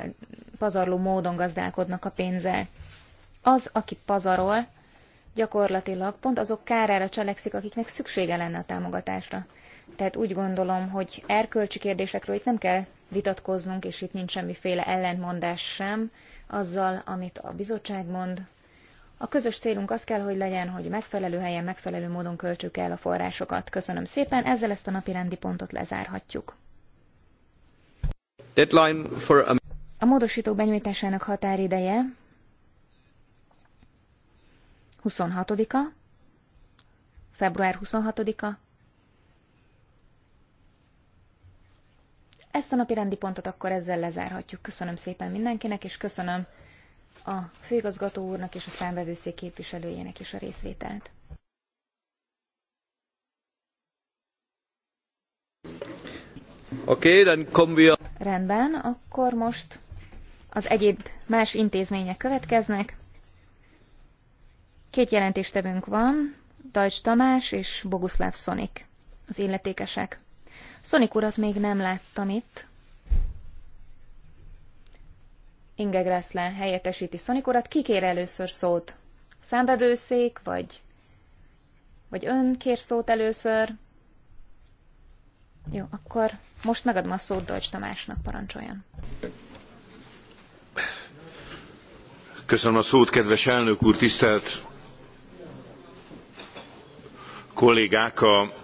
pazarló módon gazdálkodnak a pénzzel. Az, aki pazarol, gyakorlatilag pont azok kárára cselekszik, akiknek szüksége lenne a támogatásra. Tehát úgy gondolom, hogy erkölcsi kérdésekről itt nem kell vitatkoznunk, és itt nincs semmiféle ellentmondás sem azzal, amit a bizottság mond, a közös célunk az kell, hogy legyen, hogy megfelelő helyen, megfelelő módon költsük el a forrásokat. Köszönöm szépen, ezzel ezt a napi rendi pontot lezárhatjuk. Deadline for a... a módosítók benyújtásának határideje 26-a, február 26-a. Ezt a napi rendi pontot akkor ezzel lezárhatjuk. Köszönöm szépen mindenkinek, és köszönöm a főigazgató úrnak és a számbevőszék képviselőjének is a részvételt. Oké, okay, kommen wir. Rendben, akkor most az egyéb más intézmények következnek. Két jelentéstevünk van, Dajcs Tamás és Boguszláv Szonik, az illetékesek. Szonik urat még nem láttam itt, Inge Gressle helyettesíti Szonik urat. Ki kér először szót? Számbevőszék, vagy, vagy ön kér szót először? Jó, akkor most megadom a szót Dolcs Tamásnak, parancsoljon. Köszönöm a szót, kedves elnök úr, tisztelt kollégák! A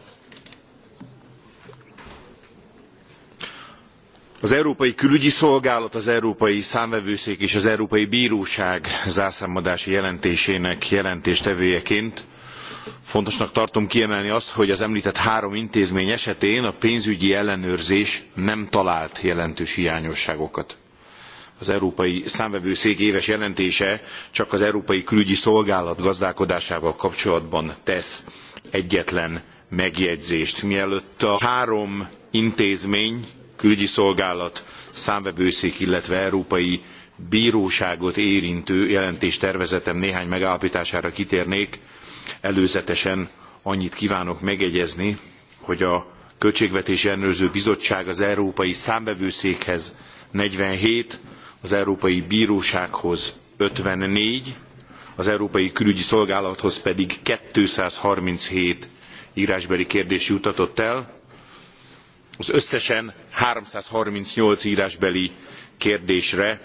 az európai külügyi szolgálat az európai számvevőszék és az európai bróság zárszámadási jelentésének jelentéstevőjeként fontosnak tartom kiemelni azt hogy az emltett három intézmény esetén a pénzügyi ellenőrzés nem talált jelentős hiányosságokat. az európai számvevőszék éves jelentése csak az európai külügyi szolgálat gazdálkodásával kapcsolatban tesz egyetlen megjegyzést. mielőtt a három intézmény külügyi szolgálat, számvevőszék, illetve európai bíróságot érintő jelentéstervezetem néhány megállapítására kitérnék. Előzetesen annyit kívánok megegyezni, hogy a Költségvetési Ellenőrző Bizottság az Európai Számbevőszékhez 47, az Európai Bírósághoz 54, az Európai Külügyi Szolgálathoz pedig 237 írásbeli kérdés jutatott el az összesen three hundred and thirty eight rásbeli kérdésre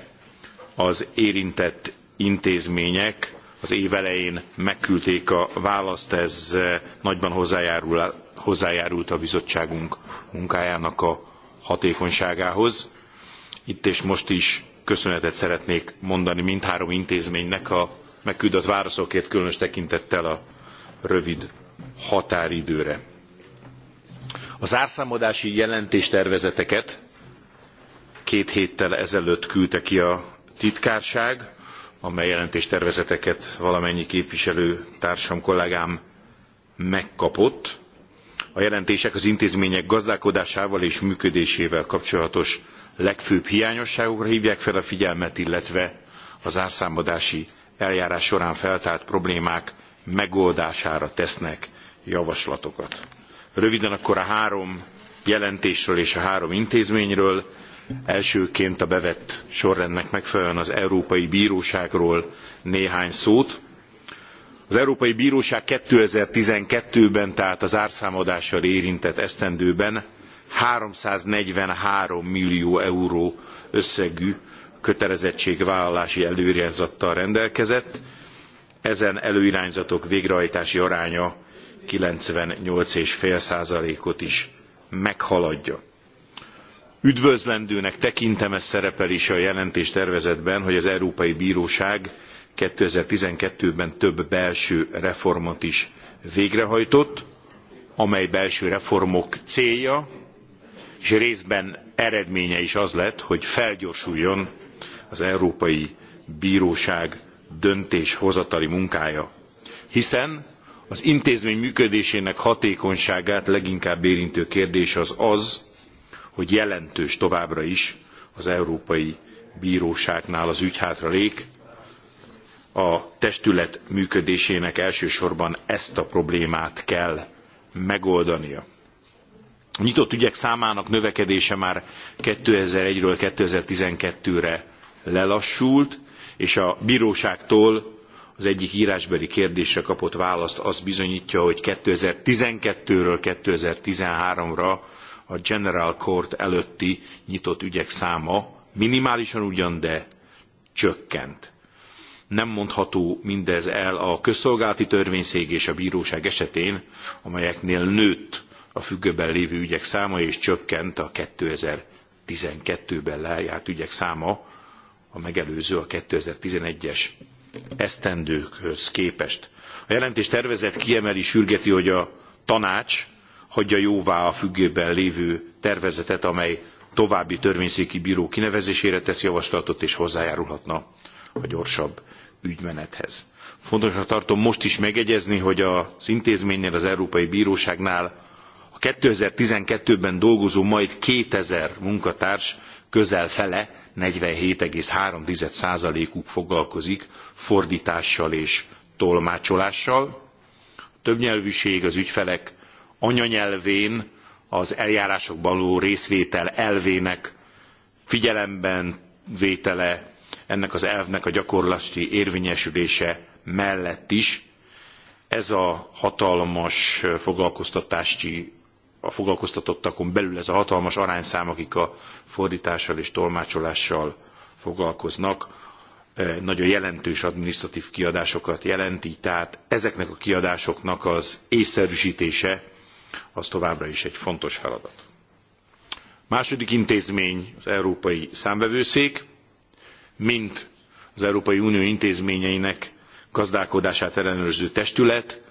az érintett intézmények az év elején megküldték a választ ez eh, nagyban hozzájárult a bizottságunk munkájának a hatékonyságához. itt és most is köszönetet szeretnék mondani mindhárom intézménynek a megküldött válaszokért különös tekintettel a rövid határidőre a zárszámadási jelentéstervezeteket két héttel ezelőtt küldte ki a titkárság, amely jelentéstervezeteket valamennyi képviselő kollégám megkapott. A jelentések az intézmények gazdálkodásával és működésével kapcsolatos legfőbb hiányosságokra hívják fel a figyelmet, illetve a zárszámadási eljárás során feltárt problémák megoldására tesznek javaslatokat. Röviden akkor a három jelentésről és a három intézményről. Elsőként a bevett sorrendnek megfelelően az Európai Bíróságról néhány szót. Az Európai Bíróság 2012-ben, tehát az árszámadással érintett esztendőben 343 millió euró összegű kötelezettségvállalási előirányzattal rendelkezett. Ezen előirányzatok végrehajtási aránya 98,5%-ot is meghaladja. Üdvözlendőnek tekintem ez szerepel is a jelentés tervezetben, hogy az Európai Bíróság 2012-ben több belső reformot is végrehajtott, amely belső reformok célja és részben eredménye is az lett, hogy felgyorsuljon az Európai Bíróság döntéshozatali munkája. Hiszen az intézmény működésének hatékonyságát leginkább érintő kérdés az az hogy jelentős továbbra is az európai bróságnál az ügyhátralék a testület működésének elsősorban ezt a problémát kell megoldania. A nyitott ügyek számának növekedése már 2001-ről 2012-re lelassult, és a bíróságtól az egyik írásbeli kérdésre kapott választ azt bizonyítja, hogy 2012-ről 2013-ra a General Court előtti nyitott ügyek száma minimálisan ugyan, de csökkent. Nem mondható mindez el a közszolgálati törvényszék és a bíróság esetén, amelyeknél nőtt a függőben lévő ügyek száma és csökkent a 2012-ben lejárt ügyek száma, a megelőző a 2011-es esztendőkhöz képest. A jelentés tervezet kiemeli, sürgeti, hogy a tanács hagyja jóvá a függőben lévő tervezetet, amely további törvényszéki bíró kinevezésére tesz javaslatot és hozzájárulhatna a gyorsabb ügymenethez. Fontosnak tartom most is megegyezni, hogy az intézménynél, az Európai Bíróságnál a 2012-ben dolgozó majd 2000 munkatárs közel fele 47,3%-uk foglalkozik fordítással és tolmácsolással. A többnyelvűség az ügyfelek anyanyelvén az eljárásokban való részvétel elvének figyelemben vétele ennek az elvnek a gyakorlati érvényesülése mellett is ez a hatalmas foglalkoztatási a foglalkoztatottakon belül ez a hatalmas arányszám, akik a fordítással és tolmácsolással foglalkoznak, eh, nagyon jelentős adminisztratív kiadásokat jelenti, tehát ezeknek a kiadásoknak az észszerűsítése az továbbra is egy fontos feladat. Második intézmény az Európai Számvevőszék, mint az Európai Unió intézményeinek gazdálkodását ellenőrző testület.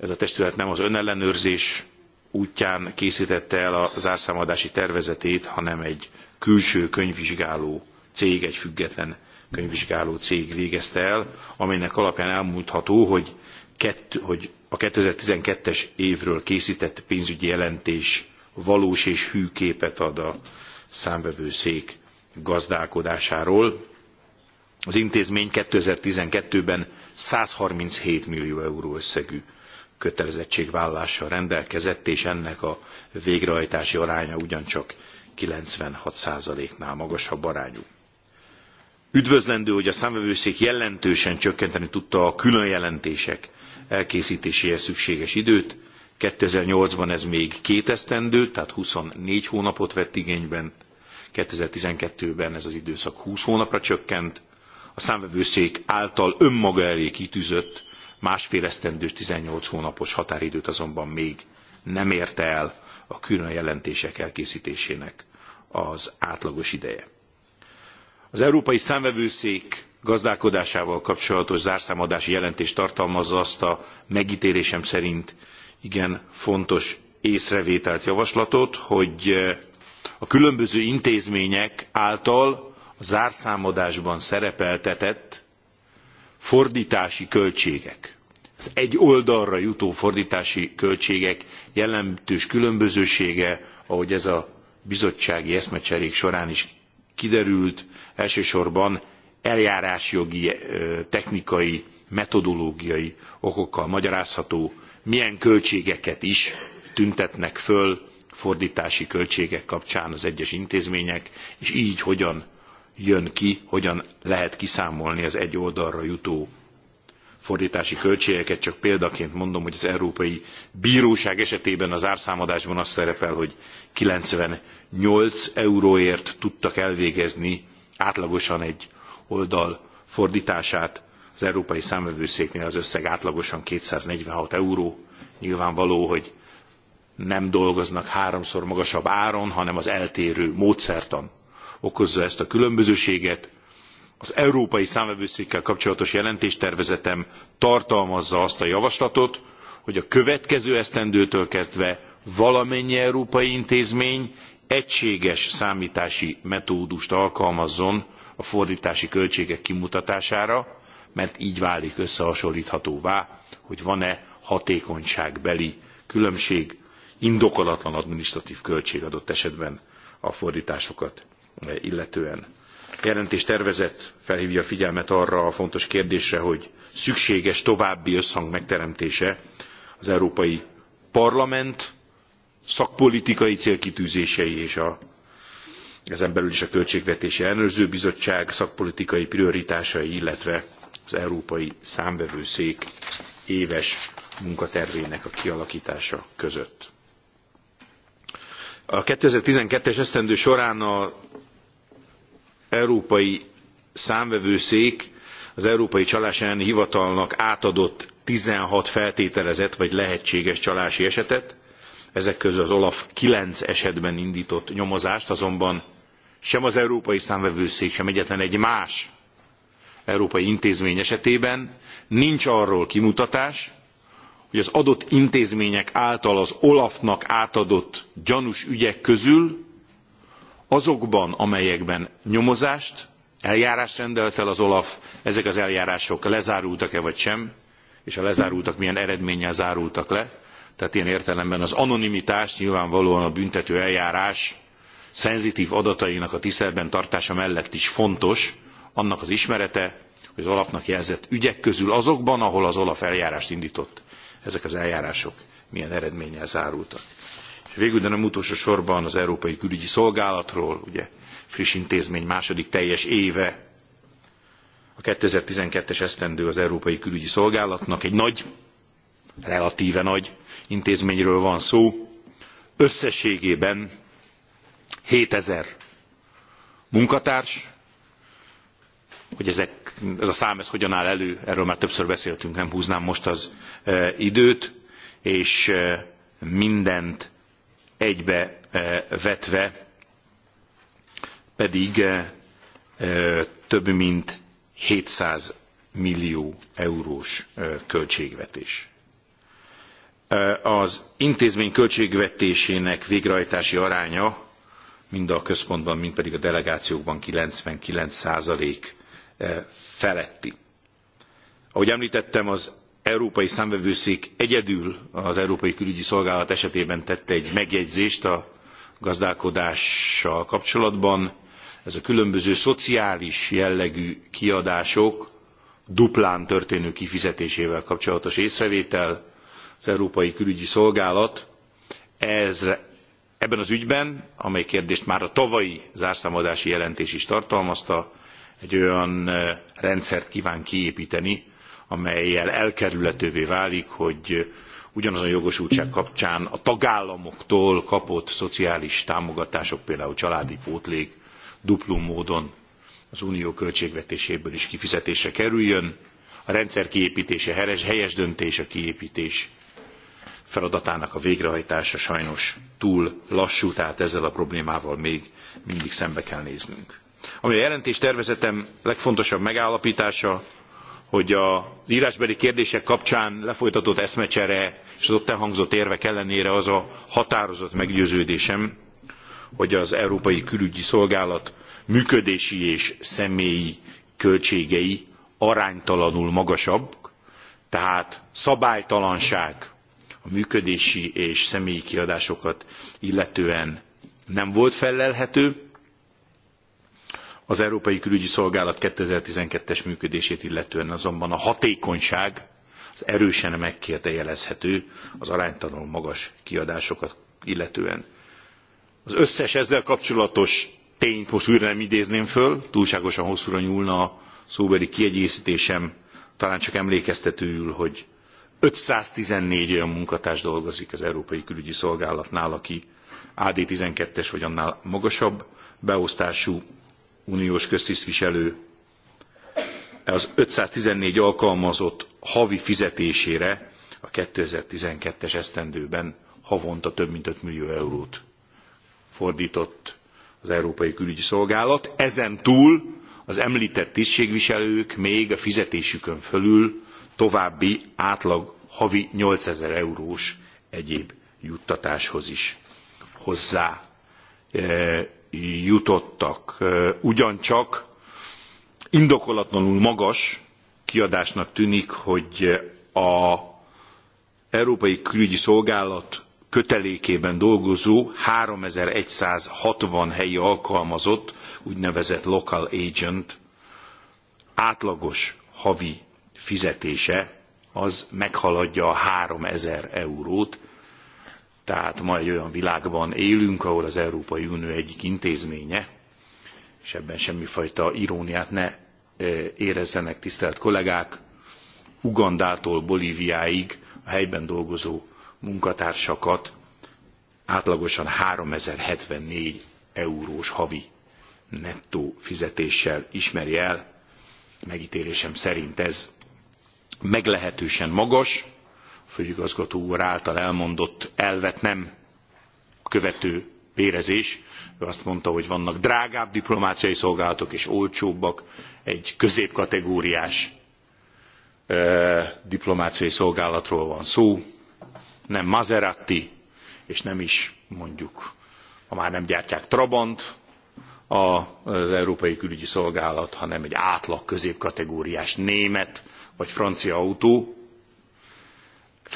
Ez a testület nem az önellenőrzés útján készítette el a zárszámadási tervezetét, hanem egy külső könyvvizsgáló cég, egy független könyvvizsgáló cég végezte el, amelynek alapján elmondható, hogy, kett, hogy a 2012-es évről készített pénzügyi jelentés valós és hű képet ad a számvevőszék gazdálkodásáról. Az intézmény 2012-ben 137 millió euró összegű kötelezettségvállással rendelkezett, és ennek a végrehajtási aránya ugyancsak 96%-nál magasabb arányú. Üdvözlendő, hogy a számvevőszék jelentősen csökkenteni tudta a különjelentések elkészítéséhez szükséges időt. 2008-ban ez még két esztendő, tehát 24 hónapot vett igényben, 2012-ben ez az időszak 20 hónapra csökkent. A számvevőszék által önmaga elé kitűzött Másfél esztendős 18 hónapos határidőt azonban még nem érte el a külön jelentések elkészítésének az átlagos ideje. Az Európai Számvevőszék gazdálkodásával kapcsolatos zárszámadási jelentés tartalmazza azt a megítélésem szerint igen fontos észrevételt, javaslatot, hogy a különböző intézmények által a zárszámadásban szerepeltetett fordtási költségek az egy oldalra jutó fordtási költségek jelentős különbözősége ahogy ez a bizottsági eszmecserék során is kiderült elsősorban eljárásjogi technikai metodológiai okokkal magyarázható milyen költségeket is tüntetnek föl fordtási költségek kapcsán az egyes intézmények és gy hogyan jön ki, hogyan lehet kiszámolni az egy oldalra jutó fordítási költségeket, csak példaként mondom, hogy az Európai Bíróság esetében az árszámadásban az szerepel, hogy 98 euróért tudtak elvégezni átlagosan egy oldal fordítását, az Európai Számvevőszéknél az összeg átlagosan 246 euró. Nyilvánvaló, hogy nem dolgoznak háromszor magasabb áron, hanem az eltérő módszertan okozza ezt a különbözőséget. Az európai számvevőszékkel kapcsolatos jelentéstervezetem tartalmazza azt a javaslatot, hogy a következő esztendőtől kezdve valamennyi európai intézmény egységes számítási metódust alkalmazzon a fordítási költségek kimutatására, mert így válik összehasonlthatóvá hogy van-e hatékonyságbeli különbség, indokolatlan adminisztratív költség adott esetben a fordításokat illetően. A jelentés tervezet felhívja a figyelmet arra a fontos kérdésre, hogy szükséges további összhang megteremtése az Európai Parlament szakpolitikai célkitűzései és a, ezen belül is a Költségvetési Ellenőrző Bizottság szakpolitikai prioritásai, illetve az Európai Számbevőszék éves munkatervének a kialakítása között. A 2012-es esztendő során a európai számvevőszék az európai csalás elleni hivatalnak átadott sixteen feltételezett vagy lehetséges csalási esetet ezek közül az olaf nine esetben indtott nyomozást azonban sem az európai számvevőszék sem egyetlen egy más európai intézmény esetében nincs arról kimutatás hogy az adott intézmények által az olaf nak átadott gyanús ügyek közül azokban amelyekben nyomozást eljárást rendelt el az olaf ezek az eljárások lezárultak e vagy sem és ha lezárultak milyen eredménnyel zárultak le tehát ilyen értelemben az anonimitás nyilvánvalóan a büntető eljárás szenzitv adatainak a tiszteletben tartása mellett is fontos annak az ismerete hogy az olafnak jelzett ügyek közül azokban ahol az olaf eljárást indtott ezek az eljárások milyen eredménnyel zárultak végül, de nem utolsó sorban az Európai Külügyi Szolgálatról, ugye friss intézmény második teljes éve, a 2012-es esztendő az Európai Külügyi Szolgálatnak egy nagy, relatíve nagy intézményről van szó. Összességében 7000 munkatárs, hogy ezek, ez a szám ez hogyan áll elő, erről már többször beszéltünk, nem húznám most az e, időt, és e, mindent egybe e, vetve pedig e, e, több mint 700 millió eurós költségvetés. Az intézmény költségvetésének végrehajtási aránya mind a központban, mind pedig a delegációkban 99% feletti. Ahogy említettem, az európai számvevőszék egyedül az európai külügyi szolgálat esetében tett egy megjegyzést a gazdálkodással kapcsolatban ez a különböző szociális jellegű kiadások duplán történő kifizetésével kapcsolatos észrevétel az európai külügyi szolgálat ez, ebben az ügyben amely kérdést már a tavalyi zárszámadási jelentés is tartalmazta egy olyan eh, rendszert kván kiépteni amelyel elkerülhetővé válik, hogy ugyanazon jogosultság kapcsán a tagállamoktól kapott szociális támogatások, például családi pótlék duplum módon az unió költségvetéséből is kifizetésre kerüljön. A rendszer kiépítése helyes döntés, a kiépítés feladatának a végrehajtása sajnos túl lassú, tehát ezzel a problémával még mindig szembe kell néznünk. Ami a jelentés tervezetem legfontosabb megállapítása, hogy az rásbeli kérdések kapcsán lefolytatott eszmecsere és az ott elhangzott érvek ellenére az a határozott meggyőződésem hogy az európai külügyi szolgálat működési és személyi költségei aránytalanul magasabb, tehát szabálytalanság a működési és személyi kiadásokat illetően nem volt fellelhető az Európai Külügyi Szolgálat 2012-es működését illetően azonban a hatékonyság az erősen megkérdőjelezhető az aránytalanul magas kiadásokat illetően. Az összes ezzel kapcsolatos tényt most újra nem idézném föl, túlságosan hosszúra nyúlna a szóbeli kiegészítésem, talán csak emlékeztetőül, hogy 514 olyan munkatárs dolgozik az Európai Külügyi Szolgálatnál, aki AD12-es vagy annál magasabb beosztású uniós köztisztviselő az 514 alkalmazott havi fizetésére a 2012-es esztendőben havonta több mint 5 millió eurót fordított az Európai Külügyi Szolgálat. Ezen túl az említett tisztségviselők még a fizetésükön fölül további átlag havi 8000 eurós egyéb juttatáshoz is hozzá eh, jutottak. Ugyancsak indokolatlanul magas kiadásnak tűnik, hogy a Európai Külügyi Szolgálat kötelékében dolgozó 3160 helyi alkalmazott, úgynevezett local agent átlagos havi fizetése az meghaladja a 3000 eurót, tehát ma egy olyan világban élünk, ahol az Európai Unió egyik intézménye, és ebben semmifajta iróniát ne érezzenek tisztelt kollégák, Ugandától Bolíviáig a helyben dolgozó munkatársakat átlagosan 3074 eurós havi nettó fizetéssel ismeri el. Megítélésem szerint ez meglehetősen magas, főigazgató úr által elmondott elvet nem követő vérezés. Ő azt mondta, hogy vannak drágább diplomáciai szolgálatok és olcsóbbak, egy középkategóriás diplomáciai szolgálatról van szó, nem Maserati, és nem is mondjuk, ha már nem gyártják Trabant, az Európai Külügyi Szolgálat, hanem egy átlag középkategóriás német vagy francia autó,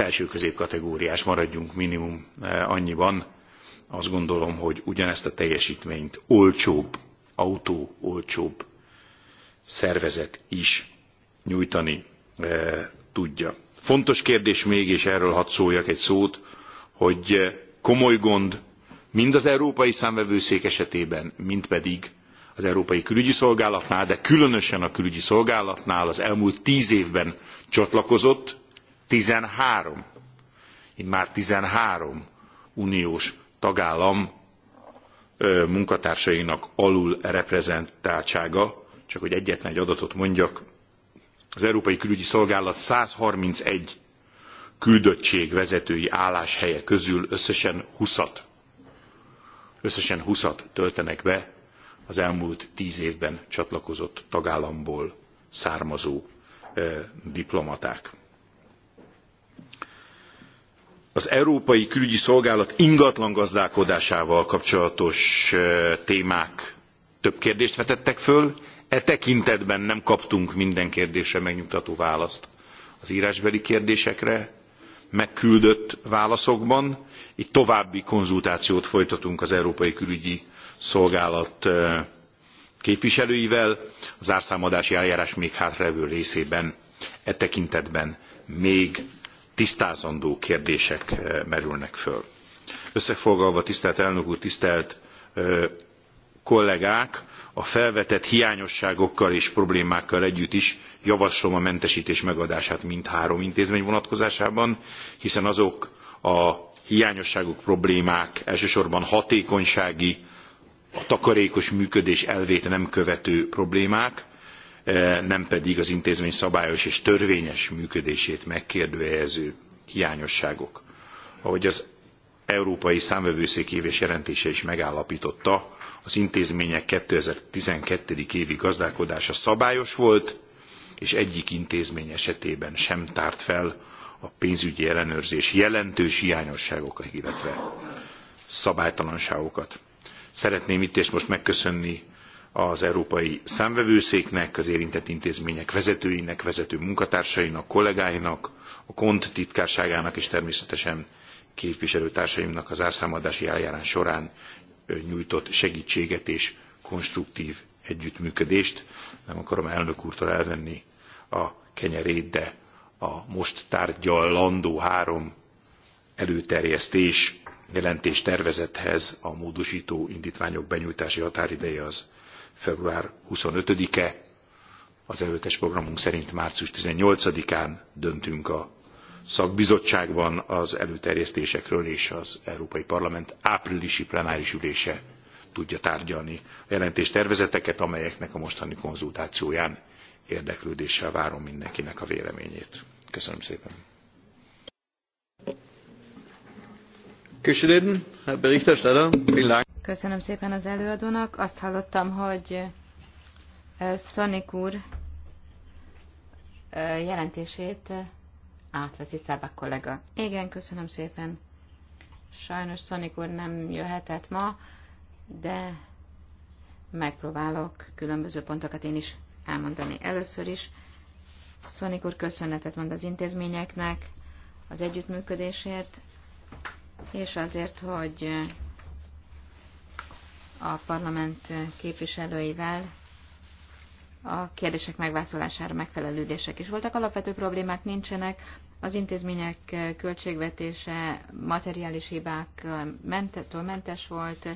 felső középkategóriás maradjunk minimum e, annyiban. Azt gondolom, hogy ugyanezt a teljesítményt olcsóbb, autó olcsóbb szervezet is nyújtani e, tudja. Fontos kérdés még, és erről hadd szóljak egy szót, hogy e, komoly gond mind az európai számvevőszék esetében, mind pedig az Európai Külügyi Szolgálatnál, de különösen a Külügyi Szolgálatnál az elmúlt tíz évben csatlakozott 13, immár 13 uniós tagállam munkatársainak alulreprezentáltsága csak hogy egyetlen egy adatot mondjak, az Európai Külügyi Szolgálat 131 küldöttség vezetői álláshelye közül összesen 20-at, összesen 20 töltenek be az elmúlt tz évben csatlakozott tagállamból származó diplomaták az Európai Külügyi Szolgálat ingatlan gazdálkodásával kapcsolatos témák több kérdést vetettek föl. E tekintetben nem kaptunk minden kérdésre megnyugtató választ az írásbeli kérdésekre megküldött válaszokban. Itt további konzultációt folytatunk az Európai Külügyi Szolgálat képviselőivel. Az árszámadási eljárás még hátralevő részében e tekintetben még tisztázandó kérdések eh, merülnek föl. Összefoglalva, tisztelt elnök úr, tisztelt eh, kollégák, a felvetett hiányosságokkal és problémákkal együtt is javaslom a mentesítés megadását mindhárom intézmény vonatkozásában, hiszen azok a hiányosságok, problémák elsősorban hatékonysági, a takarékos működés elvét nem követő problémák, E, nem pedig az intézmény szabályos és törvényes működését megkérdőjelező hiányosságok. Ahogy az Európai Számvevőszék éves jelentése is megállapította, az intézmények 2012. évi gazdálkodása szabályos volt, és egyik intézmény esetében sem tárt fel a pénzügyi ellenőrzés jelentős hiányosságokat, illetve szabálytalanságokat. Szeretném itt és most megköszönni az Európai Számvevőszéknek, az érintett intézmények vezetőinek, vezető munkatársainak, kollégáinak, a KONT titkárságának és természetesen képviselőtársaimnak az zárszámadási eljárás során nyújtott segítséget és konstruktív együttműködést. Nem akarom elnök úrtól elvenni a kenyerét, de a most tárgyalandó három előterjesztés jelentés tervezethez a módosító indítványok benyújtási határideje az február 25-e, az előttes programunk szerint március 18-án döntünk a szakbizottságban az előterjesztésekről, és az Európai Parlament áprilisi plenáris ülése tudja tárgyalni a jelentéstervezeteket, amelyeknek a mostani konzultációján érdeklődéssel várom mindenkinek a véleményét. Köszönöm szépen. Köszönöm, Herr Berichterstatter. Vielen Dank. Köszönöm szépen az előadónak. Azt hallottam, hogy Sonic úr jelentését átveszi Szábak kollega. Igen, köszönöm szépen. Sajnos Sonic úr nem jöhetett ma, de megpróbálok különböző pontokat én is elmondani. Először is Szonik úr köszönetet mond az intézményeknek az együttműködésért, és azért, hogy a parlament képviselőivel a kérdések megválaszolására megfelelő is voltak. Alapvető problémák nincsenek, az intézmények költségvetése materiális hibák mentettől mentes volt,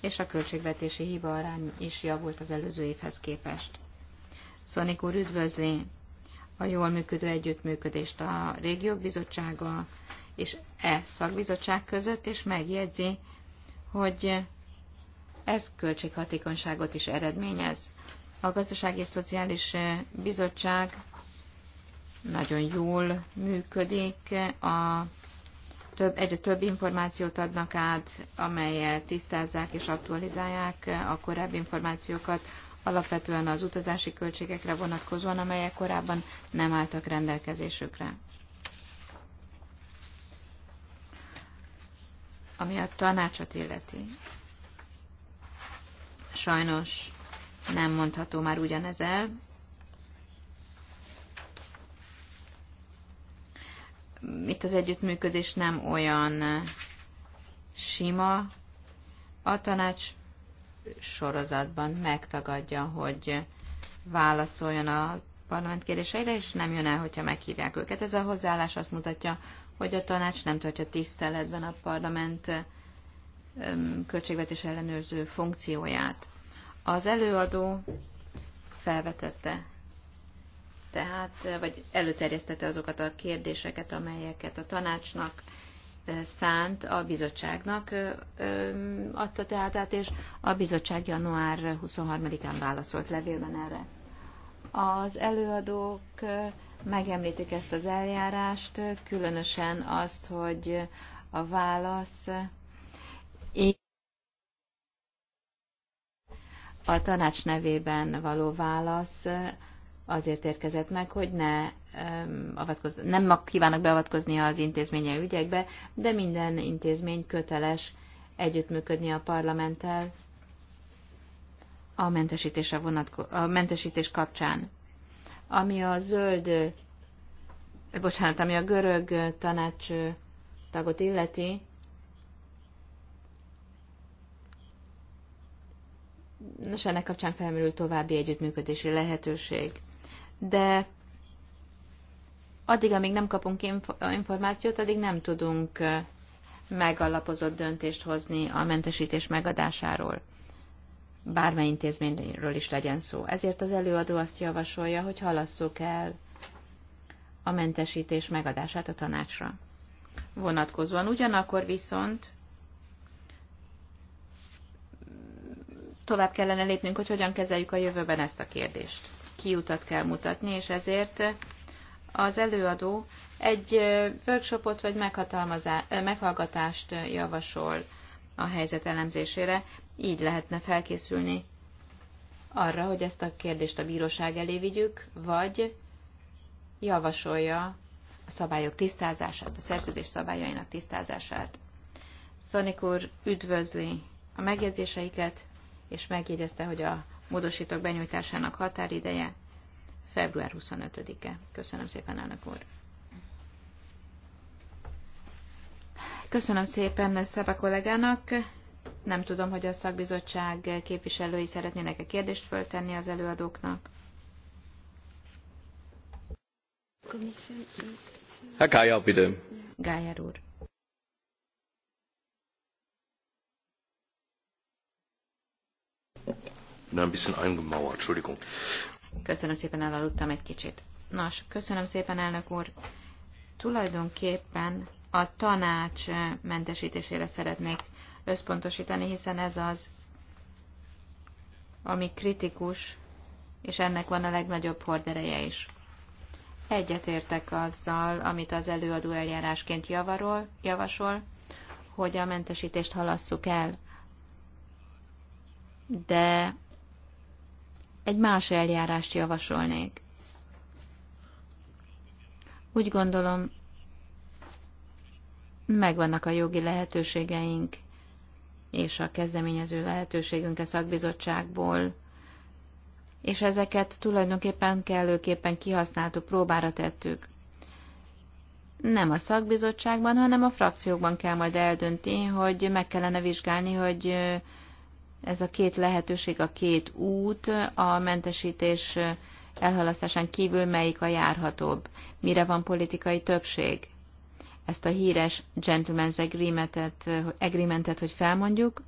és a költségvetési hiba arány is javult az előző évhez képest. Szonik úr üdvözli a jól működő együttműködést a régiók bizottsága és e szakbizottság között, és megjegyzi, hogy ez költséghatékonyságot is eredményez. A Gazdasági és Szociális Bizottság nagyon jól működik, a több, egyre több információt adnak át, amelyet tisztázzák és aktualizálják a korábbi információkat, alapvetően az utazási költségekre vonatkozóan, amelyek korábban nem álltak rendelkezésükre. Ami a tanácsot illeti sajnos nem mondható már ugyanez el. Itt az együttműködés nem olyan sima. A tanács sorozatban megtagadja, hogy válaszoljon a parlament kérdéseire, és nem jön el, hogyha meghívják őket. Ez a hozzáállás azt mutatja, hogy a tanács nem tartja tiszteletben a parlament költségvetés ellenőrző funkcióját. Az előadó felvetette, tehát, vagy előterjesztette azokat a kérdéseket, amelyeket a tanácsnak szánt a bizottságnak adta tehát át, és a bizottság január 23-án válaszolt levélben erre. Az előadók megemlítik ezt az eljárást, különösen azt, hogy a válasz a tanács nevében való válasz azért érkezett meg, hogy ne avatkoz, nem kívánok beavatkozni az intézménye ügyekbe, de minden intézmény köteles együttműködni a parlamenttel a, mentesítésre vonatko- a mentesítés kapcsán. Ami a zöld, bocsánat, ami a görög tanács tagot illeti, Nos, ennek kapcsán felmerül további együttműködési lehetőség. De addig, amíg nem kapunk információt, addig nem tudunk megalapozott döntést hozni a mentesítés megadásáról. Bármely intézményről is legyen szó. Ezért az előadó azt javasolja, hogy halasszuk el a mentesítés megadását a tanácsra. Vonatkozóan ugyanakkor viszont tovább kellene lépnünk, hogy hogyan kezeljük a jövőben ezt a kérdést. Kiutat kell mutatni, és ezért az előadó egy workshopot vagy meghallgatást javasol a helyzet elemzésére, így lehetne felkészülni arra, hogy ezt a kérdést a bíróság elé vigyük, vagy javasolja a szabályok tisztázását, a szerződés szabályainak tisztázását. Szonik úr üdvözli a megjegyzéseiket, és megjegyezte, hogy a módosítók benyújtásának határideje február 25-e. Köszönöm szépen, elnök úr! Köszönöm szépen Szeba kollégának. Nem tudom, hogy a szakbizottság képviselői szeretnének-e kérdést föltenni az előadóknak. Herr Gájer, bitte. Gájer úr. nem ein bisschen eingemauert, Entschuldigung. Köszönöm szépen, elaludtam egy kicsit. Nos, köszönöm szépen, elnök úr. Tulajdonképpen a tanács mentesítésére szeretnék összpontosítani, hiszen ez az, ami kritikus, és ennek van a legnagyobb hordereje is. Egyetértek azzal, amit az előadó eljárásként javarol, javasol, hogy a mentesítést halasszuk el, de egy más eljárást javasolnék. Úgy gondolom, megvannak a jogi lehetőségeink, és a kezdeményező lehetőségünk a szakbizottságból, és ezeket tulajdonképpen kellőképpen kihasználtuk, próbára tettük. Nem a szakbizottságban, hanem a frakciókban kell majd eldönti, hogy meg kellene vizsgálni, hogy ez a két lehetőség, a két út a mentesítés elhalasztásán kívül melyik a járhatóbb, mire van politikai többség. Ezt a híres gentleman's agreementet, agreementet hogy felmondjuk,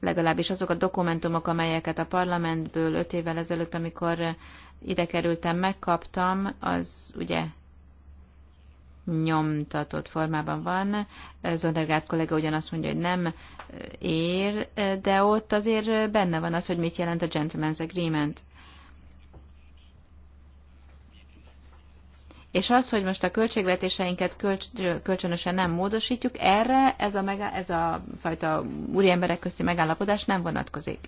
legalábbis azok a dokumentumok, amelyeket a parlamentből öt évvel ezelőtt, amikor ide kerültem, megkaptam, az ugye nyomtatott formában van. Zondergárd kollega ugyanazt mondja, hogy nem ér, de ott azért benne van az, hogy mit jelent a Gentleman's Agreement. És az, hogy most a költségvetéseinket kölcs, kölcsönösen nem módosítjuk, erre ez a, mega- ez a fajta úriemberek közti megállapodás nem vonatkozik.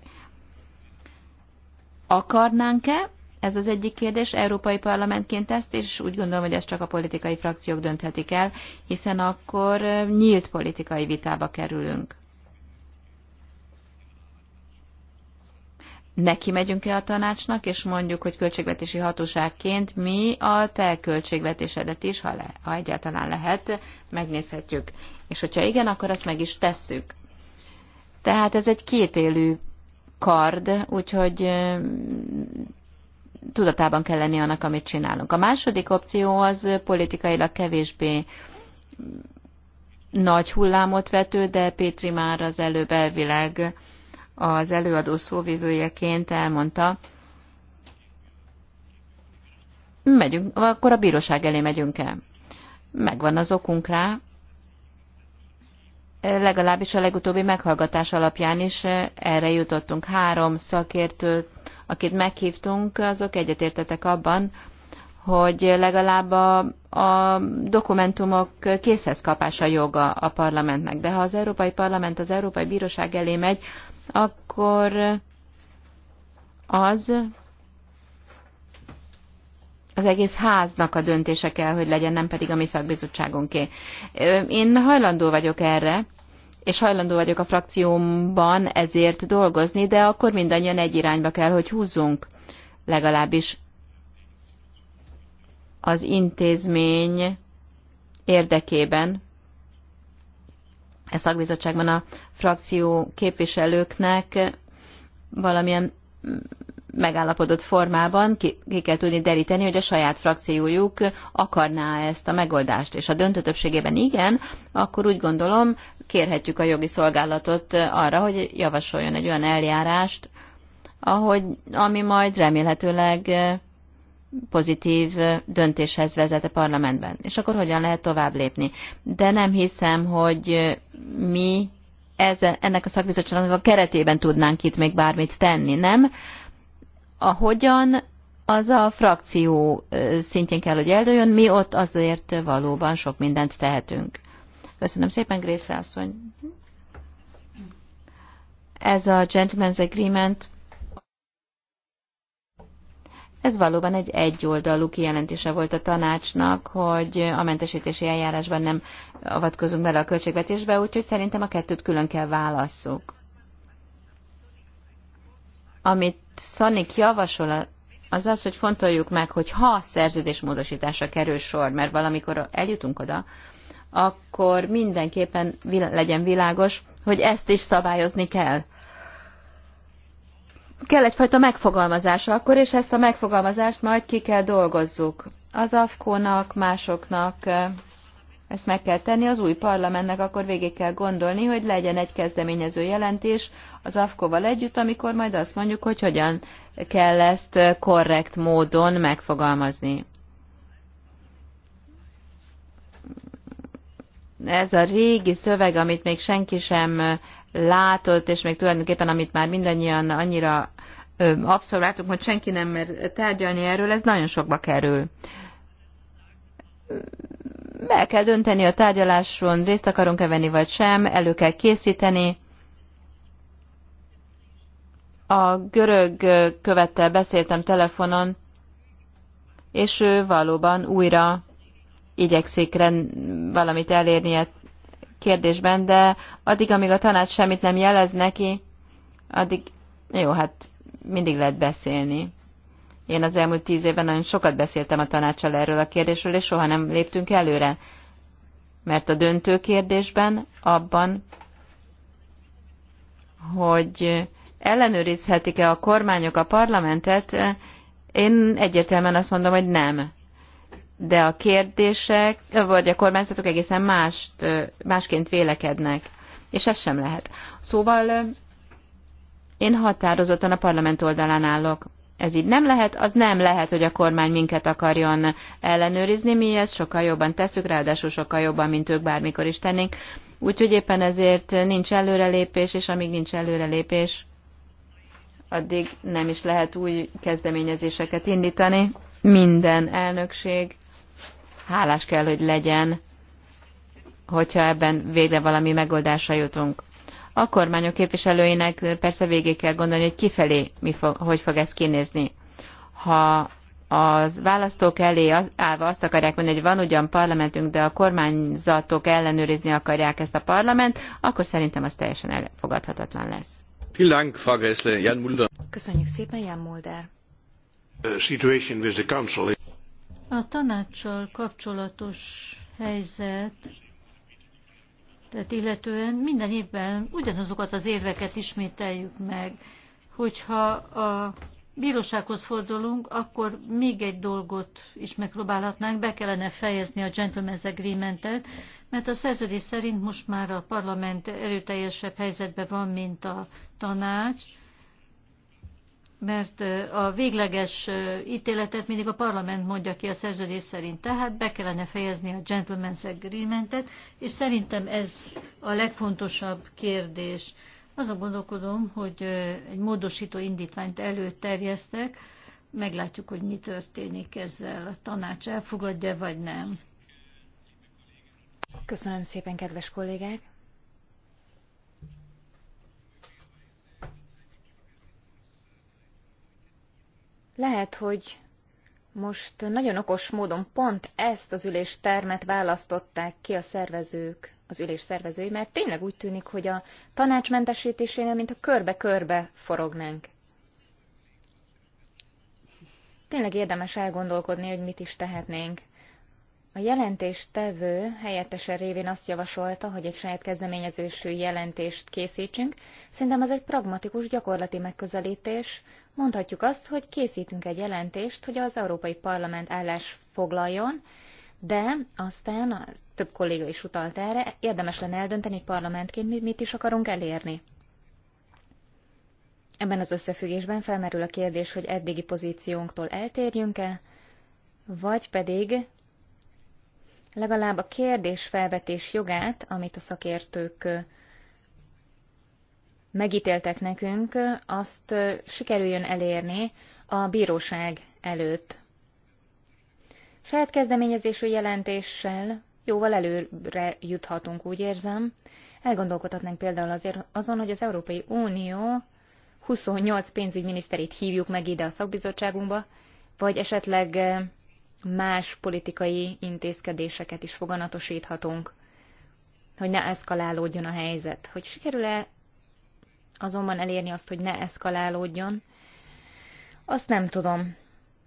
Akarnánk-e, ez az egyik kérdés, Európai Parlamentként ezt, és úgy gondolom, hogy ezt csak a politikai frakciók dönthetik el, hiszen akkor nyílt politikai vitába kerülünk. neki megyünk-e a tanácsnak, és mondjuk, hogy költségvetési hatóságként mi a te költségvetésedet is, ha, le, ha egyáltalán lehet, megnézhetjük. És hogyha igen, akkor azt meg is tesszük. Tehát ez egy kétélű kard, úgyhogy tudatában kell lenni annak, amit csinálunk. A második opció az politikailag kevésbé nagy hullámot vető, de Pétri már az előbb elvileg az előadó szóvivőjeként elmondta, megyünk, akkor a bíróság elé megyünk el. Megvan az okunk rá, legalábbis a legutóbbi meghallgatás alapján is erre jutottunk. Három szakértőt akit meghívtunk, azok egyetértetek abban, hogy legalább a, a dokumentumok készhez kapása joga a parlamentnek. De ha az Európai Parlament az Európai Bíróság elé megy, akkor az az egész háznak a döntése kell, hogy legyen, nem pedig a mi szakbizottságunké. Én hajlandó vagyok erre, és hajlandó vagyok a frakciómban ezért dolgozni, de akkor mindannyian egy irányba kell, hogy húzzunk. Legalábbis az intézmény érdekében. E szakbizottságban a frakció képviselőknek valamilyen megállapodott formában ki, ki kell tudni deríteni, hogy a saját frakciójuk akarná ezt a megoldást. És a döntő többségében igen, akkor úgy gondolom, kérhetjük a jogi szolgálatot arra, hogy javasoljon egy olyan eljárást, ahogy, ami majd remélhetőleg pozitív döntéshez vezet a parlamentben. És akkor hogyan lehet tovább lépni? De nem hiszem, hogy mi ez, ennek a szakbizottságnak a keretében tudnánk itt még bármit tenni, nem? A hogyan? az a frakció szintjén kell, hogy eldőjön, mi ott azért valóban sok mindent tehetünk. Köszönöm szépen, Grace Lászony. Ez a Gentleman's Agreement, ez valóban egy egyoldalú kijelentése volt a tanácsnak, hogy a mentesítési eljárásban nem avatkozunk bele a költségvetésbe, úgyhogy szerintem a kettőt külön kell válasszuk. Amit Szanik javasol, az az, hogy fontoljuk meg, hogy ha a szerződésmódosításra kerül sor, mert valamikor eljutunk oda, akkor mindenképpen legyen világos, hogy ezt is szabályozni kell. Kell egyfajta megfogalmazás akkor, és ezt a megfogalmazást majd ki kell dolgozzuk. Az afkónak, másoknak, ezt meg kell tenni, az új parlamentnek akkor végig kell gondolni, hogy legyen egy kezdeményező jelentés az AFKOval együtt, amikor majd azt mondjuk, hogy hogyan kell ezt korrekt módon megfogalmazni. Ez a régi szöveg, amit még senki sem látott, és még tulajdonképpen, amit már mindannyian annyira abszolváltuk, hogy senki nem mer tárgyalni erről, ez nagyon sokba kerül meg kell dönteni a tárgyaláson, részt akarunk-e venni vagy sem, elő kell készíteni. A görög követtel beszéltem telefonon, és ő valóban újra igyekszik rend, valamit elérni a e kérdésben, de addig, amíg a tanács semmit nem jelez neki, addig jó, hát mindig lehet beszélni. Én az elmúlt tíz évben nagyon sokat beszéltem a tanácsal erről a kérdésről, és soha nem léptünk előre. Mert a döntő kérdésben abban, hogy ellenőrizhetik-e a kormányok a parlamentet, én egyértelműen azt mondom, hogy nem. De a kérdések, vagy a kormányzatok egészen mást, másként vélekednek, és ez sem lehet. Szóval én határozottan a parlament oldalán állok ez így nem lehet, az nem lehet, hogy a kormány minket akarjon ellenőrizni, mi ezt sokkal jobban tesszük, ráadásul sokkal jobban, mint ők bármikor is tennénk. Úgyhogy éppen ezért nincs előrelépés, és amíg nincs előrelépés, addig nem is lehet új kezdeményezéseket indítani. Minden elnökség hálás kell, hogy legyen, hogyha ebben végre valami megoldásra jutunk. A kormányok képviselőinek persze végig kell gondolni, hogy kifelé mi fog, hogy fog ez kinézni. Ha az választók elé állva azt akarják mondani, hogy van ugyan parlamentünk, de a kormányzatok ellenőrizni akarják ezt a parlament, akkor szerintem az teljesen elfogadhatatlan lesz. Köszönjük szépen, Jan Mulder. A tanácssal kapcsolatos helyzet tehát illetően minden évben ugyanazokat az érveket ismételjük meg. Hogyha a bírósághoz fordulunk, akkor még egy dolgot is megpróbálhatnánk, be kellene fejezni a Gentleman's Agreement-et, mert a szerződés szerint most már a parlament erőteljesebb helyzetben van, mint a tanács, mert a végleges ítéletet mindig a parlament mondja ki a szerződés szerint. Tehát be kellene fejezni a Gentleman's Agreement-et, és szerintem ez a legfontosabb kérdés. Azon gondolkodom, hogy egy módosító indítványt előterjesztek, meglátjuk, hogy mi történik ezzel. A tanács elfogadja, vagy nem. Köszönöm szépen, kedves kollégák! Lehet, hogy most nagyon okos módon pont ezt az üléstermet választották ki a szervezők, az ülés szervezői, mert tényleg úgy tűnik, hogy a tanácsmentesítésénél, mint a körbe-körbe forognánk. Tényleg érdemes elgondolkodni, hogy mit is tehetnénk. A jelentéstevő helyettese révén azt javasolta, hogy egy saját kezdeményezősű jelentést készítsünk. Szerintem az egy pragmatikus, gyakorlati megközelítés, mondhatjuk azt, hogy készítünk egy jelentést, hogy az Európai Parlament állás foglaljon, de aztán a több kolléga is utalt erre, érdemes lenne eldönteni, hogy parlamentként mi mit is akarunk elérni. Ebben az összefüggésben felmerül a kérdés, hogy eddigi pozíciónktól eltérjünk-e, vagy pedig legalább a kérdésfelvetés jogát, amit a szakértők megítéltek nekünk, azt sikerüljön elérni a bíróság előtt. Saját kezdeményezésű jelentéssel jóval előre juthatunk, úgy érzem. Elgondolkodhatnánk például azért azon, hogy az Európai Unió 28 pénzügyminiszterét hívjuk meg ide a szakbizottságunkba, vagy esetleg más politikai intézkedéseket is foganatosíthatunk, hogy ne eszkalálódjon a helyzet. Hogy sikerül-e azonban elérni azt, hogy ne eszkalálódjon, azt nem tudom.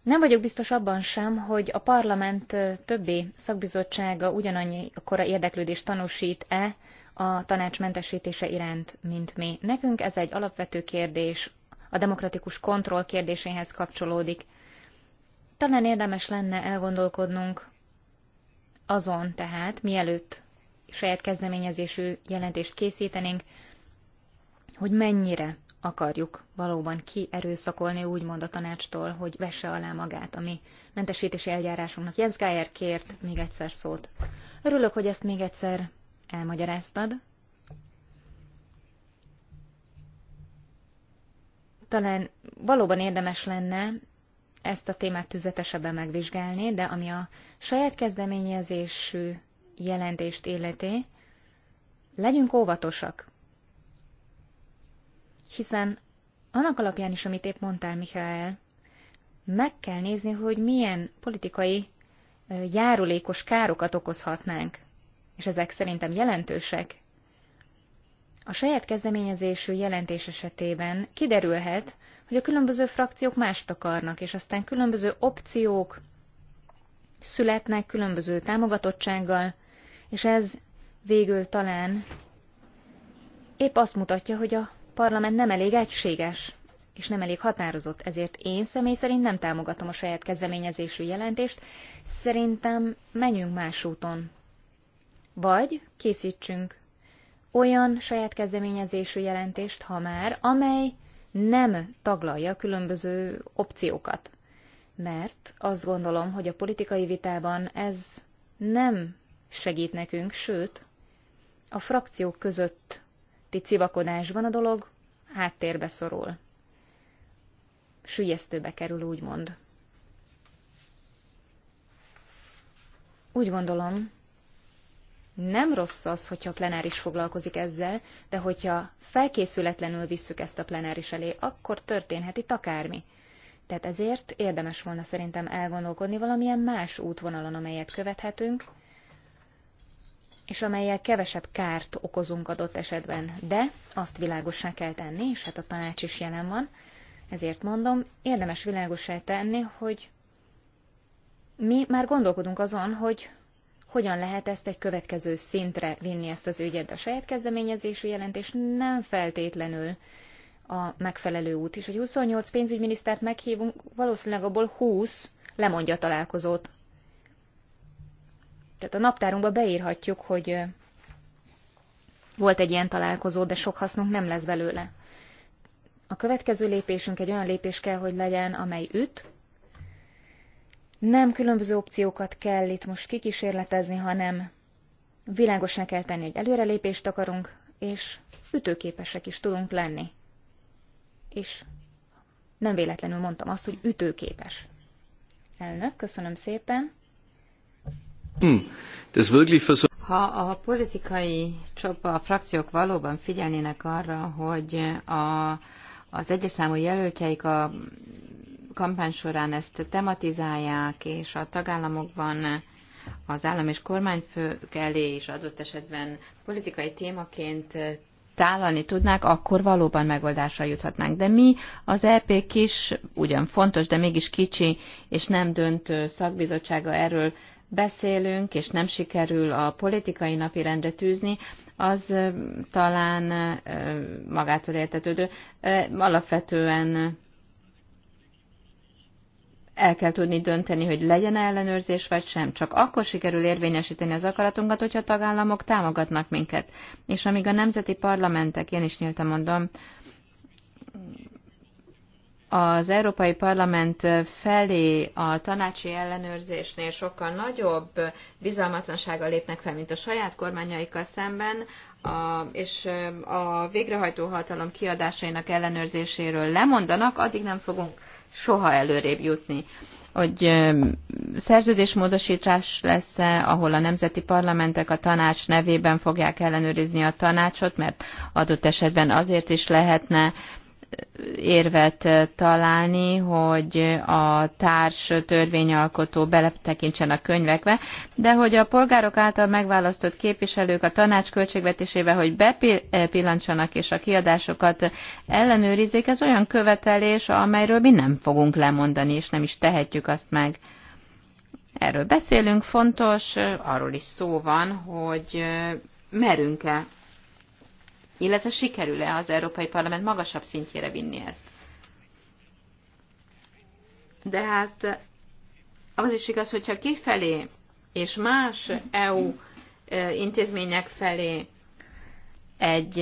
Nem vagyok biztos abban sem, hogy a parlament többi szakbizottsága ugyanannyi kora érdeklődést tanúsít-e a tanács mentesítése iránt, mint mi. Nekünk ez egy alapvető kérdés, a demokratikus kontroll kérdéséhez kapcsolódik. Talán érdemes lenne elgondolkodnunk azon tehát, mielőtt saját kezdeményezésű jelentést készítenénk, hogy mennyire akarjuk valóban kierőszakolni úgymond a tanácstól, hogy vesse alá magát a mi mentesítési eljárásunknak. Jens Geyer kért még egyszer szót. Örülök, hogy ezt még egyszer elmagyaráztad. Talán valóban érdemes lenne ezt a témát tüzetesebben megvizsgálni, de ami a saját kezdeményezésű jelentést illeti, legyünk óvatosak hiszen annak alapján is, amit épp mondtál, Mikael, meg kell nézni, hogy milyen politikai járulékos károkat okozhatnánk, és ezek szerintem jelentősek. A saját kezdeményezésű jelentés esetében kiderülhet, hogy a különböző frakciók mást akarnak, és aztán különböző opciók születnek különböző támogatottsággal, és ez végül talán épp azt mutatja, hogy a parlament nem elég egységes és nem elég határozott, ezért én személy szerint nem támogatom a saját kezdeményezésű jelentést, szerintem menjünk más úton. Vagy készítsünk olyan saját kezdeményezésű jelentést, ha már, amely nem taglalja különböző opciókat. Mert azt gondolom, hogy a politikai vitában ez nem segít nekünk, sőt, a frakciók között ti civakodásban a dolog háttérbe szorul. Sügyesztőbe kerül, úgymond. Úgy gondolom, nem rossz az, hogyha a plenáris foglalkozik ezzel, de hogyha felkészületlenül visszük ezt a plenáris elé, akkor történhet itt akármi. Tehát ezért érdemes volna szerintem elgondolkodni valamilyen más útvonalon, amelyet követhetünk, és amelyel kevesebb kárt okozunk adott esetben. De azt világossá kell tenni, és hát a tanács is jelen van, ezért mondom, érdemes világossá tenni, hogy mi már gondolkodunk azon, hogy hogyan lehet ezt egy következő szintre vinni ezt az ügyet. De a saját kezdeményezésű jelentés nem feltétlenül a megfelelő út is. Hogy 28 pénzügyminisztert meghívunk, valószínűleg abból 20 lemondja a találkozót tehát a naptárunkba beírhatjuk, hogy volt egy ilyen találkozó, de sok hasznunk nem lesz belőle. A következő lépésünk egy olyan lépés kell, hogy legyen, amely üt. Nem különböző opciókat kell itt most kikísérletezni, hanem világosan kell tenni, hogy előrelépést akarunk, és ütőképesek is tudunk lenni. És nem véletlenül mondtam azt, hogy ütőképes. Elnök, köszönöm szépen. Hm. Ha a politikai csoport, a frakciók valóban figyelnének arra, hogy a, az számú jelöltjeik a kampány során ezt tematizálják, és a tagállamokban az állam és kormányfők elé is adott esetben politikai témaként tálalni tudnák, akkor valóban megoldásra juthatnánk. De mi az EP kis, ugyan fontos, de mégis kicsi és nem döntő szakbizottsága erről beszélünk, és nem sikerül a politikai rendre tűzni, az talán magától értetődő. Alapvetően el kell tudni dönteni, hogy legyen -e ellenőrzés vagy sem. Csak akkor sikerül érvényesíteni az akaratunkat, hogyha a tagállamok támogatnak minket. És amíg a nemzeti parlamentek, én is nyíltan mondom, az Európai Parlament felé a tanácsi ellenőrzésnél sokkal nagyobb bizalmatlansággal lépnek fel, mint a saját kormányaikkal szemben, a, és a végrehajtó hatalom kiadásainak ellenőrzéséről lemondanak, addig nem fogunk soha előrébb jutni. Hogy szerződésmódosítás lesz -e, ahol a nemzeti parlamentek a tanács nevében fogják ellenőrizni a tanácsot, mert adott esetben azért is lehetne érvet találni, hogy a társ törvényalkotó beletekintsen a könyvekbe, de hogy a polgárok által megválasztott képviselők a tanács költségvetésébe, hogy bepillantsanak és a kiadásokat ellenőrizzék, ez olyan követelés, amelyről mi nem fogunk lemondani, és nem is tehetjük azt meg. Erről beszélünk, fontos, arról is szó van, hogy merünk-e illetve sikerül-e az Európai Parlament magasabb szintjére vinni ezt. De hát az is igaz, hogyha kifelé és más EU intézmények felé egy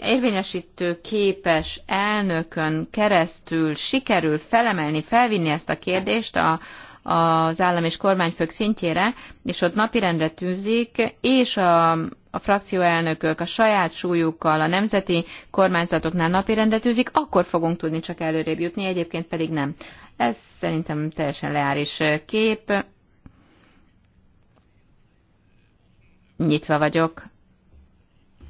érvényesítő képes elnökön keresztül sikerül felemelni, felvinni ezt a kérdést a, az állam és kormányfők szintjére, és ott napirendre tűzik, és a, a frakcióelnökök a saját súlyukkal a nemzeti kormányzatoknál napirendre tűzik, akkor fogunk tudni csak előrébb jutni, egyébként pedig nem. Ez szerintem teljesen leáris kép. Nyitva vagyok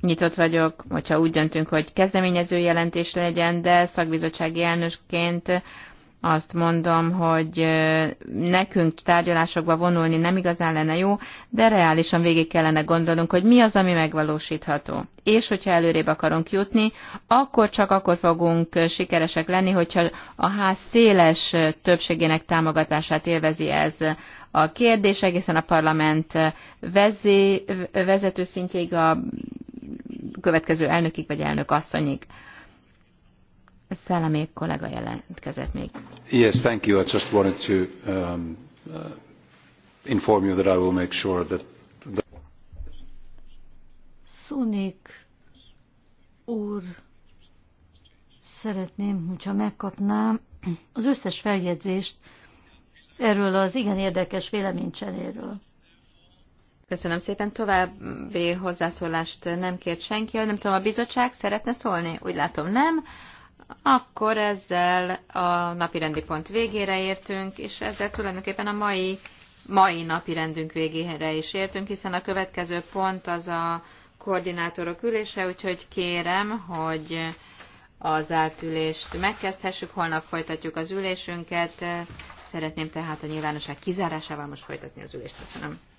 nyitott vagyok, hogyha úgy döntünk, hogy kezdeményező jelentés legyen, de szakbizottsági elnösként azt mondom, hogy nekünk tárgyalásokba vonulni nem igazán lenne jó, de reálisan végig kellene gondolnunk, hogy mi az, ami megvalósítható. És hogyha előrébb akarunk jutni, akkor csak akkor fogunk sikeresek lenni, hogyha a ház széles többségének támogatását élvezi ez a kérdés, egészen a parlament vezé, vezető szintjéig a következő elnökig vagy elnök asszonyig. Szállamék kollega jelentkezett még. Yes, thank you. I just wanted to um, uh, inform you that I will make sure that the... Szónik úr, szeretném, hogyha megkapnám az összes feljegyzést erről az igen érdekes véleménycseréről. Köszönöm szépen. További hozzászólást nem kért senki. Nem tudom, a bizottság szeretne szólni? Úgy látom, nem. Akkor ezzel a napirendi pont végére értünk, és ezzel tulajdonképpen a mai, mai napirendünk végére is értünk, hiszen a következő pont az a koordinátorok ülése, úgyhogy kérem, hogy az zárt ülést megkezdhessük, holnap folytatjuk az ülésünket. Szeretném tehát a nyilvánosság kizárásával most folytatni az ülést. Köszönöm.